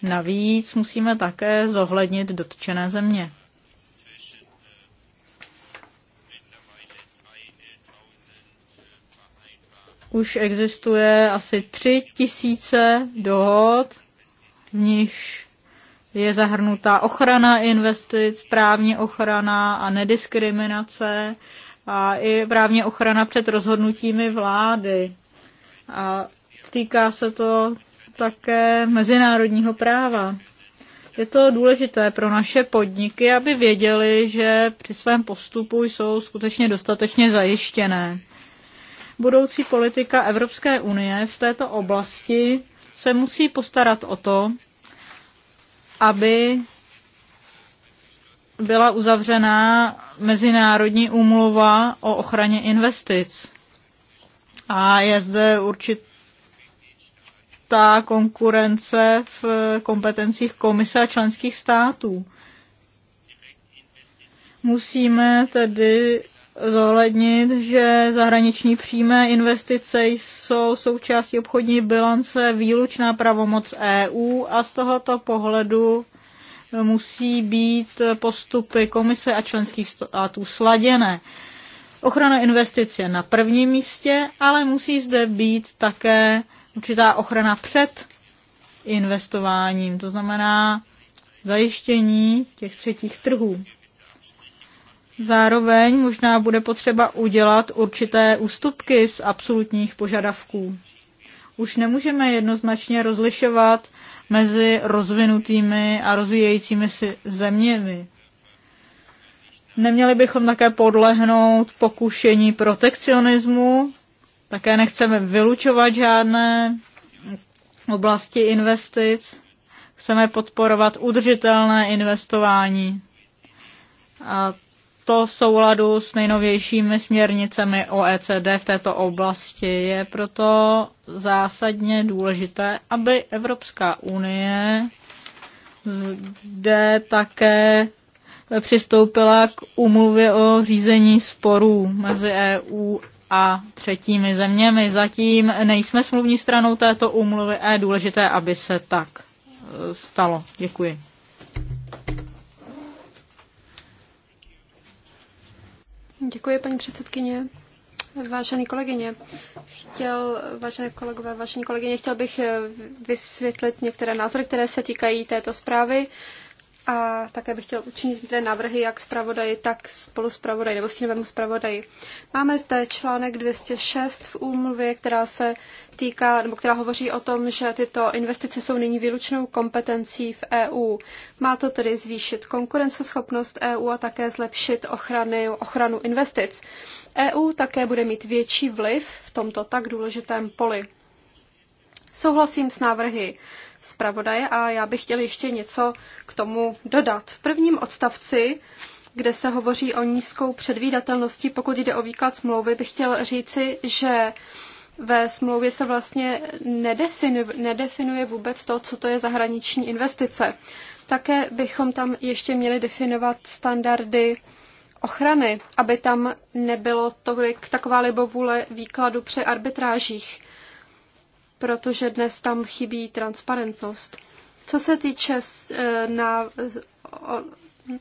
Navíc musíme také zohlednit dotčené země. už existuje asi tři tisíce dohod, v nich je zahrnutá ochrana investic, právní ochrana a nediskriminace a i právně ochrana před rozhodnutími vlády. A týká se to také mezinárodního práva. Je to důležité pro naše podniky, aby věděli, že při svém postupu jsou skutečně dostatečně zajištěné budoucí politika Evropské unie v této oblasti se musí postarat o to, aby byla uzavřená mezinárodní úmluva o ochraně investic. A je zde určitá konkurence v kompetencích komise a členských států. Musíme tedy zohlednit, že zahraniční přímé investice jsou součástí obchodní bilance výlučná pravomoc EU a z tohoto pohledu musí být postupy komise a členských států sladěné. Ochrana investic je na prvním místě, ale musí zde být také určitá ochrana před investováním, to znamená zajištění těch třetích trhů. Zároveň možná bude potřeba udělat určité ústupky z absolutních požadavků. Už nemůžeme jednoznačně rozlišovat mezi rozvinutými a rozvíjejícími si zeměmi. Neměli bychom také podlehnout pokušení protekcionismu, také nechceme vylučovat žádné oblasti investic, chceme podporovat udržitelné investování. A to v souladu s nejnovějšími směrnicemi OECD v této oblasti. Je proto zásadně důležité, aby Evropská unie zde také přistoupila k umluvě o řízení sporů mezi EU a třetími zeměmi. Zatím nejsme smluvní stranou této úmluvy a je důležité, aby se tak stalo. Děkuji. Děkuji, paní předsedkyně. Vážené kolegyně, chtěl, vážené kolegové, vážení kolegyně, chtěl bych vysvětlit některé názory, které se týkají této zprávy. Uh, a také bych chtěl učinit některé návrhy, jak zpravodaji, tak spolu zpravodaji nebo stínovému zpravodaji. Máme zde článek 206 v úmluvě, která se týká, nebo která hovoří o tom, že tyto investice jsou nyní výlučnou kompetencí v EU. Má to tedy zvýšit konkurenceschopnost EU a také zlepšit ochrany, ochranu investic. EU také bude mít větší vliv v tomto tak důležitém poli. Souhlasím s návrhy zpravodaje a já bych chtěla ještě něco k tomu dodat. V prvním odstavci kde se hovoří o nízkou předvídatelnosti. Pokud jde o výklad smlouvy, bych chtěl říci, že ve smlouvě se vlastně nedefinuje, nedefinuje vůbec to, co to je zahraniční investice. Také bychom tam ještě měli definovat standardy ochrany, aby tam nebylo tolik taková libovůle výkladu při arbitrážích protože dnes tam chybí transparentnost. Co se týče e, na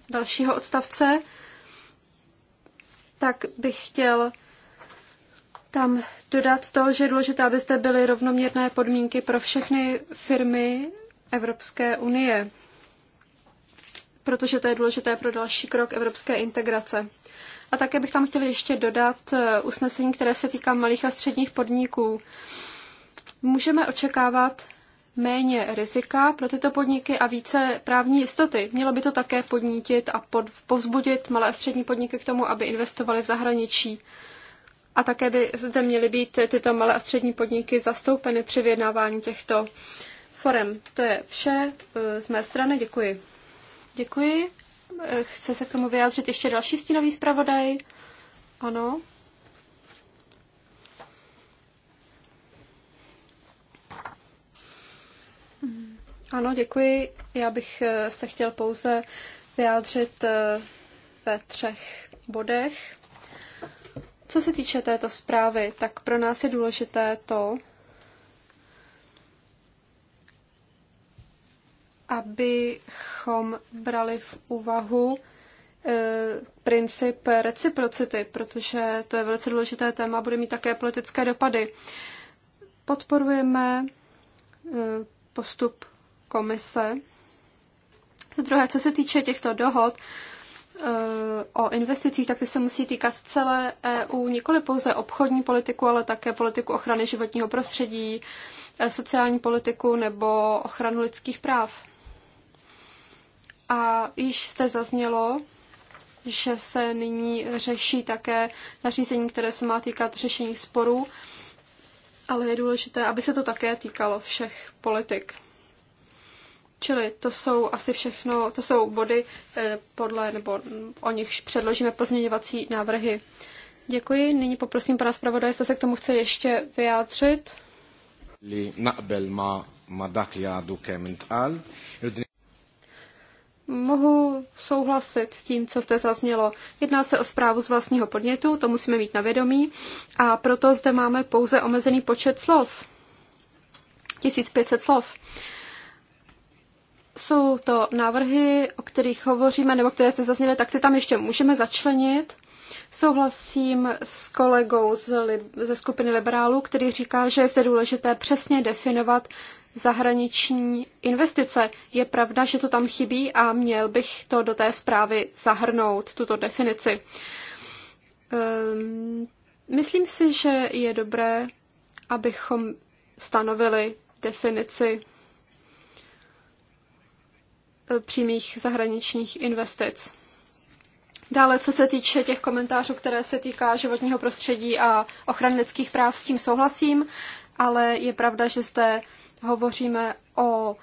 dalšího odstavce, tak bych chtěl tam dodat to, že je důležité, abyste byly rovnoměrné podmínky pro všechny firmy Evropské unie, protože to je důležité pro další krok evropské integrace. A také bych tam chtěl ještě dodat e, usnesení, které se týká malých a středních podniků. Můžeme očekávat méně rizika pro tyto podniky a více právní jistoty. Mělo by to také podnítit a pod, povzbudit malé a střední podniky k tomu, aby investovali v zahraničí. A také by zde měly být tyto malé a střední podniky zastoupeny při vyjednávání těchto forem. To je vše eh, z mé strany. Děkuji. Děkuji. Eh, chce se k tomu vyjádřit ještě další stínový zpravodaj? Ano. Ano, děkuji. Já bych eh, se chtěl pouze vyjádřit eh, ve třech bodech. Co se týče této zprávy, tak pro nás je důležité to, abychom brali v úvahu eh, princip reciprocity, protože to je velice důležité téma, bude mít také politické dopady. Podporujeme postup komise. Za druhé, co se týče těchto dohod e, o investicích, tak ty se musí týkat celé EU, nikoli pouze obchodní politiku, ale také politiku ochrany životního prostředí, e, sociální politiku nebo ochranu lidských práv. A již jste zaznělo, že se nyní řeší také nařízení, které se má týkat řešení sporů, ale je důležité, aby se to také týkalo všech politik. Čili to jsou asi všechno, to jsou body eh, podle, nebo o nichž předložíme pozměňovací návrhy. Děkuji. Nyní poprosím pana zpravodaje, jestli se k tomu chce ještě vyjádřit. Mohu souhlasit s tím, co jste zaznělo. Jedná se o zprávu z vlastního podnětu, to musíme mít na vědomí, a proto zde máme pouze omezený počet slov. 1500 slov jsou to návrhy, o kterých hovoříme, nebo které jste zazněly, tak ty tam ještě můžeme začlenit. Souhlasím s kolegou z ze skupiny liberálů, který říká, že je zde důležité přesně definovat zahraniční investice. Je pravda, že to tam chybí a měl bych to do té zprávy zahrnout, tuto definici. Um, myslím si, že je dobré, abychom stanovili definici Eh, přímých zahraničních investic. Dále, co se týče těch komentářů, které se týká životního prostředí a ochrany lidských práv, s tím souhlasím, ale je pravda, že zde hovoříme o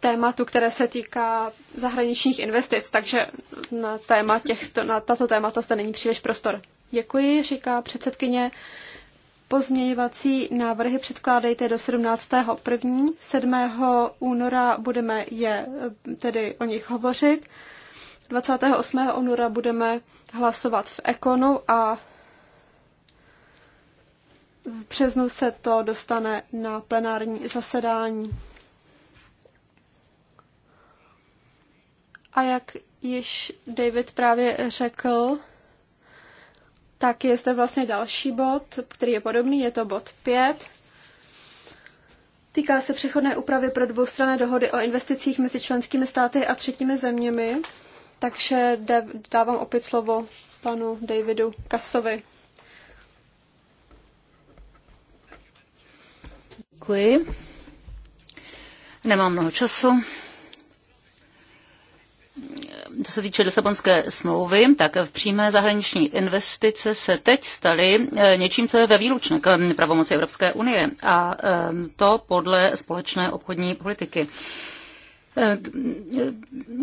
tématu, které se týká zahraničních investic, takže na, téma těchto, na tato témata zde není příliš prostor. Děkuji, říká předsedkyně. Pozměňovací návrhy předkládejte do 17. 1. 7. února budeme je eh, tedy o nich hovořit. 28. února budeme hlasovat v Ekonu a v březnu se to dostane na plenární zasedání. A jak již David právě řekl, tak je zde vlastně další bod, který je podobný, je to bod 5. Týká se přechodné úpravy pro dvoustranné dohody o investicích mezi členskými státy a třetími zeměmi. Takže dávám opět slovo panu Davidu Kasovi. Děkuji. Nemám mnoho času co se týče Lisabonské smlouvy, tak v přímé zahraniční investice se teď staly eh, něčím, co je ve výlučné mm, pravomoci Evropské unie a ehm, to podle společné obchodní politiky. Eh,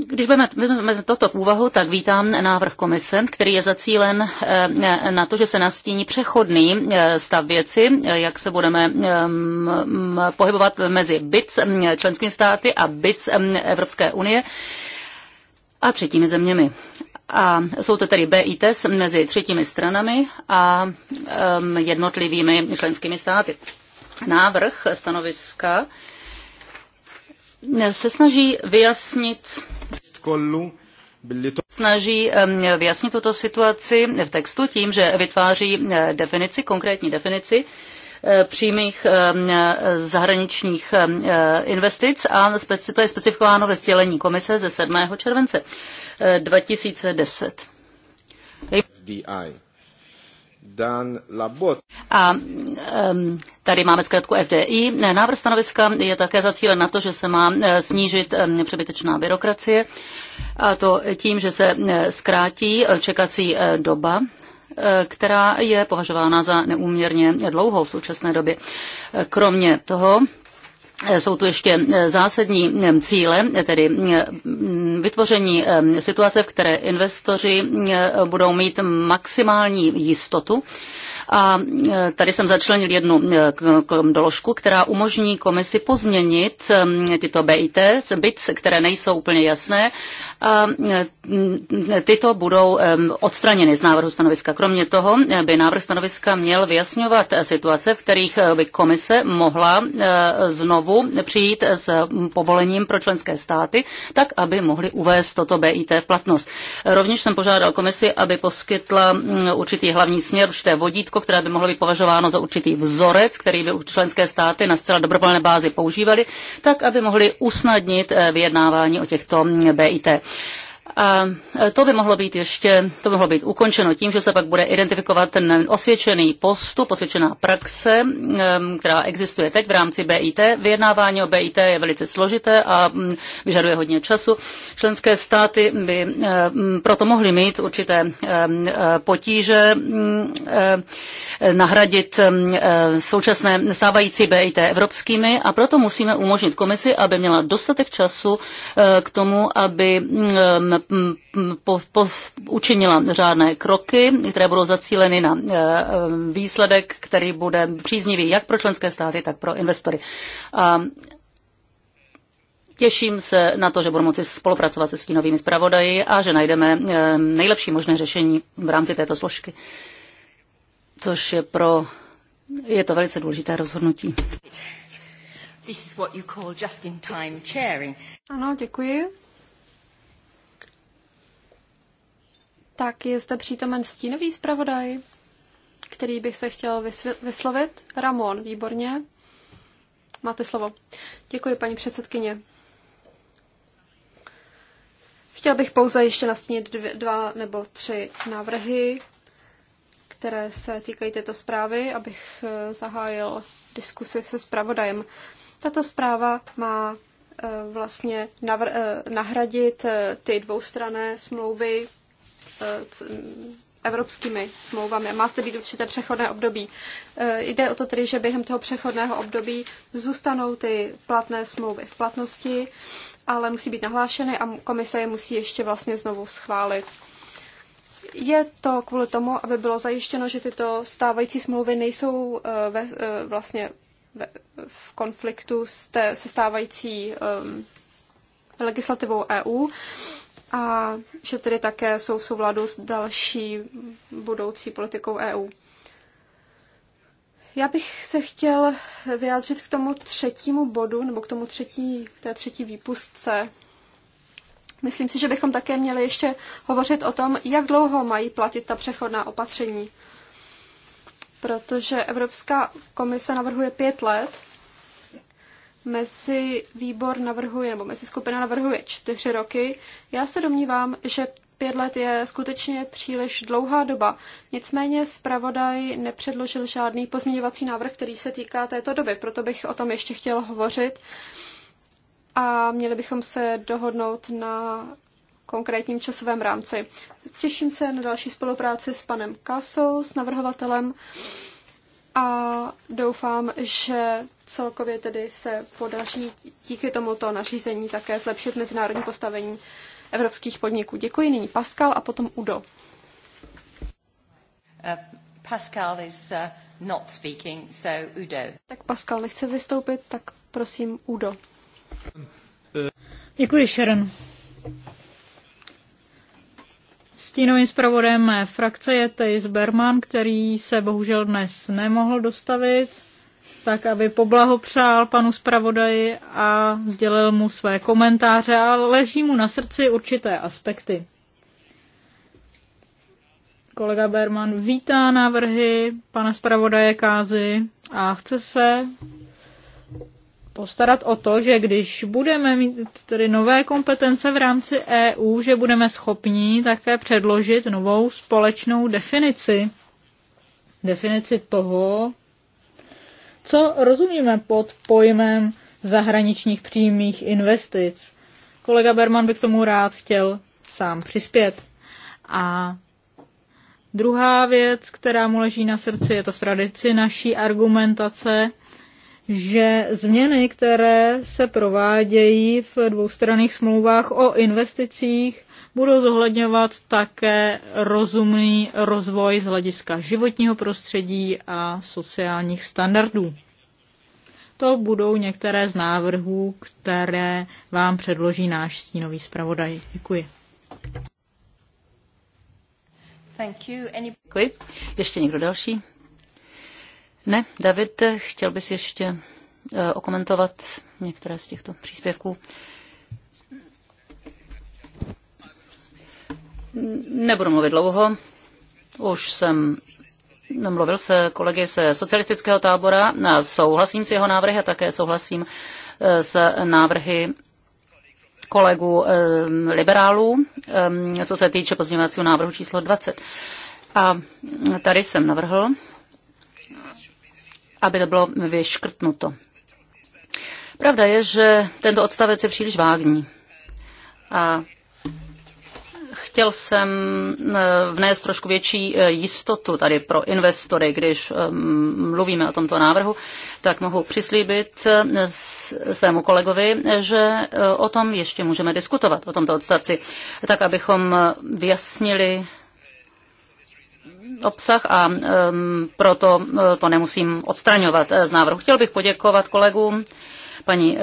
když budeme toto v úvahu, tak vítám návrh komise, který je zacílen eh, na to, že se nastíní přechodný stav věci, jak se budeme ehm, pohybovat mezi BIC mm, členskými státy a BIC mm, Evropské unie a třetími zeměmi. A jsou to tedy BITS mezi třetími stranami a um, jednotlivými členskými státy. Návrh stanoviska se snaží vyjasnit snaží vyjasnit tuto situaci v textu tím, že vytváří eh, definici, konkrétní definici Eh, přímých eh, zahraničních eh, investic a to je specifikováno ve sdělení komise ze 7. července 2010. A tady máme zkrátku FDI. Návrh stanoviska je také zacílen na to, že se má snížit přebytečná byrokracie a to tím, že se zkrátí čekací doba Eh, která je považována za neúměrně dlouhou v současné době. Kromě toho, eh, jsou tu ještě eh, zásadní cíle, tedy mm, vytvoření situace, v které investoři budou mít maximální jistotu a e, tady jsem začlenil jednu e, doložku, která umožní komisi pozměnit e, tyto BIT, byt, které nejsou úplně jasné. A tyto budou odstraněny z návrhu stanoviska. Kromě toho by návrh stanoviska měl vyjasňovat situace, v kterých by komise mohla znovu přijít s povolením pro členské státy, tak aby mohly uvést toto BIT v platnost. Rovněž jsem požádal komisi, aby poskytla určitý hlavní směr, určité vodítko, vodítko, které by mohlo být považováno za určitý vzorec, který by členské státy na zcela dobrovolné bázi používaly, tak aby mohly usnadnit eh, vyjednávání o těchto mm, BIT. A e, to by mohlo být ještě, to by mohlo být ukončeno tím, že se pak bude identifikovat ten osvědčený postup, osvědčená praxe, e, která existuje teď v rámci BIT. Vyjednávání o BIT je velice složité a vyžaduje hodně času. Členské státy by e, proto mohly mít určité potíže nahradit současné stávající BIT evropskými a proto musíme umožnit komisi, aby měla dostatek času k tomu, aby po, po, učinila řádné kroky, které budou zacíleny na e, e, výsledek, který bude příznivý jak pro členské státy, tak pro investory. A Těším se na to, že budu moci spolupracovat se stínovými zpravodaji a že najdeme e, nejlepší možné řešení v rámci této složky, což je pro je to velice důležité rozhodnutí. Ano, děkuji. tak je zde přítomen stínový zpravodaj, který bych se chtěl vyslovit. Ramon, výborně. Máte slovo. Děkuji, paní předsedkyně. Chtěl bych pouze ještě nastínit dvě, dva nebo tři návrhy, které se týkají této zprávy, abych eh, zahájil diskusi se zpravodajem. Tato zpráva má eh, vlastně navr- eh, nahradit ty dvoustrané smlouvy Eh, evropskými smlouvami. Má zde být určité přechodné období. Eh, jde o to tedy, že během toho přechodného období zůstanou ty platné smlouvy v platnosti, ale musí být nahlášeny a komise je musí ještě vlastně znovu schválit. Je to kvůli tomu, aby bylo zajištěno, že tyto stávající smlouvy nejsou eh, ve, vlastně ve, v konfliktu s te, se stávající um, legislativou EU a že tedy také jsou v souvladu s další budoucí politikou EU. Já bych se chtěl vyjádřit k tomu třetímu bodu, nebo k tomu třetí, té třetí výpustce. Myslím si, že bychom také měli ještě hovořit o tom, jak dlouho mají platit ta přechodná opatření. Protože Evropská komise navrhuje pět let, mezi výbor navrhuje, nebo mezi skupina navrhuje čtyři roky. Já se domnívám, že pět let je skutečně příliš dlouhá doba. Nicméně zpravodaj nepředložil žádný pozměňovací návrh, který se týká této doby, proto bych o tom ještě chtěl hovořit. A měli bychom se dohodnout na konkrétním časovém rámci. Těším se na další spolupráci s panem Kasou, s navrhovatelem a doufám, že celkově tedy se podaří díky tomuto nařízení také zlepšit mezinárodní postavení evropských podniků. Děkuji nyní Pascal a potom Udo. Uh, Pascal is uh, not speaking, so Udo. Tak Pascal nechce vystoupit, tak prosím Udo. Děkuji, Sharon. Stínovým zpravodajem mé frakce je Tejs Berman, který se bohužel dnes nemohl dostavit, tak aby poblahopřál panu zpravodaji a sdělil mu své komentáře a leží mu na srdci určité aspekty. Kolega Berman vítá návrhy pana zpravodaje Kázy a chce se postarat o to, že když budeme mít tedy nové kompetence v rámci EU, že budeme schopni také předložit novou společnou definici. Definici toho, co rozumíme pod pojmem zahraničních přímých investic. Kolega Berman by k tomu rád chtěl sám přispět. A druhá věc, která mu leží na srdci, je to v tradici naší argumentace, že změny, které se provádějí v dvoustranných smlouvách o investicích, budou zohledňovat také rozumný rozvoj z hlediska životního prostředí a sociálních standardů. To budou některé z návrhů, které vám předloží náš stínový zpravodaj. Děkuji. Děkuji. Ještě někdo další? Ne, David, chtěl bys ještě eh, okomentovat některé z těchto příspěvků? Nebudu mluvit dlouho. Už jsem mluvil se kolegy ze socialistického tábora. Souhlasím s jeho návrhy a také souhlasím eh, s návrhy kolegů eh, liberálů, co se týče pozměňovacího návrhu číslo 20. A tady jsem navrhl, aby to bylo vyškrtnuto. Pravda je, že tento odstavec je příliš vágní. A chtěl jsem eh, vnést trošku větší eh, jistotu tady pro investory, když eh, mluvíme o tomto návrhu, tak mohu přislíbit svému kolegovi, že o tom ještě můžeme diskutovat, o tomto odstavci, tak abychom vyjasnili obsah a proto e, to nemusím odstraňovat e, z návrhu. Chtěl bych poděkovat kolegům paní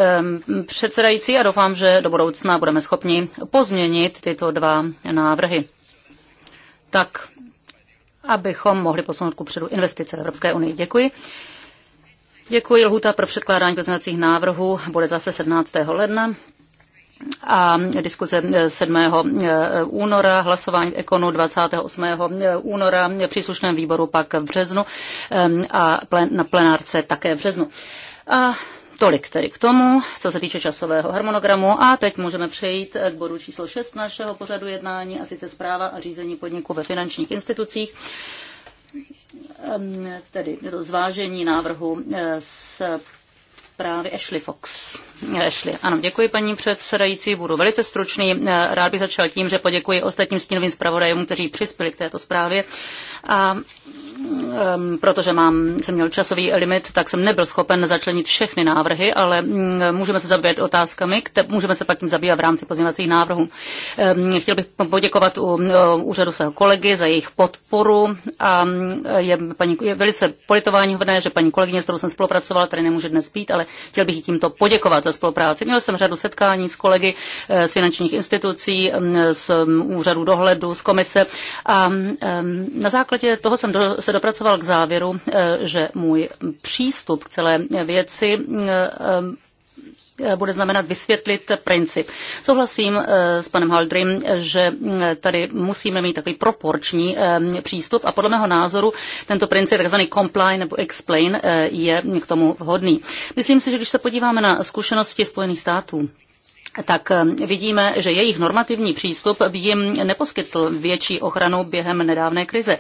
předsedající a doufám, že do budoucna budeme schopni pozměnit tyto dva návrhy. Tak, abychom mohli posunout ku předu investice Evropské unie. Děkuji. Děkuji. Lhuta pro předkládání pozměňovacích návrhů bude zase 17. ledna a diskuze 7. Eh, února, hlasování v Ekonu 28. Eh, února, příslušném výboru pak v březnu eh, a na plenárce také v březnu. A Tolik tedy k tomu, co se týče časového harmonogramu. A teď můžeme přejít k bodu číslo 6 našeho pořadu jednání, a sice zpráva a řízení podniků ve finančních institucích. Ehm, tedy to zvážení návrhu z zprávy Ashley Fox. Ashley. Ano, děkuji paní předsedající, budu velice stručný. Rád bych začal tím, že poděkuji ostatním stínovým zpravodajům, kteří přispěli k této zprávě. A Ehm, protože mám, jsem měl časový limit, tak jsem nebyl schopen začlenit všechny návrhy, ale mm, můžeme se zabývat otázkami, které můžeme se pak tím zabývat v rámci pozměňovacích návrhů. Ehm, chtěl bych poděkovat u, e, úřadu svého kolegy za jejich podporu a e, je, paní, je velice hodné, že paní kolegyně, s kterou jsem spolupracoval, tady nemůže dnes být, ale chtěl bych jí tímto poděkovat za spolupráci. Měl jsem řadu setkání s kolegy e, z finančních institucí, z úřadu dohledu, z komise a na základě toho jsem do, se dopracoval k závěru, eh, že můj přístup k celé věci eh, eh, bude znamenat vysvětlit princip. Souhlasím s panem Haldrym, že tady musíme mít takový proporční přístup a podle mého názoru tento princip, takzvaný comply nebo explain, je k tomu vhodný. Myslím si, že když se podíváme na zkušenosti Spojených států, tak vidíme, že jejich normativní přístup by jim neposkytl větší ochranu během nedávné krize.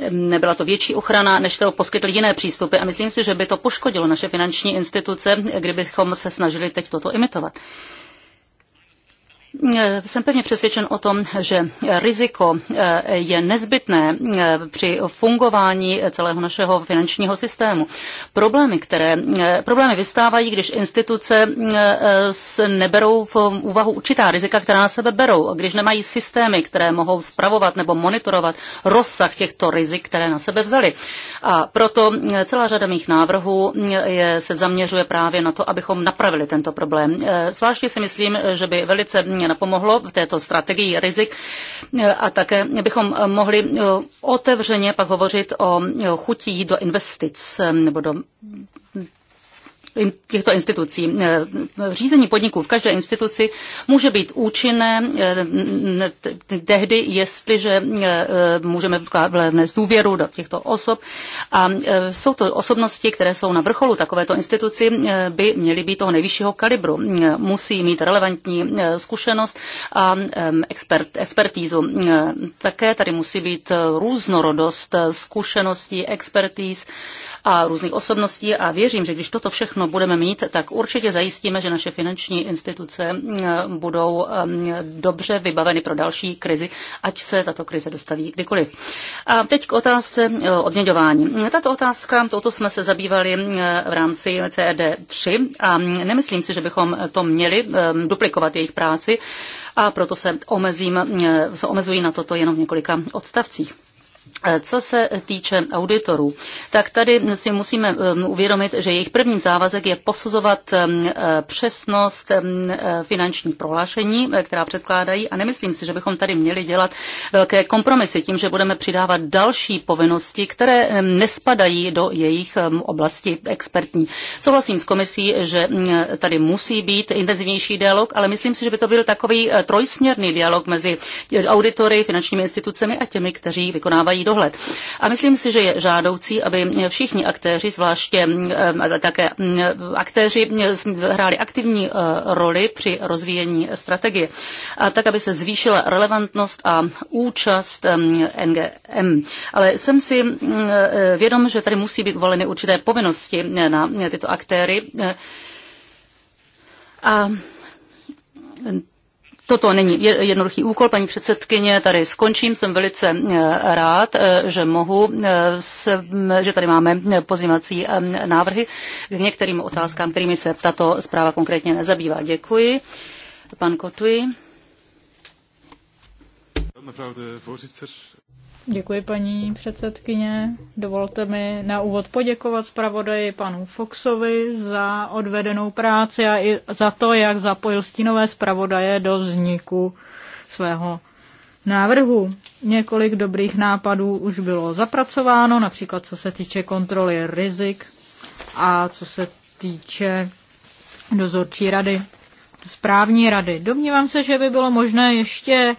Ehm, nebyla to větší ochrana, než kterou poskytly jiné přístupy a myslím si, že by to poškodilo naše finanční instituce, kdybychom se snažili teď toto imitovat. Eh, jsem pevně přesvědčen o tom, že riziko eh, je nezbytné eh, při fungování celého našeho finančního systému. Problémy, které, problémy vystávají, když instituce neberou v úvahu určitá rizika, která na sebe berou, když nemají systémy, které mohou spravovat nebo monitorovat rozsah těchto rizik, které na sebe vzali. A proto celá řada mých návrhů je, se zaměřuje právě na to, abychom napravili tento problém. Zvláště si myslím, že by velice mm, napomohlo v této strategii rizik a také bychom eh, mohli eh, otevřeně pak hovořit o eh, chutí do investic nebo do těchto institucí. Eh, řízení podniků v každé instituci může být účinné eh, tehdy, jestliže eh, můžeme vlévnést důvěru do těchto osob. A jsou to osobnosti, které jsou na vrcholu takovéto instituci, by měly být toho nejvyššího kalibru. Musí mít relevantní zkušenost a expert, expertízu. Také tady musí být různorodost zkušeností, expertíz a různých osobností a věřím, že když toto všechno budeme mít, tak určitě zajistíme, že naše finanční instituce budou dobře vybaveny pro další krizi, ať se tato krize dostaví kdykoliv. A teď k otázce e, odměňování. Tato otázka, toto jsme se zabývali v rámci CD3 e a nemyslím si, že bychom to měli duplikovat jejich práci a proto se, omezím, e, se omezují na toto jenom v několika odstavcích. Eh, co se týče auditorů, tak tady si musíme eh, uvědomit, že jejich první závazek je posuzovat eh, přesnost finančních prohlášení, která předkládají a nemyslím si, že bychom tady měli dělat velké kompromisy tím, že budeme přidávat další povinnosti, které nespadají do jejich oblasti expertní. Souhlasím s komisí, že mm, tady musí být intenzivnější dialog, ale myslím si, že by to byl takový trojsměrný dialog mezi auditory, finančními institucemi a těmi, kteří vykonávají dohled. A myslím si, že je žádoucí, aby všichni aktéři, zvláště eh, také mm, aktéři, mm, hráli aktivní eh, roli při rozvíjení strategie, a tak, aby se zvýšila relevantnost a účast NGM. Mm, Ale jsem si eh, vědom, že tady musí být uvaleny určité povinnosti na tyto aktéry. A Toto není jednoduchý úkol, paní předsedkyně, tady skončím, jsem velice eh, rád, eh, že mohu, eh, že tady máme pozměňovací návrhy k některým otázkám, kterými se tato zpráva konkrétně nezabývá. Děkuji. Pan Kotuji. Děkuji, paní předsedkyně. Dovolte mi na úvod poděkovat zpravodaji panu Foxovi za odvedenou práci a i za to, jak zapojil stínové zpravodaje do vzniku svého návrhu. Několik dobrých nápadů už bylo zapracováno, například co se týče kontroly rizik a co se týče dozorčí rady, správní rady. Domnívám se, že by bylo možné ještě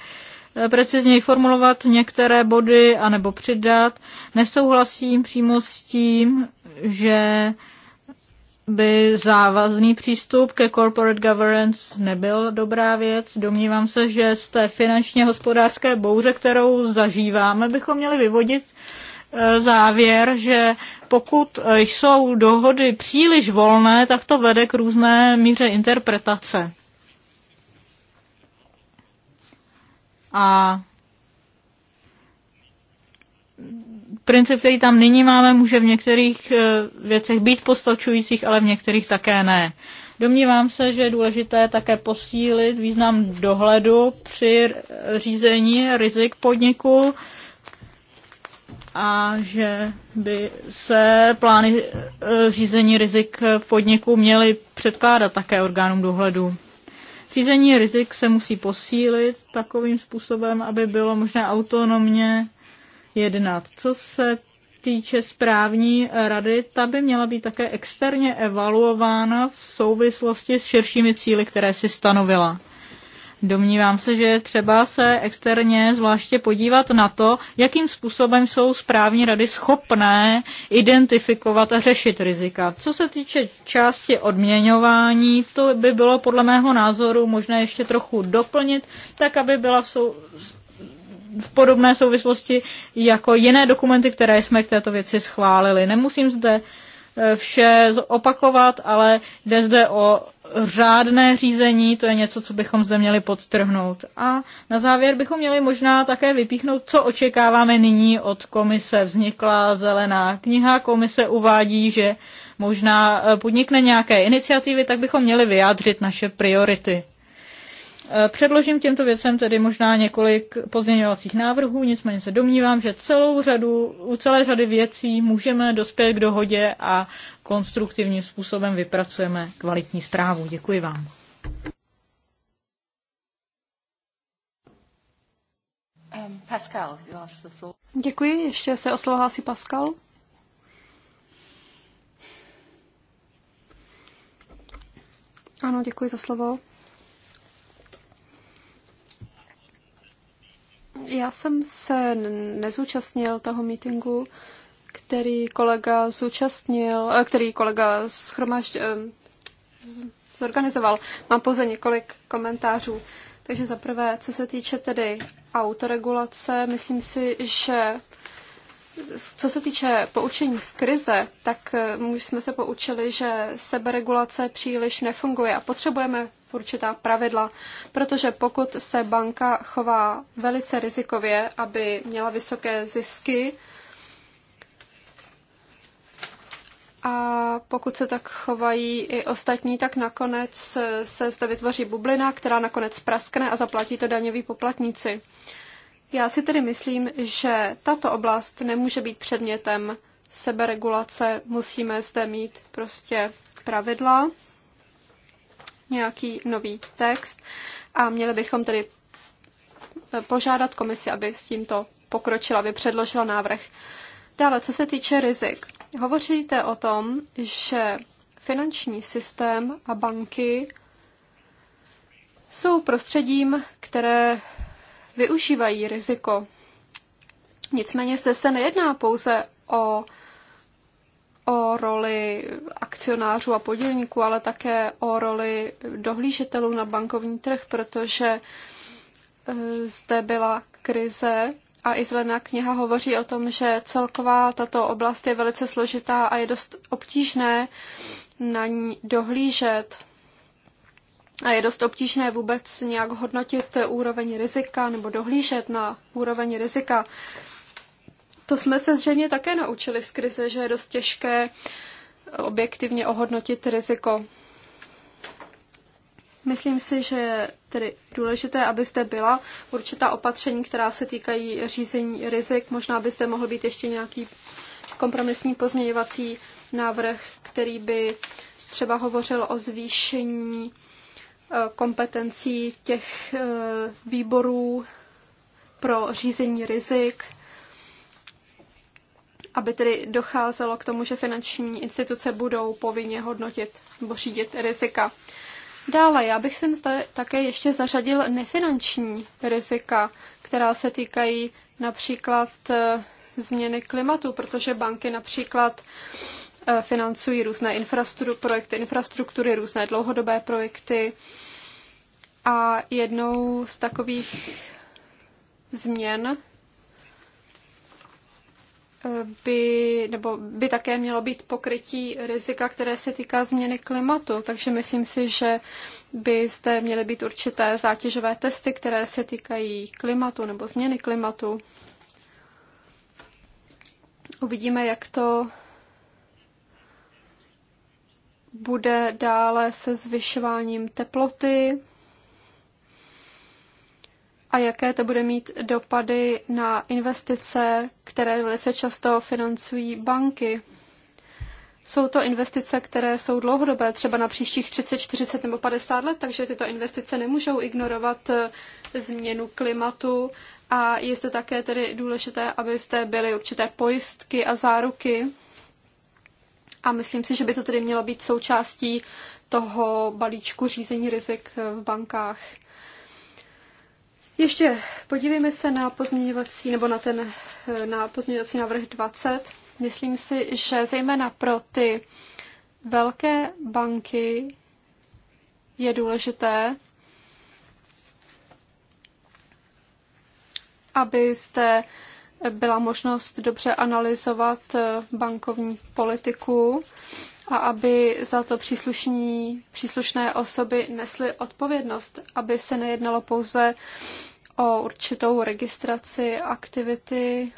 precizněji formulovat některé body anebo přidat. Nesouhlasím přímo s tím, že by závazný přístup ke corporate governance nebyl dobrá věc. Domnívám se, že z té finančně hospodářské bouře, kterou zažíváme, bychom měli vyvodit eh, závěr, že pokud jsou dohody příliš volné, tak to vede k různé míře interpretace. A princip, který tam nyní máme, může v některých eh, věcech být postačujících, ale v některých také ne. Domnívám se, že je důležité také posílit význam dohledu při řízení rizik podniku a že by se plány eh, řízení rizik podniku měly předkládat také orgánům dohledu. Řízení rizik se musí posílit takovým způsobem, aby bylo možné autonomně jednat. Co se týče správní rady, ta by měla být také externě evaluována v souvislosti s širšími cíly, které si stanovila. Domnívám se, že třeba se externě zvláště podívat na to, jakým způsobem jsou správní rady schopné identifikovat a řešit rizika. Co se týče části odměňování, to by bylo podle mého názoru možné ještě trochu doplnit, tak aby byla v, sou... v podobné souvislosti jako jiné dokumenty, které jsme k této věci schválili. Nemusím zde eh, vše opakovat, ale jde zde o řádné řízení, to je něco, co bychom zde měli podtrhnout. A na závěr bychom měli možná také vypíchnout, co očekáváme nyní od komise. Vznikla zelená kniha, komise uvádí, že možná eh, podnikne nějaké iniciativy, tak bychom měli vyjádřit naše priority. Eh, předložím těmto věcem tedy možná několik pozměňovacích návrhů, nicméně se domnívám, že celou řadu, u celé řady věcí můžeme dospět k dohodě a konstruktivním způsobem vypracujeme kvalitní zprávu. Děkuji vám. Um, Pascal, Děkuji, ještě se oslovo si Pascal. Ano, děkuji za slovo. Já jsem se nezúčastnil toho mítingu, který kolega zúčastnil, eh, který kolega schromažd, eh, zorganizoval. Mám pouze několik komentářů. Takže za prvé, co se týče tedy autoregulace, myslím si, že co se týče poučení z krize, tak eh, už jsme se poučili, že seberegulace příliš nefunguje a potřebujeme určitá pravidla, protože pokud se banka chová velice rizikově, aby měla vysoké zisky, a pokud se tak chovají i ostatní, tak nakonec se zde vytvoří bublina, která nakonec praskne a zaplatí to daňoví poplatníci. Já si tedy myslím, že tato oblast nemůže být předmětem seberegulace, musíme zde mít prostě pravidla nějaký nový text a měli bychom tedy eh, požádat komisi, aby s tímto pokročila, aby předložila návrh. Dále, co se týče rizik. Hovoříte o tom, že finanční systém a banky jsou prostředím, které využívají riziko. Nicméně zde se nejedná pouze o o roli akcionářů a podílníků, ale také o roli dohlížitelů na bankovní trh, protože eh, zde byla krize a i zelená kniha hovoří o tom, že celková tato oblast je velice složitá a je dost obtížné na ní dohlížet. A je dost obtížné vůbec nějak hodnotit úroveň rizika nebo dohlížet na úroveň rizika. To jsme se zřejmě také naučili z krize, že je dost těžké objektivně ohodnotit riziko. Myslím si, že je tedy důležité, abyste byla určitá opatření, která se týkají řízení rizik. Možná byste mohl být ještě nějaký kompromisní pozměňovací návrh, který by třeba hovořil o zvýšení eh, kompetencí těch eh, výborů pro řízení rizik aby tedy docházelo k tomu, že finanční instituce budou povinně hodnotit nebo řídit rizika. Dále, já bych sem také ještě zařadil nefinanční rizika, která se týkají například eh, změny klimatu, protože banky například eh, financují různé infrastruktury, projekty infrastruktury, různé dlouhodobé projekty. A jednou z takových změn by, nebo by také mělo být pokrytí rizika, které se týká změny klimatu. Takže myslím si, že by zde měly být určité zátěžové testy, které se týkají klimatu nebo změny klimatu. Uvidíme, jak to bude dále se zvyšováním teploty a jaké to bude mít dopady na investice, které velice často financují banky. Jsou to investice, které jsou dlouhodobé, třeba na příštích 30, 40 nebo 50 let, takže tyto investice nemůžou ignorovat eh, změnu klimatu a je zde také tedy důležité, abyste byly určité pojistky a záruky. A myslím si, že by to tedy mělo být součástí toho balíčku řízení rizik v bankách. Ještě podívejme se na pozměňovací, nebo na ten na pozměňovací návrh 20. Myslím si, že zejména pro ty velké banky je důležité, abyste byla možnost dobře analyzovat bankovní politiku a aby za to příslušní, příslušné osoby nesly odpovědnost, aby se nejednalo pouze o určitou registraci aktivity.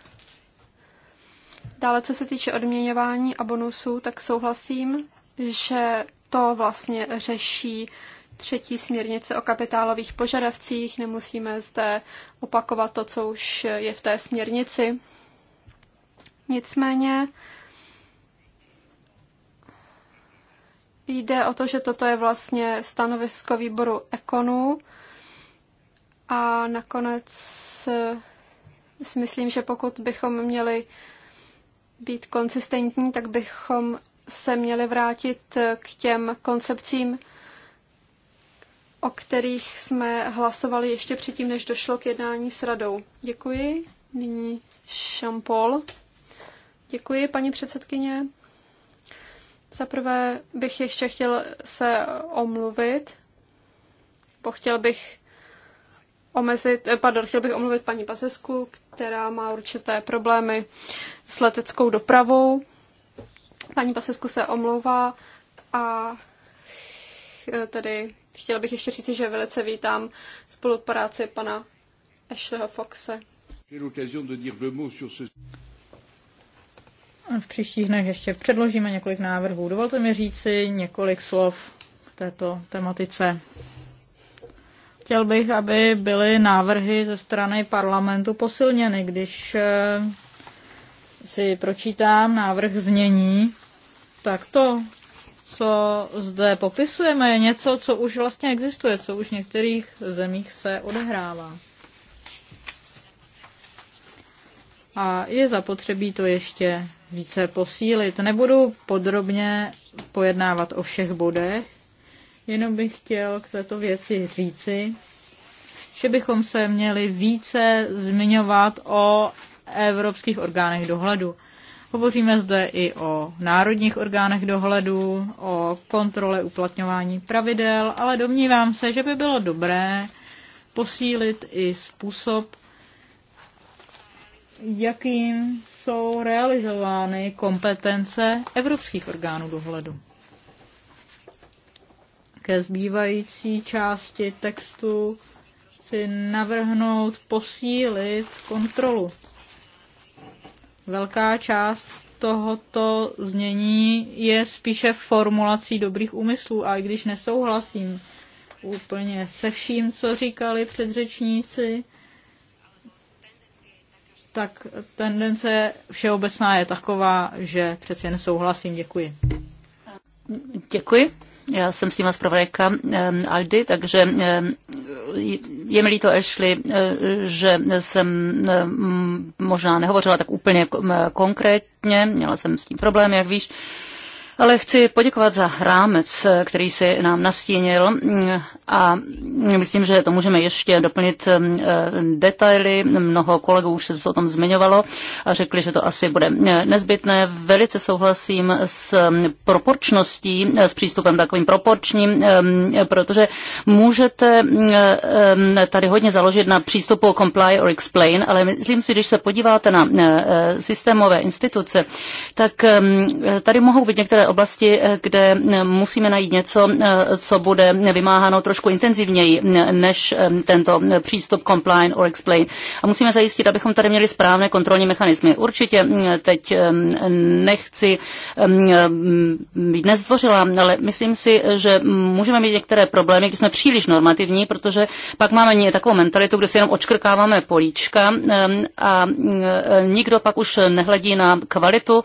Dále, co se týče odměňování a bonusů, tak souhlasím, že to vlastně řeší třetí směrnice o kapitálových požadavcích. Nemusíme zde opakovat to, co už je v té směrnici. Nicméně Jde o to, že toto je vlastně stanovisko výboru ekonů a nakonec eh, si myslím, že pokud bychom měli být konsistentní, tak bychom se měli vrátit eh, k těm koncepcím, o kterých jsme hlasovali ještě předtím, než došlo k jednání s radou. Děkuji. Nyní Šampol. Děkuji, paní předsedkyně. Zaprvé bych ještě chtěl se omluvit, bo chtěl bych omezit, eh, pardon, chtěl bych omluvit paní Pasesku, která má určité problémy s leteckou dopravou. Paní Pasesku se omlouvá a eh, tedy chtěla bych ještě říct, že velice vítám spolupráci pana Ashleyho Foxe. V příštích dnech ještě předložíme několik návrhů. Dovolte mi říci několik slov k této tematice. Chtěl bych, aby byly návrhy ze strany parlamentu posilněny, když eh, si pročítám návrh znění, tak to, co zde popisujeme, je něco, co už vlastně existuje, co už v některých zemích se odehrává. a je zapotřebí to ještě více posílit. Nebudu podrobně pojednávat o všech bodech, jenom bych chtěl k této věci říci, že bychom se měli více zmiňovat o evropských orgánech dohledu. Hovoříme zde i o národních orgánech dohledu, o kontrole uplatňování pravidel, ale domnívám se, že by bylo dobré posílit i způsob, jakým jsou realizovány kompetence evropských orgánů dohledu. Ke zbývající části textu chci navrhnout posílit kontrolu. Velká část tohoto znění je spíše formulací dobrých úmyslů a i když nesouhlasím úplně se vším, co říkali předřečníci, tak tendence všeobecná je taková, že přeci jen souhlasím. Děkuji. Děkuji. Já jsem s tím zpravodajka Aldy, takže je mi líto, Ashley, že jsem možná nehovořila tak úplně konkrétně, měla jsem s tím problém, jak víš. Ale chci poděkovat za rámec, který si nám nastínil a Myslím, že to můžeme ještě doplnit eh, detaily. Mnoho kolegů už se o tom zmiňovalo a řekli, že to asi bude eh, nezbytné. Velice souhlasím s mm, proporčností, eh, s přístupem takovým proporčním, protože můžete tady hodně založit na přístupu comply or explain, ale myslím si, když se podíváte na systémové instituce, tak tady mohou být některé oblasti, kde musíme najít něco, co bude vymáháno trošku intenzivněji než tento přístup comply or explain. A musíme zajistit, abychom tady měli správné kontrolní mechanismy. Určitě teď nechci být nezdvořila, ale myslím si, že můžeme mít některé problémy, když jsme příliš normativní, protože pak máme takovou mentalitu, kde si jenom očkrkáváme políčka a e, nikdo pak už nehledí na kvalitu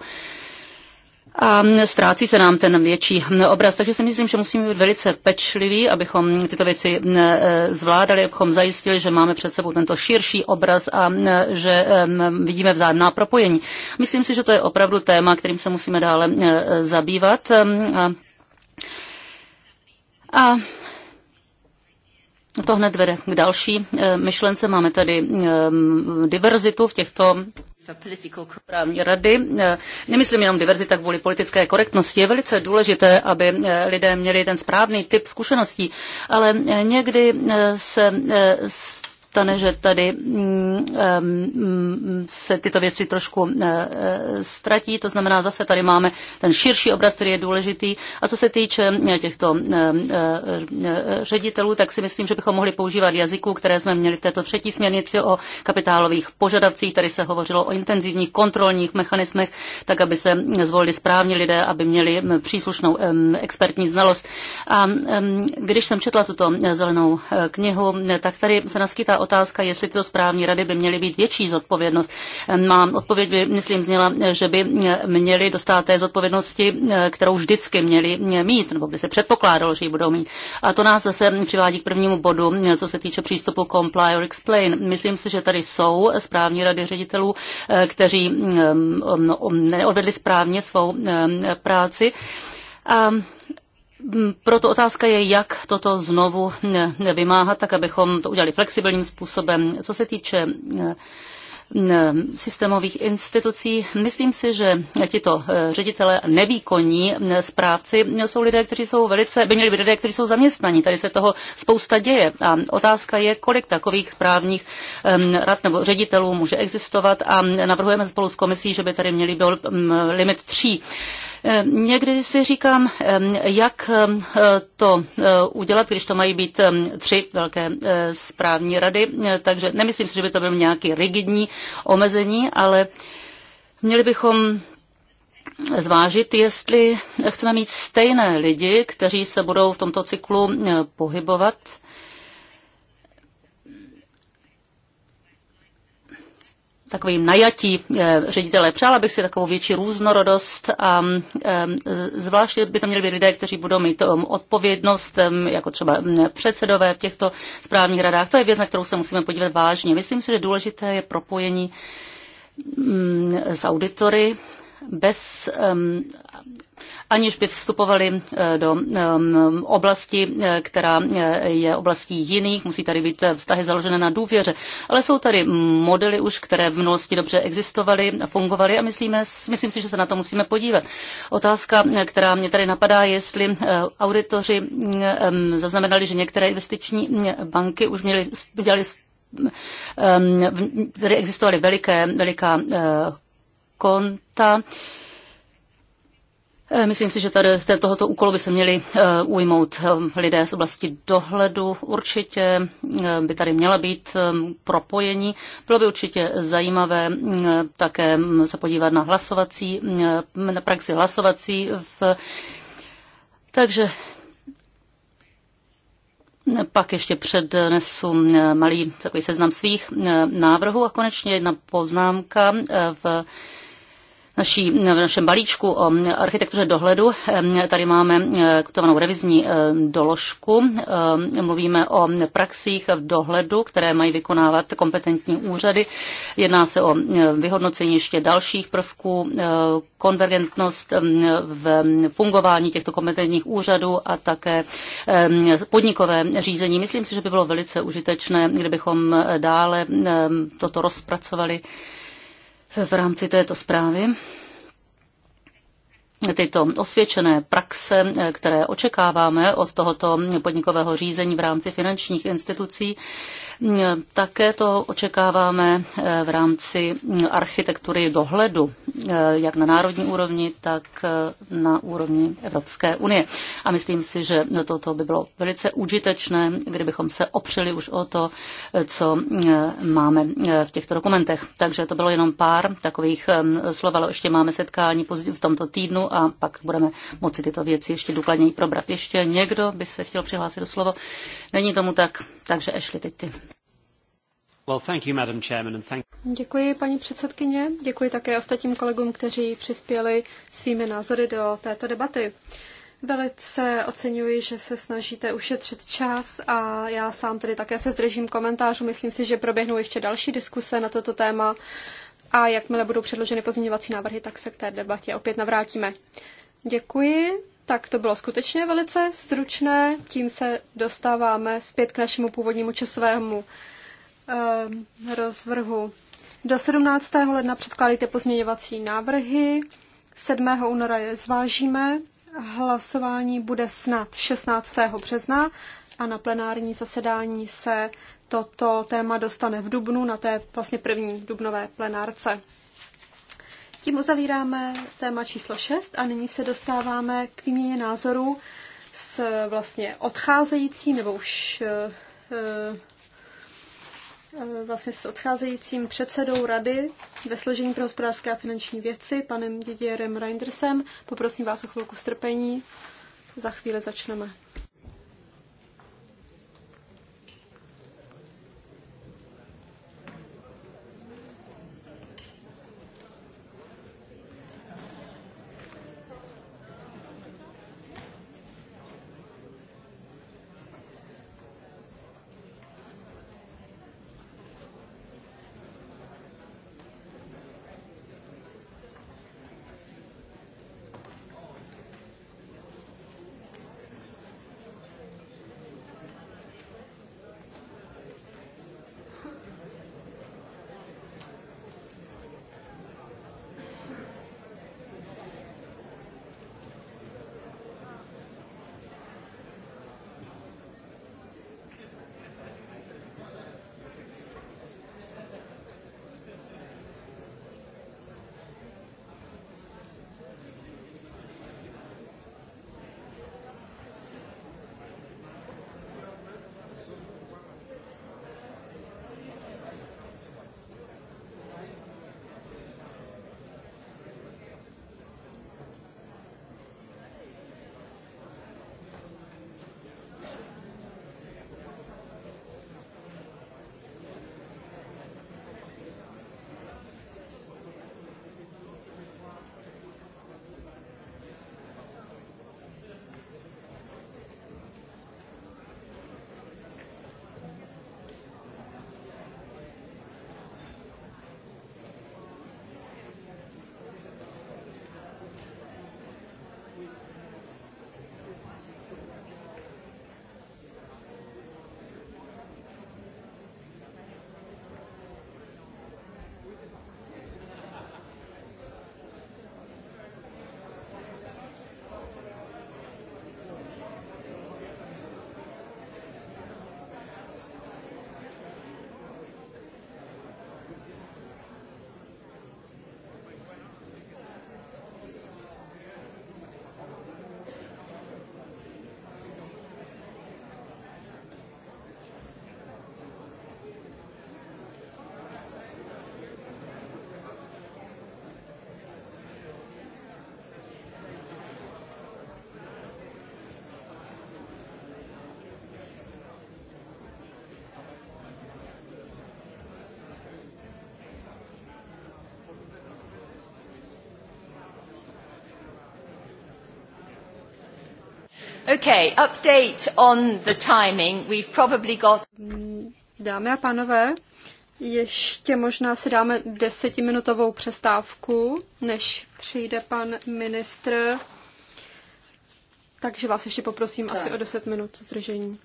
a ztrácí se nám ten větší obraz. Takže si myslím, že musíme být velice pečliví, abychom tyto věci eh, zvládali, abychom zajistili, že máme před sebou tento širší obraz a eh, že vidíme vzájemná propojení. Myslím si, že to je opravdu téma, kterým se musíme dále eh, zabývat. A to hned vede k další myšlence. Máme tady diverzitu v těchto rady, eh, nemyslím jenom diverzita kvůli politické korektnosti, je velice důležité, aby eh, lidé měli ten správný typ zkušeností, ale eh, někdy se stane, že tady mm, mm, mm, se tyto věci trošku eh, eh, ztratí. To znamená, zase tady máme ten širší obraz, který je důležitý. A co se týče eh, těchto ředitelů, tak si myslím, že bychom mohli používat jazyků, které jsme měli v této třetí směrnici o kapitálových požadavcích. Tady se hovořilo o intenzivních kontrolních mechanismech, tak aby se zvolili správní lidé, aby měli příslušnou expertní znalost. A když jsem četla tuto zelenou knihu, tak tady se naskytá otázka, jestli tyto správní rady by měly být větší zodpovědnost. Mám odpověď by, myslím, zněla, že by měly dostat té zodpovědnosti, kterou vždycky měli mít, nebo by se předpokládalo, že ji budou mít. A to nás zase přivádí k prvnímu bodu, co se týče přístupu Comply or Explain. Myslím si, že tady jsou správní rady ředitelů, kteří um, um, no, um, neodvedli správně svou práci. A Mm, proto otázka je, jak toto znovu mm, vymáhat, tak abychom to udělali flexibilním způsobem. Co se týče mm, systémových institucí. Myslím si, že tito eh, ředitele nevýkonní správci jsou lidé, kteří jsou velice, by měli být lidé, kteří jsou zaměstnaní. Tady se toho spousta děje. A otázka je, kolik takových správních rad nebo ředitelů může existovat a navrhujeme spolu s komisí, že by tady měli byl limit tří Eh, někdy si říkám, jak eh, to eh, udělat, když to mají být tři velké správní rady, takže nemyslím si, že by to byl nějaký rigidní omezení, ale měli bychom zvážit, jestli chceme mít stejné lidi, kteří se budou v tomto cyklu pohybovat takovým najatí eh, ředitele. Přála bych si takovou větší různorodost a eh, zvláště by to měli být lidé, kteří budou mít eh, odpovědnost, jako třeba mm, předsedové v těchto správních radách. To je věc, na kterou se musíme podívat vážně. Myslím si, že důležité je propojení mm, s auditory, bez aniž by vstupovali eh, do oblasti, eh, která eh, je oblastí jiných. Musí tady být vztahy založené na důvěře. Ale jsou tady modely už, které v minulosti dobře existovaly a fungovaly a myslíme, myslím si, že se na to musíme podívat. Otázka, která mě tady napadá, jestli auditoři zaznamenali, že některé investiční banky už měly, dělali, tady existovaly veliké, veliká konta Eh, myslím si, že tady tohoto úkolu by se měli eh, ujmout eh, lidé z oblasti dohledu. Určitě by tady měla být propojení. Bylo by určitě zajímavé také mm, se podívat na hlasovací, na praxi hlasovací. V... Takže pak ještě přednesu malý takový seznam svých návrhů a konečně jedna poznámka v naší, v našem balíčku o architektuře dohledu. Tady máme e, takzvanou revizní e, doložku. E, mluvíme o praxích v dohledu, které mají vykonávat kompetentní úřady. Jedná se o vyhodnocení ještě dalších prvků, konvergentnost v fungování těchto kompetentních úřadů a také podnikové řízení. Myslím si, že by bylo velice užitečné, kdybychom dále toto rozpracovali v rámci této zprávy tyto osvědčené praxe, které očekáváme od tohoto podnikového řízení v rámci finančních institucí, také to očekáváme eh, v rámci mm, architektury dohledu, eh, jak na národní úrovni, tak eh, na úrovni Evropské unie. A myslím si, že toto by bylo velice užitečné, kdybychom se opřeli už o to, co mm, máme v těchto dokumentech. Takže to bylo jenom pár takových slov, ale ještě máme setkání v tomto týdnu a pak budeme moci tyto věci ještě důkladněji probrat. Ještě někdo by se chtěl přihlásit do slovo? Není tomu tak. Takže Ashley, teď ty. Well, thank you, Madam Chairman, and thank... Děkuji, paní předsedkyně. Děkuji také ostatním kolegům, kteří přispěli svými názory do této debaty. Velice oceňuji, že se snažíte ušetřit čas a já sám tedy také se zdržím komentářů. Myslím si, že proběhnou ještě další diskuse na toto téma a jakmile budou předloženy pozměňovací návrhy, tak se k té debatě opět navrátíme. Děkuji tak to bylo skutečně velice stručné. Tím se dostáváme zpět k našemu původnímu časovému um, rozvrhu. Do 17. ledna předkládáte pozměňovací návrhy, 7. února je zvážíme, hlasování bude snad 16. března a na plenární zasedání se toto téma dostane v Dubnu na té vlastně první dubnové plenárce. Tím uzavíráme téma číslo 6 a nyní se dostáváme k výměně názorů s vlastně odcházejícím nebo už eh, eh, vlastně s odcházejícím předsedou rady ve složení pro hospodářské a finanční věci, panem Didierem Reindersem. Poprosím vás o chvilku strpení. Za chvíli začneme. Okay, update on the timing. We've probably got... Dámy a pánové, ještě možná si dáme desetiminutovou přestávku, než přijde pan ministr. Takže vás ještě poprosím asi o deset minut zdržení.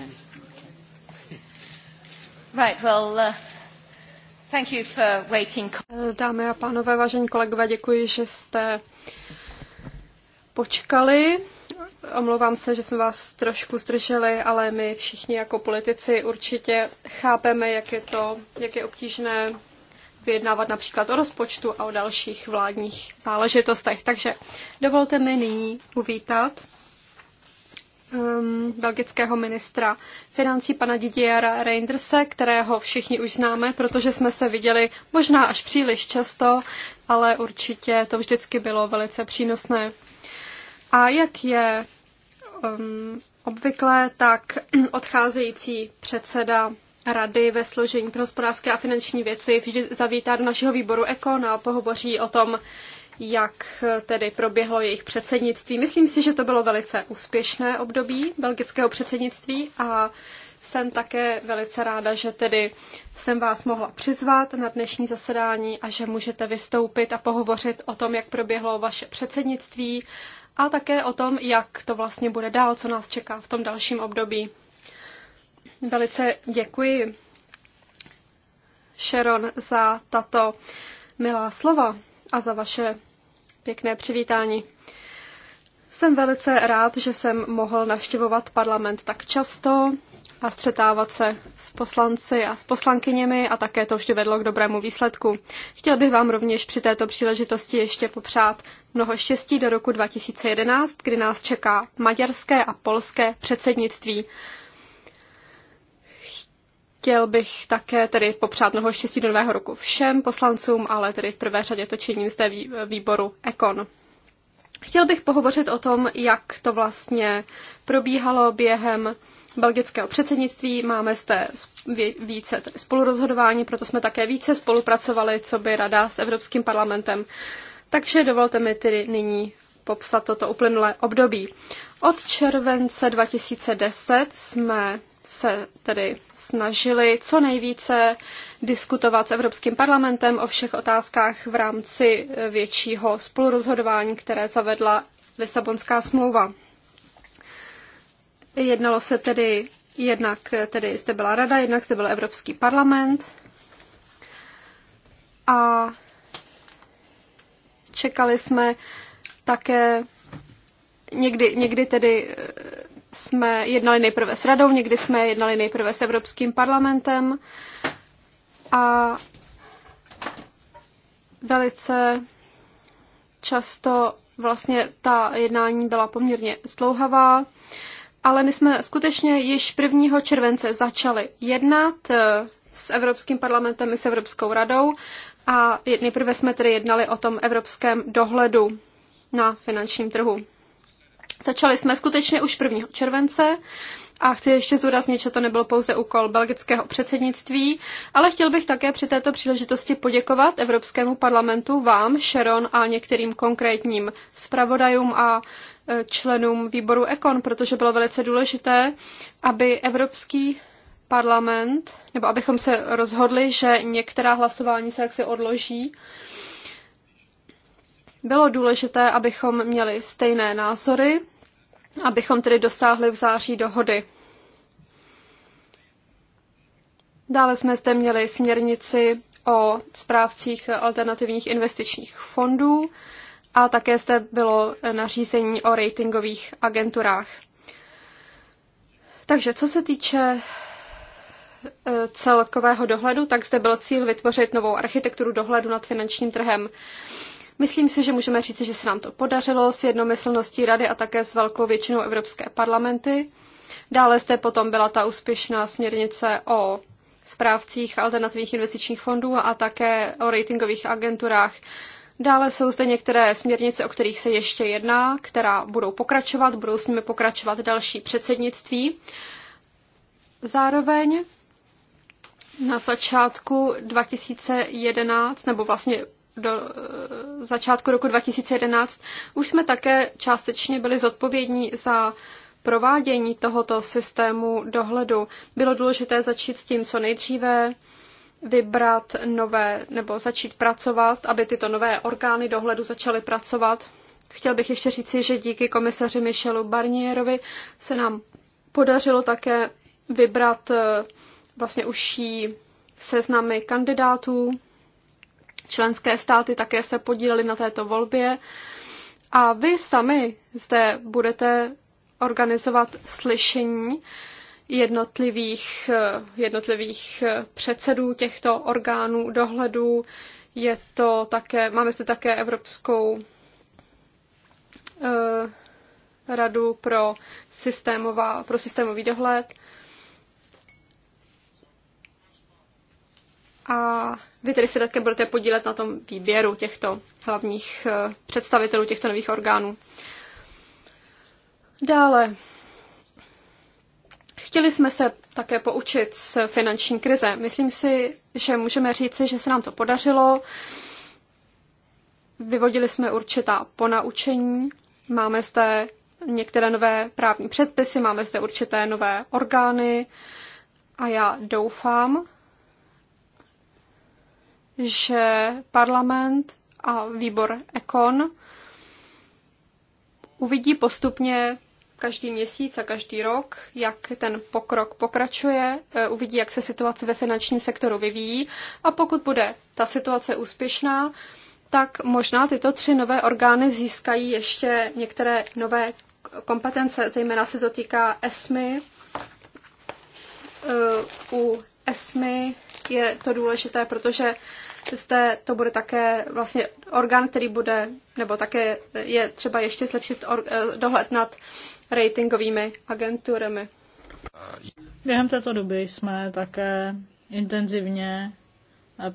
Yes. Right, well, uh, thank you for waiting. Eh, dámy a pánové, vážení kolegové, děkuji, že jste počkali. Omlouvám se, že jsme vás trošku zdrželi, ale my všichni jako politici určitě chápeme, jak je to, jak je obtížné vyjednávat například o rozpočtu a o dalších vládních záležitostech. Takže dovolte mi nyní uvítat um, belgického ministra financí pana Didiera Reindersa, kterého všichni už známe, protože jsme se viděli možná až příliš často, ale určitě to vždycky bylo velice přínosné. A jak je um, obvykle, tak odcházející předseda rady ve složení pro hospodářské a finanční věci vždy zavítá do našeho výboru ECO a pohovoří o tom, jak tedy proběhlo jejich předsednictví. Myslím si, že to bylo velice úspěšné období belgického předsednictví a jsem také velice ráda, že tedy jsem vás mohla přizvat na dnešní zasedání a že můžete vystoupit a pohovořit o tom, jak proběhlo vaše předsednictví a také o tom, jak to vlastně bude dál, co nás čeká v tom dalším období. Velice děkuji, Sharon, za tato milá slova a za vaše pěkné přivítání. Jsem velice rád, že jsem mohl navštěvovat parlament tak často a střetávat se s poslanci a s poslankyněmi a také to vždy vedlo k dobrému výsledku. Chtěl bych vám rovněž při této příležitosti ještě popřát mnoho štěstí do roku 2011, kdy nás čeká maďarské a polské předsednictví. Chtěl bych také tedy popřát mnoho štěstí do nového roku všem poslancům, ale tedy v prvé řadě to činím zde výboru Ekon. Chtěl bych pohovořit o tom, jak to vlastně probíhalo během belgického předsednictví. Máme zde více tedy spolurozhodování, proto jsme také více spolupracovali, co by rada s Evropským parlamentem. Takže dovolte mi tedy nyní popsat toto uplynulé období. Od července 2010 jsme se tedy snažili co nejvíce diskutovat s Evropským parlamentem o všech otázkách v rámci eh, většího spolurozhodování, které zavedla Lisabonská smlouva. Jednalo se tedy jednak, eh, tedy zde byla rada, jednak zde byl Evropský parlament a čekali jsme také někdy, někdy tedy eh, jsme jednali nejprve s radou, někdy jsme jednali nejprve s Evropským parlamentem a velice často vlastně ta jednání byla poměrně zdlouhavá, ale my jsme skutečně již 1. července začali jednat eh, s Evropským parlamentem i s Evropskou radou a nejprve jsme tedy jednali o tom evropském dohledu na finančním trhu. Začali jsme skutečně už 1. července a chci ještě zdůraznit, že to nebyl pouze úkol belgického předsednictví, ale chtěl bych také při této příležitosti poděkovat Evropskému parlamentu, vám, Sharon a některým konkrétním zpravodajům a e, členům výboru Ekon, protože bylo velice důležité, aby Evropský parlament, nebo abychom se rozhodli, že některá hlasování se jaksi odloží, bylo důležité, abychom měli stejné názory, abychom tedy dosáhli v září dohody. Dále jsme zde měli směrnici o správcích alternativních investičních fondů a také zde bylo nařízení o ratingových agenturách. Takže co se týče e, celkového dohledu, tak zde byl cíl vytvořit novou architekturu dohledu nad finančním trhem. Myslím si, že můžeme říct, že se nám to podařilo s jednomyslností rady a také s velkou většinou Evropské parlamenty. Dále zde potom byla ta úspěšná směrnice o správcích alternativních investičních fondů a také o ratingových agenturách. Dále jsou zde některé směrnice, o kterých se ještě jedná, která budou pokračovat, budou s nimi pokračovat další předsednictví. Zároveň na začátku 2011, nebo vlastně do eh, začátku roku 2011 už jsme také částečně byli zodpovědní za provádění tohoto systému dohledu. Bylo důležité začít s tím co nejdříve, vybrat nové nebo začít pracovat, aby tyto nové orgány dohledu začaly pracovat. Chtěl bych ještě říci, že díky komisaři Michelu Barnierovi se nám podařilo také vybrat eh, vlastně užší seznamy kandidátů Členské státy také se podílely na této volbě a vy sami zde budete organizovat slyšení jednotlivých, jednotlivých předsedů těchto orgánů dohledu. Je to také, máme zde také Evropskou eh, radu pro, systémová, pro systémový dohled. A vy tedy se také budete podílet na tom výběru těchto hlavních eh, představitelů těchto nových orgánů. Dále. Chtěli jsme se také poučit z finanční krize. Myslím si, že můžeme říci, že se nám to podařilo. Vyvodili jsme určitá ponaučení. Máme zde některé nové právní předpisy, máme zde určité nové orgány a já doufám, že parlament a výbor Ekon uvidí postupně každý měsíc a každý rok, jak ten pokrok pokračuje, eh, uvidí, jak se situace ve finančním sektoru vyvíjí a pokud bude ta situace úspěšná, tak možná tyto tři nové orgány získají ještě některé nové kompetence, zejména se to týká ESMY. Eh, u ESMY je to důležité, protože zde to bude také vlastně orgán, který bude, nebo také je třeba ještě zlepšit or, eh, dohled nad ratingovými agenturami. Během této doby jsme také intenzivně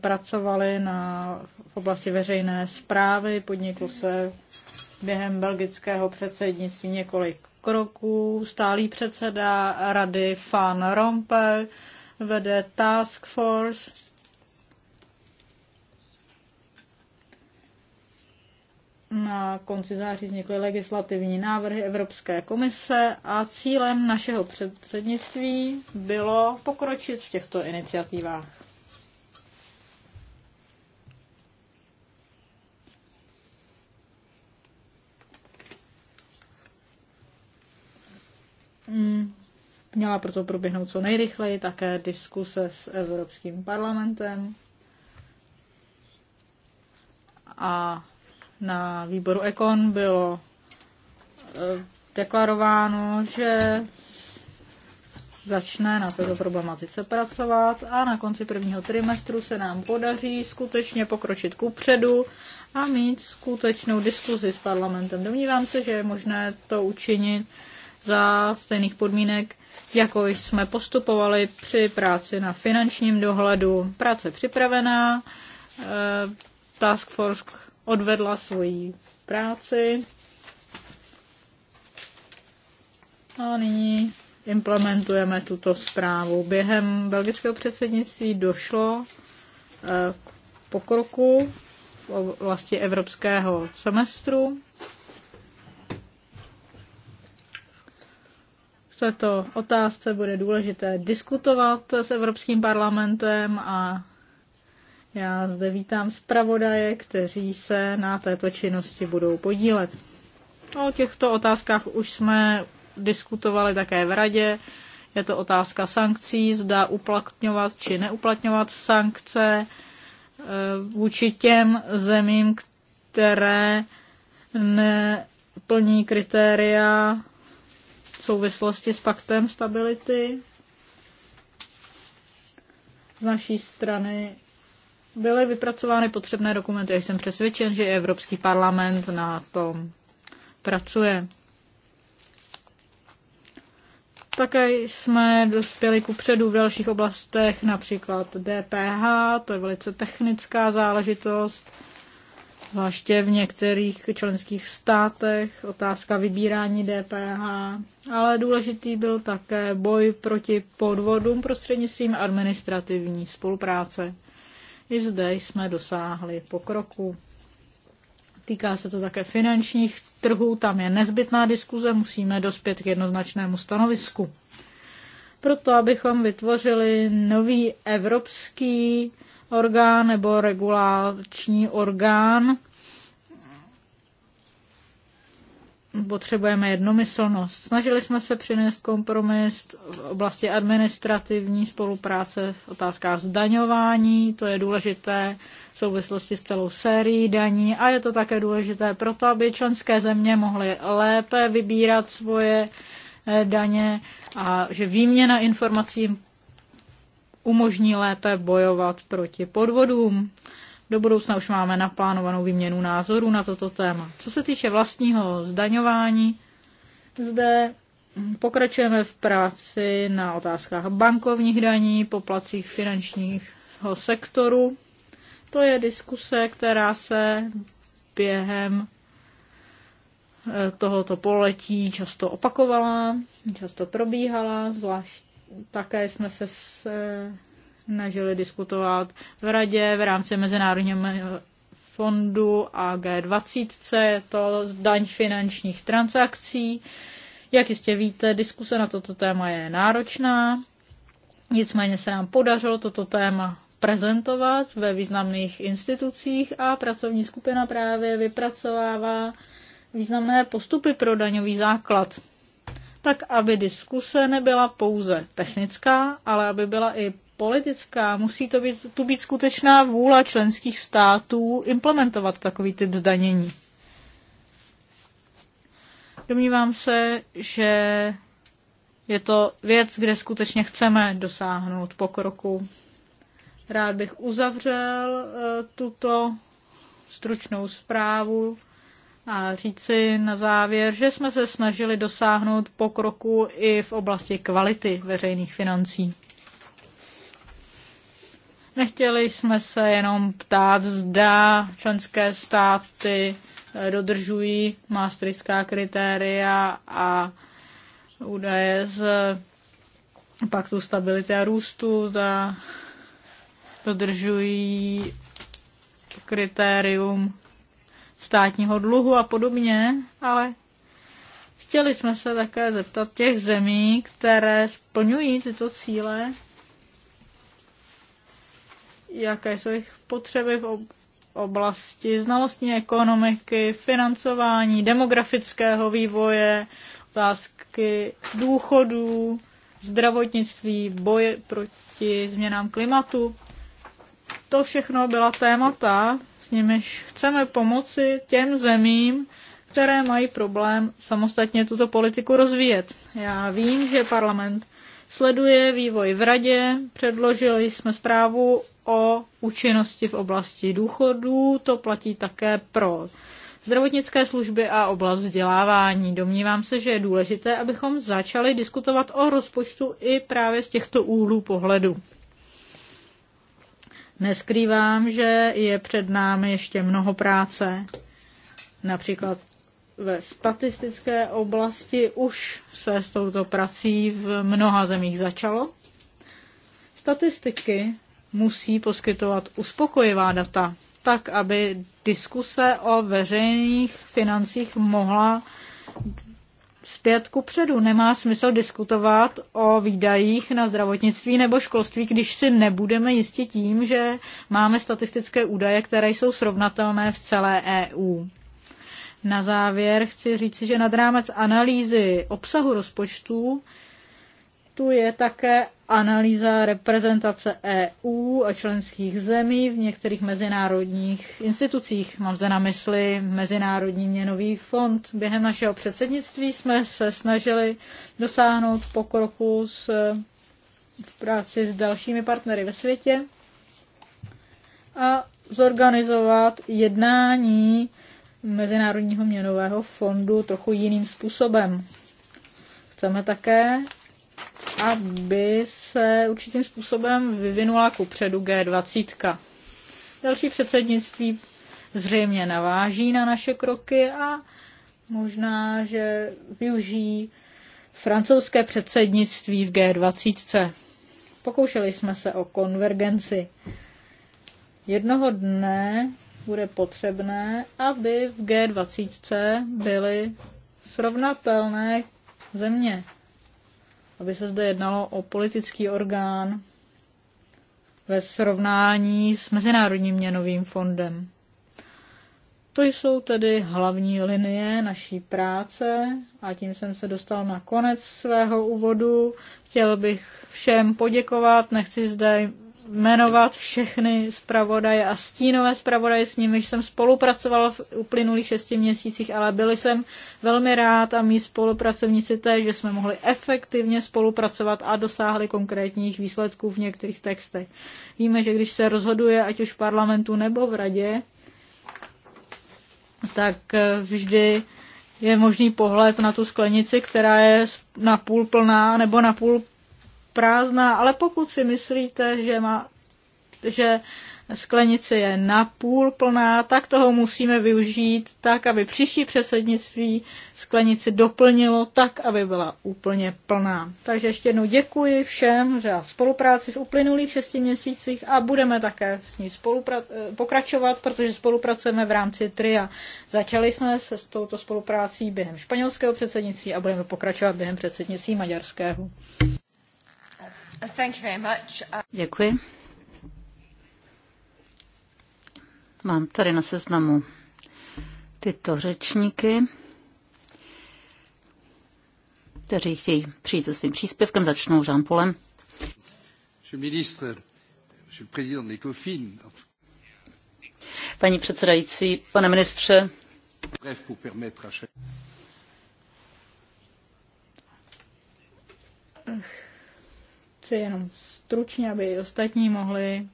pracovali na, v oblasti veřejné zprávy. Podniklo se během belgického předsednictví několik kroků. Stálý předseda rady Fan Rompe vede task force na konci září vznikly legislativní návrhy Evropské komise a cílem našeho předsednictví bylo pokročit v těchto iniciativách. Hmm. Měla proto proběhnout co nejrychleji také diskuse s Evropským parlamentem a na výboru Ekon bylo eh, deklarováno, že začne na této problematice pracovat a na konci prvního trimestru se nám podaří skutečně pokročit ku předu a mít skutečnou diskuzi s parlamentem. Domnívám se, že je možné to učinit za stejných podmínek, jako jsme postupovali při práci na finančním dohledu. Práce připravená, eh, task force odvedla svoji práci a nyní implementujeme tuto zprávu. Během belgického předsednictví došlo eh, k pokroku v oblasti evropského semestru. V této otázce bude důležité diskutovat s Evropským parlamentem a já zde vítám zpravodaje, kteří se na této činnosti budou podílet. O těchto otázkách už jsme diskutovali také v radě. Je to otázka sankcí, zda uplatňovat či neuplatňovat sankce eh, vůči těm zemím, které neplní kritéria v souvislosti s paktem stability. Z naší strany byly vypracovány potřebné dokumenty. Já jsem přesvědčen, že Evropský parlament na tom pracuje. Také jsme dospěli ku předu v dalších oblastech, například DPH, to je velice technická záležitost, zvláště v některých členských státech, otázka vybírání DPH, ale důležitý byl také boj proti podvodům prostřednictvím administrativní spolupráce. I zde jsme dosáhli pokroku. Týká se to také finančních trhů, tam je nezbytná diskuze, musíme dospět k jednoznačnému stanovisku. Proto, abychom vytvořili nový evropský orgán nebo regulační orgán, potřebujeme jednomyslnost. Snažili jsme se přinést kompromis v oblasti administrativní spolupráce v otázkách zdaňování, to je důležité v souvislosti s celou sérií daní a je to také důležité proto, aby členské země mohly lépe vybírat svoje eh, daně a že výměna informací umožní lépe bojovat proti podvodům. Do budoucna už máme naplánovanou výměnu názorů na toto téma. Co se týče vlastního zdaňování, zde pokračujeme v práci na otázkách bankovních daní, poplacích finančního sektoru. To je diskuse, která se během eh, tohoto poletí často opakovala, často probíhala, zvlášť také jsme se eh, snažili diskutovat v radě v rámci Mezinárodního fondu a G20, je to daň finančních transakcí. Jak jistě víte, diskuse na toto téma je náročná, nicméně se nám podařilo toto téma prezentovat ve významných institucích a pracovní skupina právě vypracovává významné postupy pro daňový základ. Tak, aby diskuse nebyla pouze technická, ale aby byla i politická, musí to být, tu být skutečná vůle členských států implementovat takový typ zdanění. Domnívám se, že je to věc, kde skutečně chceme dosáhnout pokroku. Rád bych uzavřel eh, tuto stručnou zprávu a říci na závěr, že jsme se snažili dosáhnout pokroku i v oblasti kvality veřejných financí. Nechtěli jsme se jenom ptát, zda členské státy eh, dodržují maastrichtská kritéria a údaje z paktu stability a růstu, zda dodržují kritérium státního dluhu a podobně, ale chtěli jsme se také zeptat těch zemí, které splňují tyto cíle, jaké jsou jejich potřeby v oblasti znalostní ekonomiky, financování, demografického vývoje, otázky důchodů, zdravotnictví, boje proti změnám klimatu. To všechno byla témata, s nimiž chceme pomoci těm zemím, které mají problém samostatně tuto politiku rozvíjet. Já vím, že parlament sleduje vývoj v radě. Předložili jsme zprávu o účinnosti v oblasti důchodů. To platí také pro zdravotnické služby a oblast vzdělávání. Domnívám se, že je důležité, abychom začali diskutovat o rozpočtu i právě z těchto úhlů pohledu. Neskrývám, že je před námi ještě mnoho práce, například ve statistické oblasti už se s touto prací v mnoha zemích začalo. Statistiky musí poskytovat uspokojivá data, tak aby diskuse o veřejných financích mohla zpět ku předu. Nemá smysl diskutovat o výdajích na zdravotnictví nebo školství, když si nebudeme jistit tím, že máme statistické údaje, které jsou srovnatelné v celé EU. Na závěr chci říci, že nad rámec analýzy obsahu rozpočtů tu je také analýza reprezentace EU a členských zemí v některých mezinárodních institucích. Mám zde na mysli Mezinárodní měnový fond. Během našeho předsednictví jsme se snažili dosáhnout pokroku s, v práci s dalšími partnery ve světě a zorganizovat jednání Mezinárodního měnového fondu trochu jiným způsobem. Chceme také, aby se určitým způsobem vyvinula ku předu G20. Další předsednictví zřejmě naváží na naše kroky a možná, že využijí francouzské předsednictví v G20. Pokoušeli jsme se o konvergenci. Jednoho dne bude potřebné, aby v G20 byly srovnatelné země, aby se zde jednalo o politický orgán ve srovnání s Mezinárodním měnovým fondem. To jsou tedy hlavní linie naší práce a tím jsem se dostal na konec svého úvodu. Chtěl bych všem poděkovat, nechci zde jmenovat všechny zpravodaje a stínové zpravodaje, s nimiž jsem spolupracoval v uplynulých šesti měsících, ale byl jsem velmi rád a mý spolupracovníci té, že jsme mohli efektivně spolupracovat a dosáhli konkrétních výsledků v některých textech. Víme, že když se rozhoduje, ať už v parlamentu nebo v radě, tak eh, vždy je možný pohled na tu sklenici, která je na půl plná nebo na půl prázdná, ale pokud si myslíte, že, má, že sklenice je napůl plná, tak toho musíme využít tak, aby příští předsednictví sklenici doplnilo tak, aby byla úplně plná. Takže ještě jednou děkuji všem za spolupráci v uplynulých šesti měsících a budeme také s ní pokračovat, protože spolupracujeme v rámci TRIA. Začali jsme se s touto spoluprácí během španělského předsednictví a budeme pokračovat během předsednictví maďarského. Uh, Děkuji. Mám tady na seznamu tyto řečníky, kteří chtějí přijít se svým příspěvkem. Začnou Jean Polem. Paní předsedající, pane ministře, Ach chci jenom stručně, aby ostatní mohli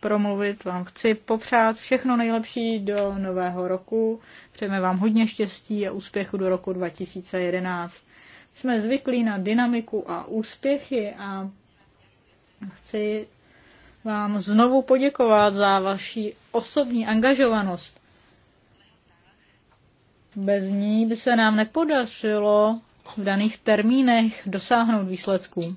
promluvit. Vám chci popřát všechno nejlepší do nového roku. Přejeme vám hodně štěstí a úspěchu do roku 2011. Jsme zvyklí na dynamiku a úspěchy a chci vám znovu poděkovat za vaši osobní angažovanost. Bez ní by se nám nepodařilo v daných termínech dosáhnout výsledků.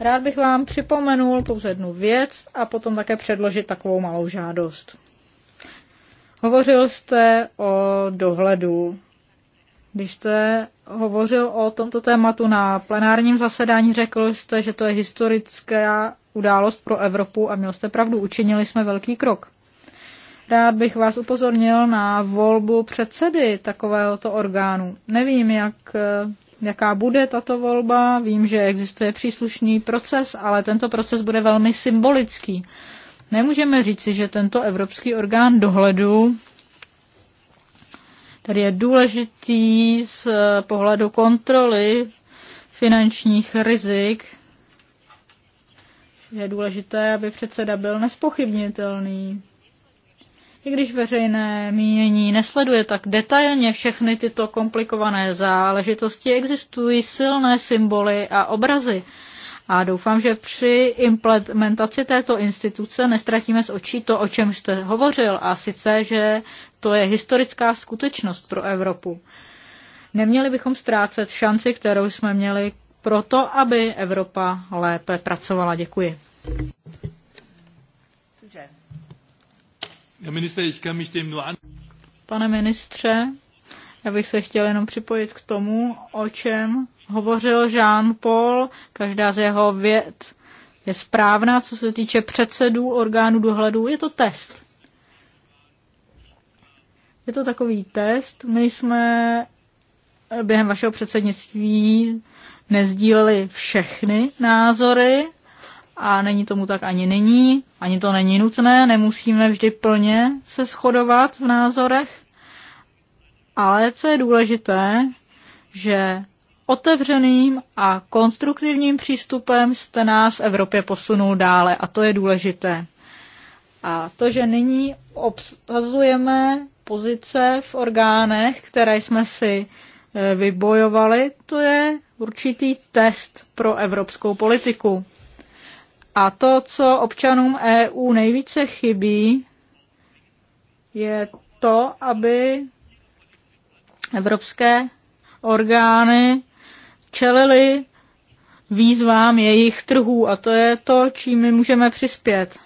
Rád bych vám připomenul pouze jednu věc a potom také předložit takovou malou žádost. Hovořil jste o dohledu. Když jste hovořil o tomto tématu na plenárním zasedání, řekl jste, že to je historická událost pro Evropu a měl jste pravdu, učinili jsme velký krok. Rád bych vás upozornil na volbu předsedy takovéhoto orgánu. Nevím, jak eh, jaká bude tato volba. Vím, že existuje příslušný proces, ale tento proces bude velmi symbolický. Nemůžeme říci, že tento evropský orgán dohledu který je důležitý z pohledu kontroly finančních rizik, je důležité, aby předseda byl nespochybnitelný. I když veřejné mínění nesleduje tak detailně všechny tyto komplikované záležitosti, existují silné symboly a obrazy. A doufám, že při implementaci této instituce nestratíme z očí to, o čem jste hovořil, a sice, že to je historická skutečnost pro Evropu. Neměli bychom ztrácet šanci, kterou jsme měli proto, aby Evropa lépe pracovala. Děkuji. Pane ministře, já bych se chtěl jenom připojit k tomu, o čem hovořil Jean-Paul. Každá z jeho věd je správná, co se týče předsedů orgánů dohledu. Je to test. Je to takový test. My jsme během vašeho předsednictví nezdíleli všechny názory, a není tomu tak ani nyní, ani to není nutné, nemusíme vždy plně se shodovat v názorech, ale co je důležité, že otevřeným a konstruktivním přístupem jste nás v Evropě posunul dále a to je důležité. A to, že nyní obsazujeme pozice v orgánech, které jsme si e, vybojovali, to je určitý test pro evropskou politiku. A to, co občanům EU nejvíce chybí, je to, aby evropské orgány čelily výzvám jejich trhů a to je to, čím my můžeme přispět.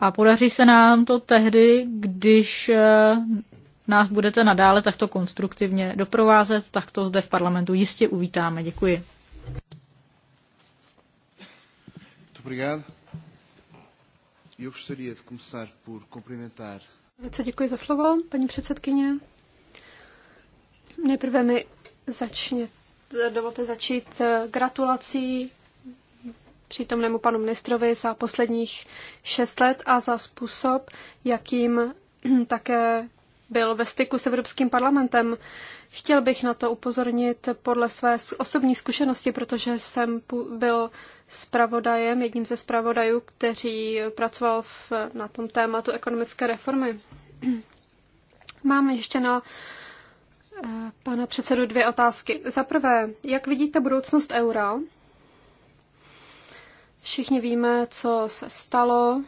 A podaří se nám to tehdy, když eh, nás budete nadále takto konstruktivně doprovázet, tak to zde v parlamentu jistě uvítáme. Děkuji. obrigado. Eu gostaria de começar por cumprimentar. Velice děkuji za slovo, paní předsedkyně. Nejprve mi začně, dovolte začít eh, gratulací přítomnému panu ministrovi za posledních šest let a za způsob, jakým také byl ve styku s Evropským parlamentem. Chtěl bych na to upozornit podle své osobní zkušenosti, protože jsem byl zpravodajem, jedním ze zpravodajů, kteří pracoval v, na tom tématu ekonomické reformy. Mám ještě na eh, pana předsedu dvě otázky. Za prvé, jak vidíte budoucnost eura? Všichni víme, co se stalo.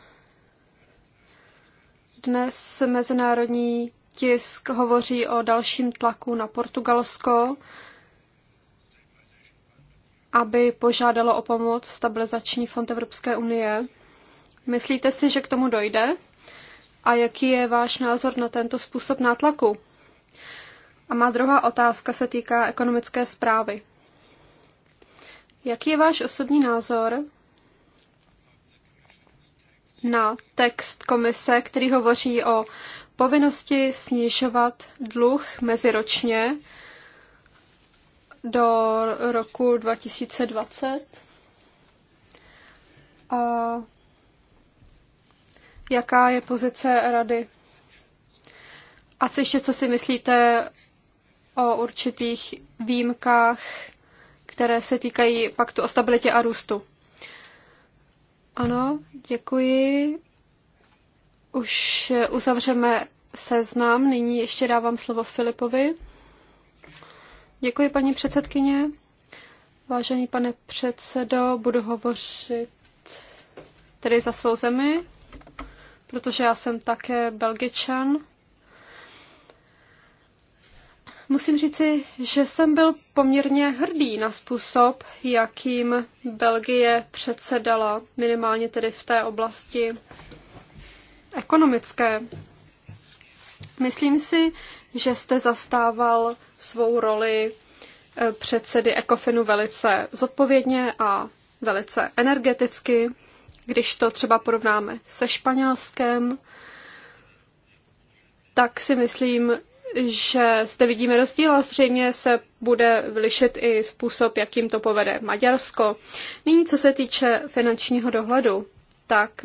Dnes mezinárodní tisk hovoří o dalším tlaku na Portugalsko aby požádalo o pomoc Stabilizační fond Evropské unie. Myslíte si, že k tomu dojde? A jaký je váš názor na tento způsob nátlaku? A má druhá otázka se týká ekonomické zprávy. Jaký je váš osobní názor na text komise, který hovoří o povinnosti snižovat dluh meziročně do roku 2020. A jaká je pozice rady? A co ještě, co si myslíte o určitých výjimkách, které se týkají paktu o stabilitě a růstu? Ano, děkuji. Už uzavřeme seznam. Nyní ještě dávám slovo Filipovi. Děkuji, paní předsedkyně. Vážený pane předsedo, budu hovořit tedy za svou zemi, protože já jsem také belgičan. Musím říci, že jsem byl poměrně hrdý na způsob, jakým Belgie předsedala, minimálně tedy v té oblasti ekonomické. Myslím si, že jste zastával svou roli eh, předsedy Ekofinu velice zodpovědně a velice energeticky. Když to třeba porovnáme se Španělskem, tak si myslím, že zde vidíme rozdíl a zřejmě se bude vylišit i způsob, jakým to povede Maďarsko. Nyní, co se týče finančního dohledu, tak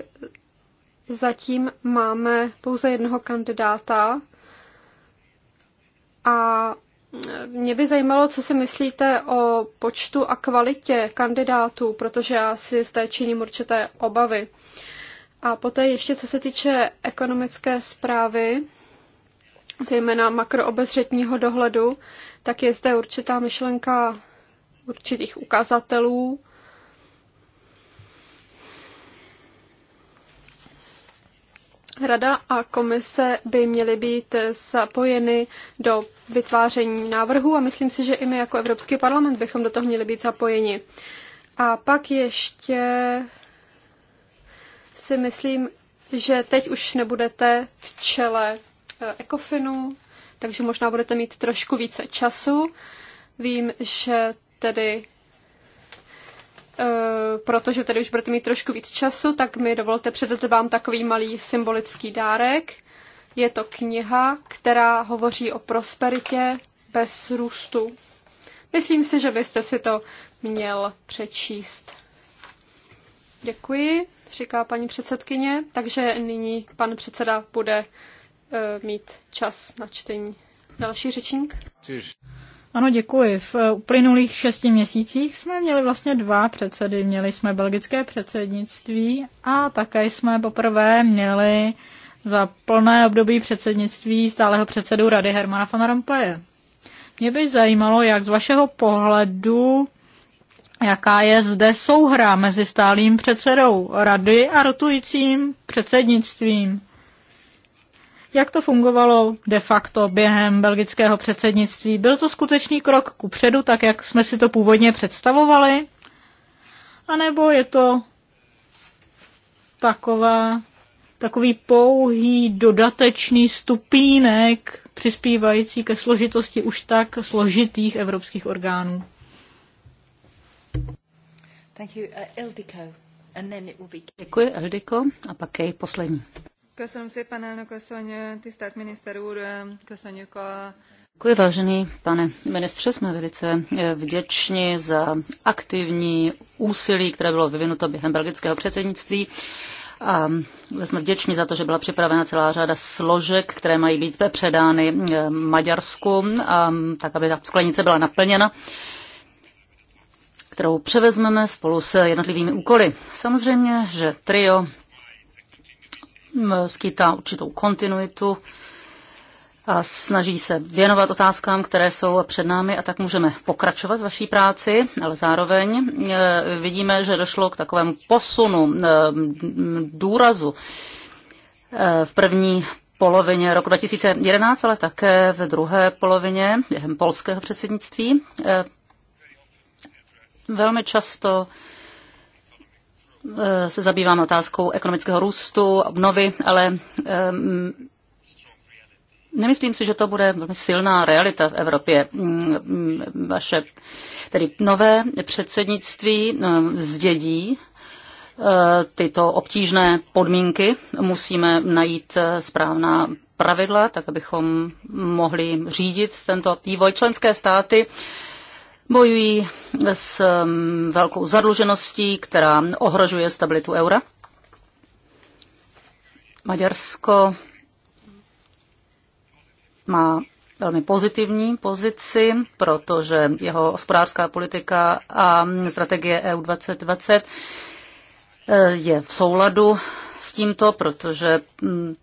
zatím máme pouze jednoho kandidáta, a mě by zajímalo, co si myslíte o počtu a kvalitě kandidátů, protože já si zde činím určité obavy. A poté ještě, co se týče ekonomické zprávy, zejména makroobezřetního dohledu, tak je zde určitá myšlenka určitých ukazatelů, Rada a komise by měly být zapojeny do vytváření návrhu a myslím si, že i my jako Evropský parlament bychom do toho měli být zapojeni. A pak ještě si myslím, že teď už nebudete v čele eh, ECOFINu, takže možná budete mít trošku více času. Vím, že tedy Eh, protože tady už budete mít trošku víc času, tak mi dovolte předat vám takový malý symbolický dárek. Je to kniha, která hovoří o prosperitě bez růstu. Myslím si, že byste si to měl přečíst. Děkuji, říká paní předsedkyně. Takže nyní pan předseda bude eh, mít čas na čtení. Další řečník. Čiž. Ano, děkuji. V eh, uplynulých šesti měsících jsme měli vlastně dva předsedy. Měli jsme belgické předsednictví a také jsme poprvé měli za plné období předsednictví stáleho předsedu Rady Hermana van Rompuye. Mě by zajímalo, jak z vašeho pohledu, jaká je zde souhra mezi stálým předsedou Rady a rotujícím předsednictvím jak to fungovalo de facto během belgického předsednictví. Byl to skutečný krok ku předu, tak jak jsme si to původně představovali? A nebo je to taková, takový pouhý dodatečný stupínek přispívající ke složitosti už tak složitých evropských orgánů? Thank you, uh, Ildiko. And then it will be... Děkuji, Eldiko. A pak je poslední. Děkuji, vážený pane ministře. Jsme velice eh, vděční za aktivní úsilí, které bylo vyvinuto během belgického předsednictví. A eh, jsme vděční za to, že byla připravena celá řada složek, které mají být předány eh, Maďarsku, a mm, tak aby ta sklenice byla naplněna kterou převezmeme spolu s jednotlivými úkoly. Samozřejmě, že trio skýtá určitou kontinuitu a snaží se věnovat otázkám, které jsou před námi a tak můžeme pokračovat v vaší práci, ale zároveň e, vidíme, že došlo k takovému posunu důrazu e, v první polovině roku 2011, ale také v druhé polovině během polského předsednictví. E, velmi často Eh, se zabýváme otázkou ekonomického růstu, obnovy, ale Nemyslím si, že to bude velmi silná realita v Evropě. Mm, vaše tedy nové předsednictví eh, zdědí eh, tyto obtížné podmínky. Musíme najít správná pravidla, tak abychom mohli řídit tento vývoj. Členské státy bojují s um, velkou zadlužeností, která ohrožuje stabilitu eura. Maďarsko má velmi pozitivní pozici, protože jeho hospodářská politika a strategie EU 2020 eh, je v souladu s tímto, protože mm,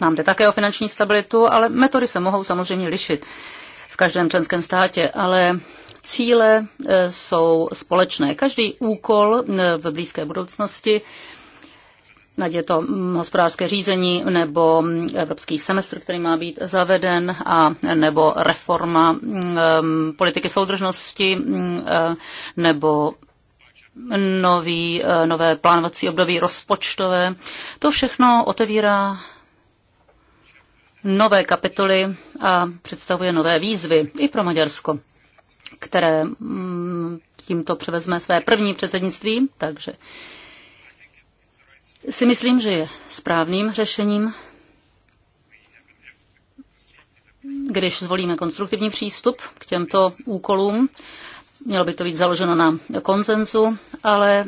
nám jde také o finanční stabilitu, ale metody se mohou samozřejmě lišit v každém členském státě, ale cíle e, jsou společné. Každý úkol e, v blízké budoucnosti ať je to mm, hospodářské řízení nebo mm, evropský semestr, který má být zaveden, a nebo reforma mm, e, politiky soudržnosti nebo nový, nové plánovací období rozpočtové. To všechno otevírá nové kapitoly a představuje nové výzvy i pro Maďarsko, které mm, tímto převezme své první předsednictví, takže si myslím, že je správným řešením, když zvolíme konstruktivní přístup k těmto úkolům Mělo by to být založeno na konsenzu, ale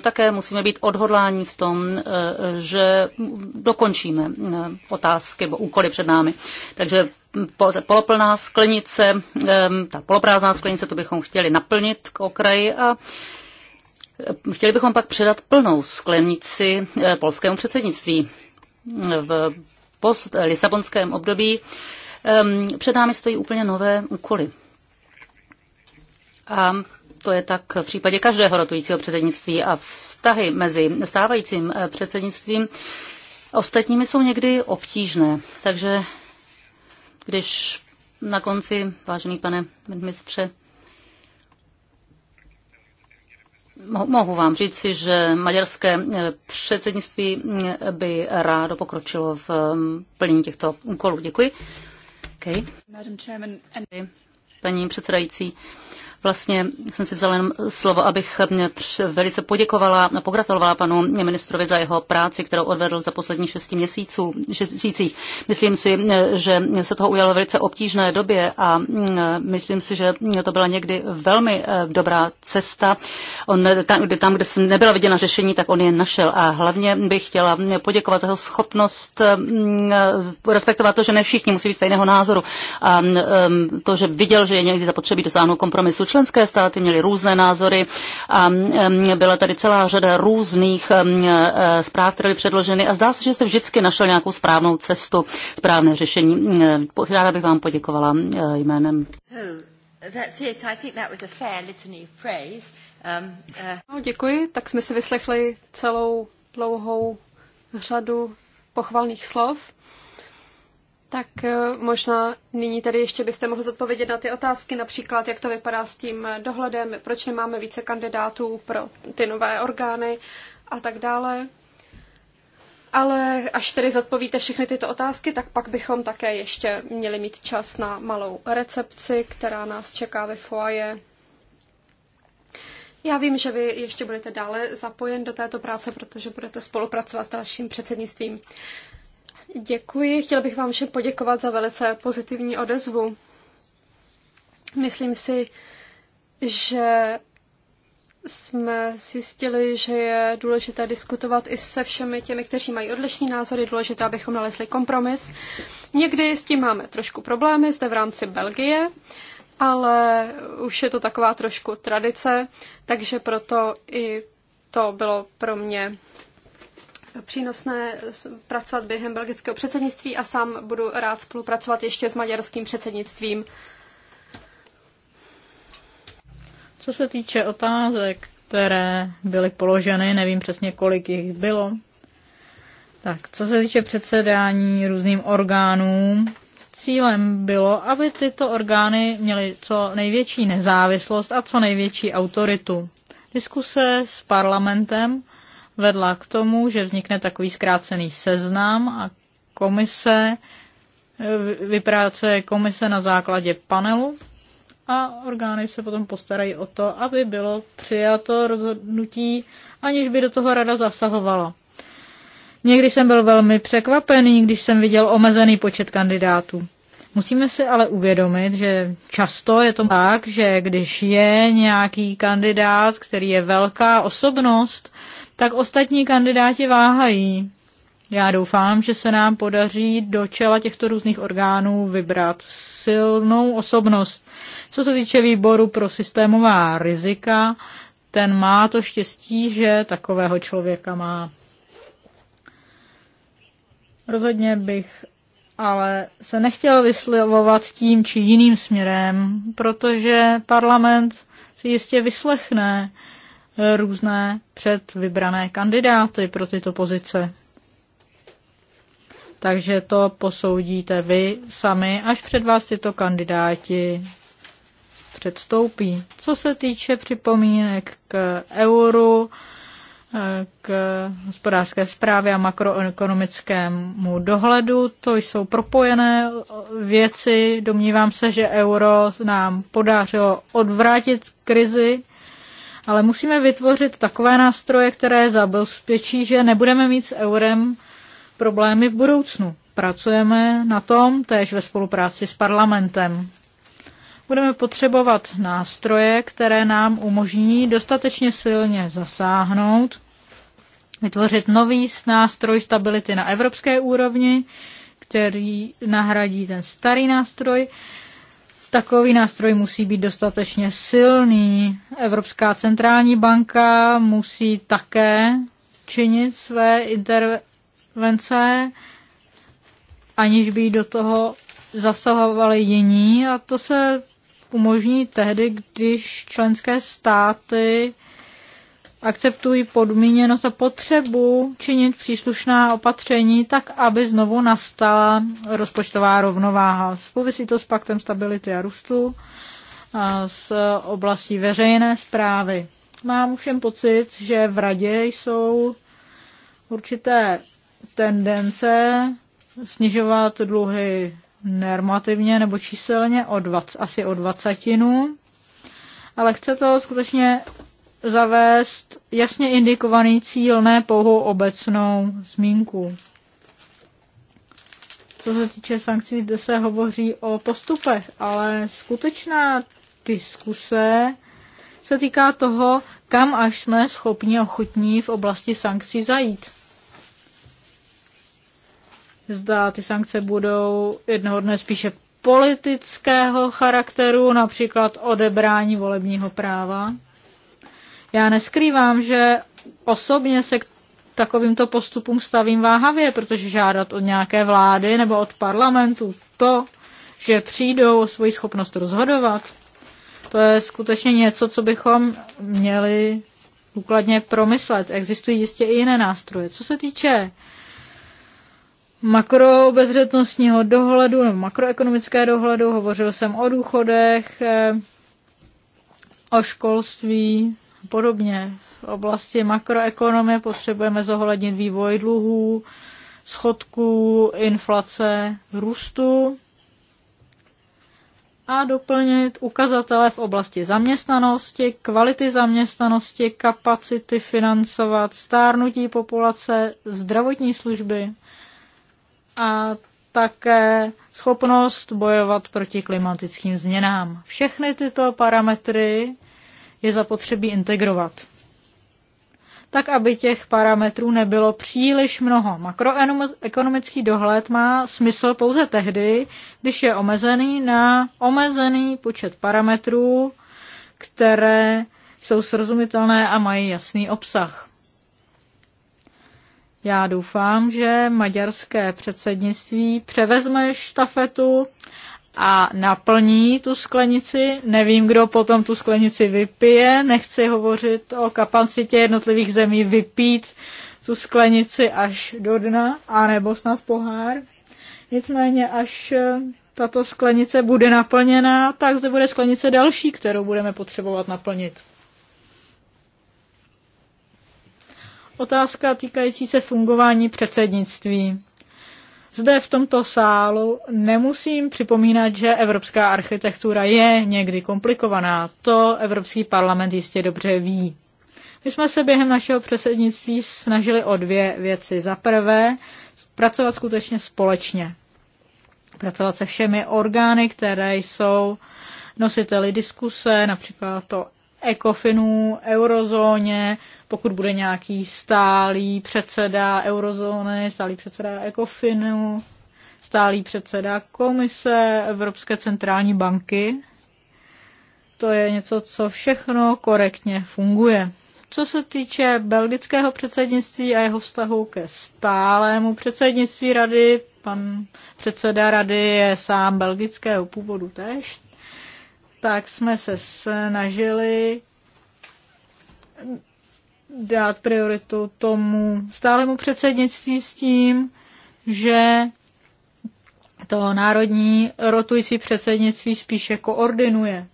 také musíme být odhodláni v tom, eh, že dokončíme eh, otázky nebo úkoly před námi. Takže poloplná sklenice, ta poloprázdná sklenice, to bychom chtěli naplnit k okraji a eh, chtěli bychom pak předat plnou sklenici polskému předsednictví. V post-lisabonském období před námi stojí úplně nové úkoly. A to je tak v případě každého rotujícího předsednictví a vztahy mezi stávajícím eh, předsednictvím ostatními jsou někdy obtížné. Takže když na konci, vážený pane ministře, Mohu vám říci, že maďarské eh, předsednictví eh, by rádo pokročilo v mm, plnění těchto úkolů. Děkuji. Okay. Paní předsedající, Vlastně jsem si vzala jenom slovo, abych velice poděkovala a pogratulovala panu ministrovi za jeho práci, kterou odvedl za poslední šesti měsíců, šesticích. Myslím si, že se toho ujalo velice obtížné době a mm, myslím si, že to byla někdy velmi eh, dobrá cesta. On, tam, kde, tam, kde jsem nebyla viděna řešení, tak on je našel a hlavně bych chtěla poděkovat za jeho schopnost eh, mm, respektovat to, že ne všichni musí být stejného názoru a mm, eh, to, že viděl, že je někdy zapotřebí dosáhnout kompromisu. Členské státy měly různé názory a byla tady celá řada různých eh, zpráv, které byly předloženy a zdá se, že jste vždycky našel nějakou správnou cestu, správné řešení. Ráda bych vám poděkovala eh, jménem. Um, uh, no, děkuji, tak jsme si vyslechli celou dlouhou řadu pochvalných slov. Tak eh, možná nyní tady ještě byste mohli zodpovědět na ty otázky, například jak to vypadá s tím dohledem, proč nemáme více kandidátů pro ty nové orgány a tak dále. Ale až tedy zodpovíte všechny tyto otázky, tak pak bychom také ještě měli mít čas na malou recepci, která nás čeká ve foaje. Já vím, že vy ještě budete dále zapojen do této práce, protože budete spolupracovat s dalším předsednictvím. Děkuji, chtěla bych vám všem poděkovat za velice pozitivní odezvu. Myslím si, že jsme zjistili, že je důležité diskutovat i se všemi těmi, kteří mají odlišný názor, je důležité, abychom nalezli kompromis. Někdy s tím máme trošku problémy zde v rámci Belgie, ale už je to taková trošku tradice, takže proto i to bylo pro mě přínosné pracovat během belgického předsednictví a sám budu rád spolupracovat ještě s maďarským předsednictvím. Co se týče otázek, které byly položeny, nevím přesně, kolik jich bylo. Tak, co se týče předsedání různým orgánům, cílem bylo, aby tyto orgány měly co největší nezávislost a co největší autoritu. Diskuse s parlamentem vedla k tomu, že vznikne takový zkrácený seznam a komise, eh, vypráce komise na základě panelu a orgány se potom postarají o to, aby bylo přijato rozhodnutí, aniž by do toho rada zasahovala. Někdy jsem byl velmi překvapený, když jsem viděl omezený počet kandidátů. Musíme si ale uvědomit, že často je to tak, že když je nějaký kandidát, který je velká osobnost, tak ostatní kandidáti váhají. Já doufám, že se nám podaří do čela těchto různých orgánů vybrat silnou osobnost. Co se týče výboru pro systémová rizika, ten má to štěstí, že takového člověka má. Rozhodně bych ale se nechtěl vyslovovat tím či jiným směrem, protože parlament si jistě vyslechne různé předvybrané kandidáty pro tyto pozice. Takže to posoudíte vy sami, až před vás tyto kandidáti předstoupí. Co se týče připomínek k euru, k hospodářské zprávě a makroekonomickému dohledu. To jsou propojené věci. Domnívám se, že euro nám podařilo odvrátit krizi ale musíme vytvořit takové nástroje, které zabezpečí, že nebudeme mít s eurem problémy v budoucnu. Pracujeme na tom též ve spolupráci s parlamentem. Budeme potřebovat nástroje, které nám umožní dostatečně silně zasáhnout, vytvořit nový nástroj stability na evropské úrovni, který nahradí ten starý nástroj Takový nástroj musí být dostatečně silný. Evropská centrální banka musí také činit své intervence, aniž by do toho zasahovali jiní a to se umožní tehdy, když členské státy akceptují podmíněnost a potřebu činit příslušná opatření tak, aby znovu nastala rozpočtová rovnováha. Souvisí to s paktem stability a růstu, a s oblastí veřejné zprávy. Mám všem pocit, že v radě jsou určité tendence snižovat dluhy normativně nebo číselně o 20, asi o dvacetinu, ale chce to skutečně zavést jasně indikovaný cíl, ne pouhou obecnou zmínku. Co se týče sankcí, kde se hovoří o postupech, ale skutečná diskuse se týká toho, kam až jsme schopni a ochotní v oblasti sankcí zajít. Zda ty sankce budou jednoho dne spíše politického charakteru, například odebrání volebního práva, já neskrývám, že osobně se k takovýmto postupům stavím váhavě, protože žádat od nějaké vlády nebo od parlamentu to, že přijdou o svoji schopnost rozhodovat, to je skutečně něco, co bychom měli důkladně promyslet. Existují jistě i jiné nástroje. Co se týče makrobezřetnostního dohledu nebo makroekonomické dohledu, hovořil jsem o důchodech, eh, o školství, podobně. V oblasti makroekonomie potřebujeme zohlednit vývoj dluhů, schodků, inflace, růstu a doplnit ukazatele v oblasti zaměstnanosti, kvality zaměstnanosti, kapacity financovat, stárnutí populace, zdravotní služby a také schopnost bojovat proti klimatickým změnám. Všechny tyto parametry je zapotřebí integrovat. Tak, aby těch parametrů nebylo příliš mnoho. Makroekonomický dohled má smysl pouze tehdy, když je omezený na omezený počet parametrů, které jsou srozumitelné a mají jasný obsah. Já doufám, že maďarské předsednictví převezme štafetu a naplní tu sklenici. Nevím, kdo potom tu sklenici vypije. Nechci hovořit o kapacitě jednotlivých zemí vypít tu sklenici až do dna, anebo snad pohár. Nicméně, až eh, tato sklenice bude naplněná, tak zde bude sklenice další, kterou budeme potřebovat naplnit. Otázka týkající se fungování předsednictví. Zde v tomto sálu nemusím připomínat, že evropská architektura je někdy komplikovaná. To Evropský parlament jistě dobře ví. My jsme se během našeho předsednictví snažili o dvě věci. Za prvé, pracovat skutečně společně. Pracovat se všemi orgány, které jsou nositeli diskuse, například to Ecofinu, eurozóně, pokud bude nějaký stálý předseda eurozóny, stálý předseda ekofinu, stálý předseda komise Evropské centrální banky. To je něco, co všechno korektně funguje. Co se týče belgického předsednictví a jeho vztahu ke stálému předsednictví rady, pan předseda rady je sám belgického původu též, tak jsme se snažili dát prioritu tomu stálemu předsednictví s tím, že to národní rotující předsednictví spíše koordinuje.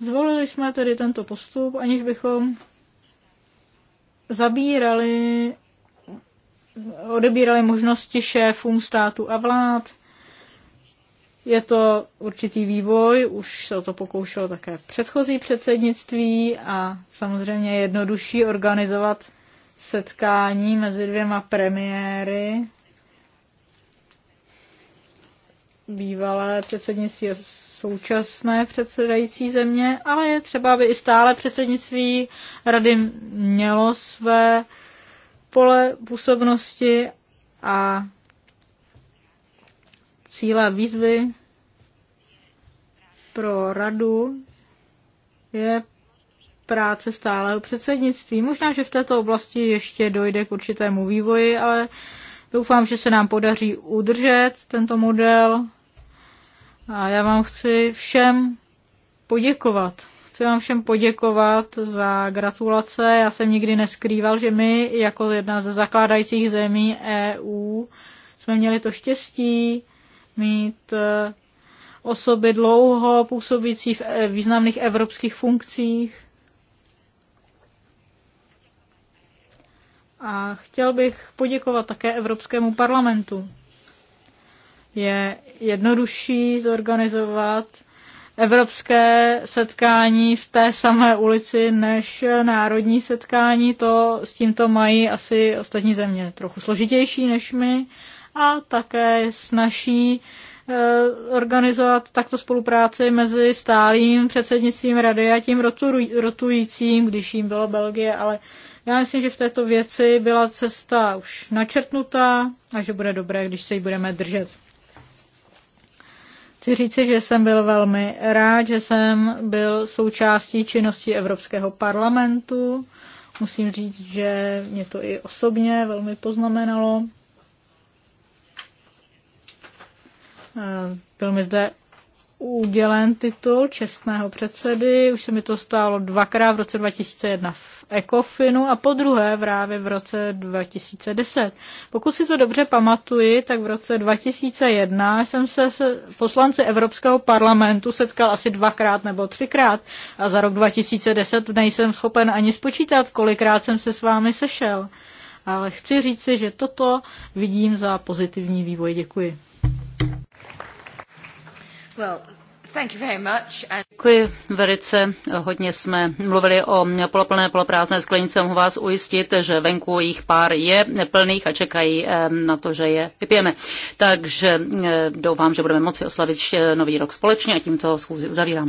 Zvolili jsme tedy tento postup, aniž bychom zabírali odebírali možnosti šéfům státu a vlád. Je to určitý vývoj, už se o to pokoušelo také předchozí předsednictví a samozřejmě je jednodušší organizovat setkání mezi dvěma premiéry bývalé předsednictví a současné předsedající země, ale je třeba, aby i stále předsednictví rady mělo své pole působnosti a cíle výzvy pro radu je práce stáleho předsednictví. Možná, že v této oblasti ještě dojde k určitému vývoji, ale doufám, že se nám podaří udržet tento model. A já vám chci všem poděkovat Chci vám všem poděkovat za gratulace. Já jsem nikdy neskrýval, že my jako jedna ze zakládajících zemí EU jsme měli to štěstí mít eh, osoby dlouho působící v eh, významných evropských funkcích. A chtěl bych poděkovat také Evropskému parlamentu. Je jednodušší zorganizovat evropské setkání v té samé ulici než národní setkání, to s tímto mají asi ostatní země trochu složitější než my a také snaží eh, organizovat takto spolupráci mezi stálým předsednictvím rady a tím rotujícím, když jim bylo Belgie, ale já myslím, že v této věci byla cesta už načrtnutá a že bude dobré, když se jí budeme držet. Chci říci, že jsem byl velmi rád, že jsem byl součástí činnosti Evropského parlamentu. Musím říct, že mě to i osobně velmi poznamenalo. Byl mi zde udělen titul čestného předsedy. Už se mi to stálo dvakrát v roce 2001 ECOFINu a po druhé právě v roce 2010. Pokud si to dobře pamatuji, tak v roce 2001 jsem se s poslanci Evropského parlamentu setkal asi dvakrát nebo třikrát a za rok 2010 nejsem schopen ani spočítat, kolikrát jsem se s vámi sešel. Ale chci říci, že toto vidím za pozitivní vývoj. Děkuji. Well, Děkuji velice. Hodně jsme mluvili o poloplné, poloprázdné sklenice. Mohu vás ujistit, že venku jich pár je plných a čekají na to, že je vypijeme. Takže doufám, že budeme moci oslavit nový rok společně a tímto schůzi uzavírám.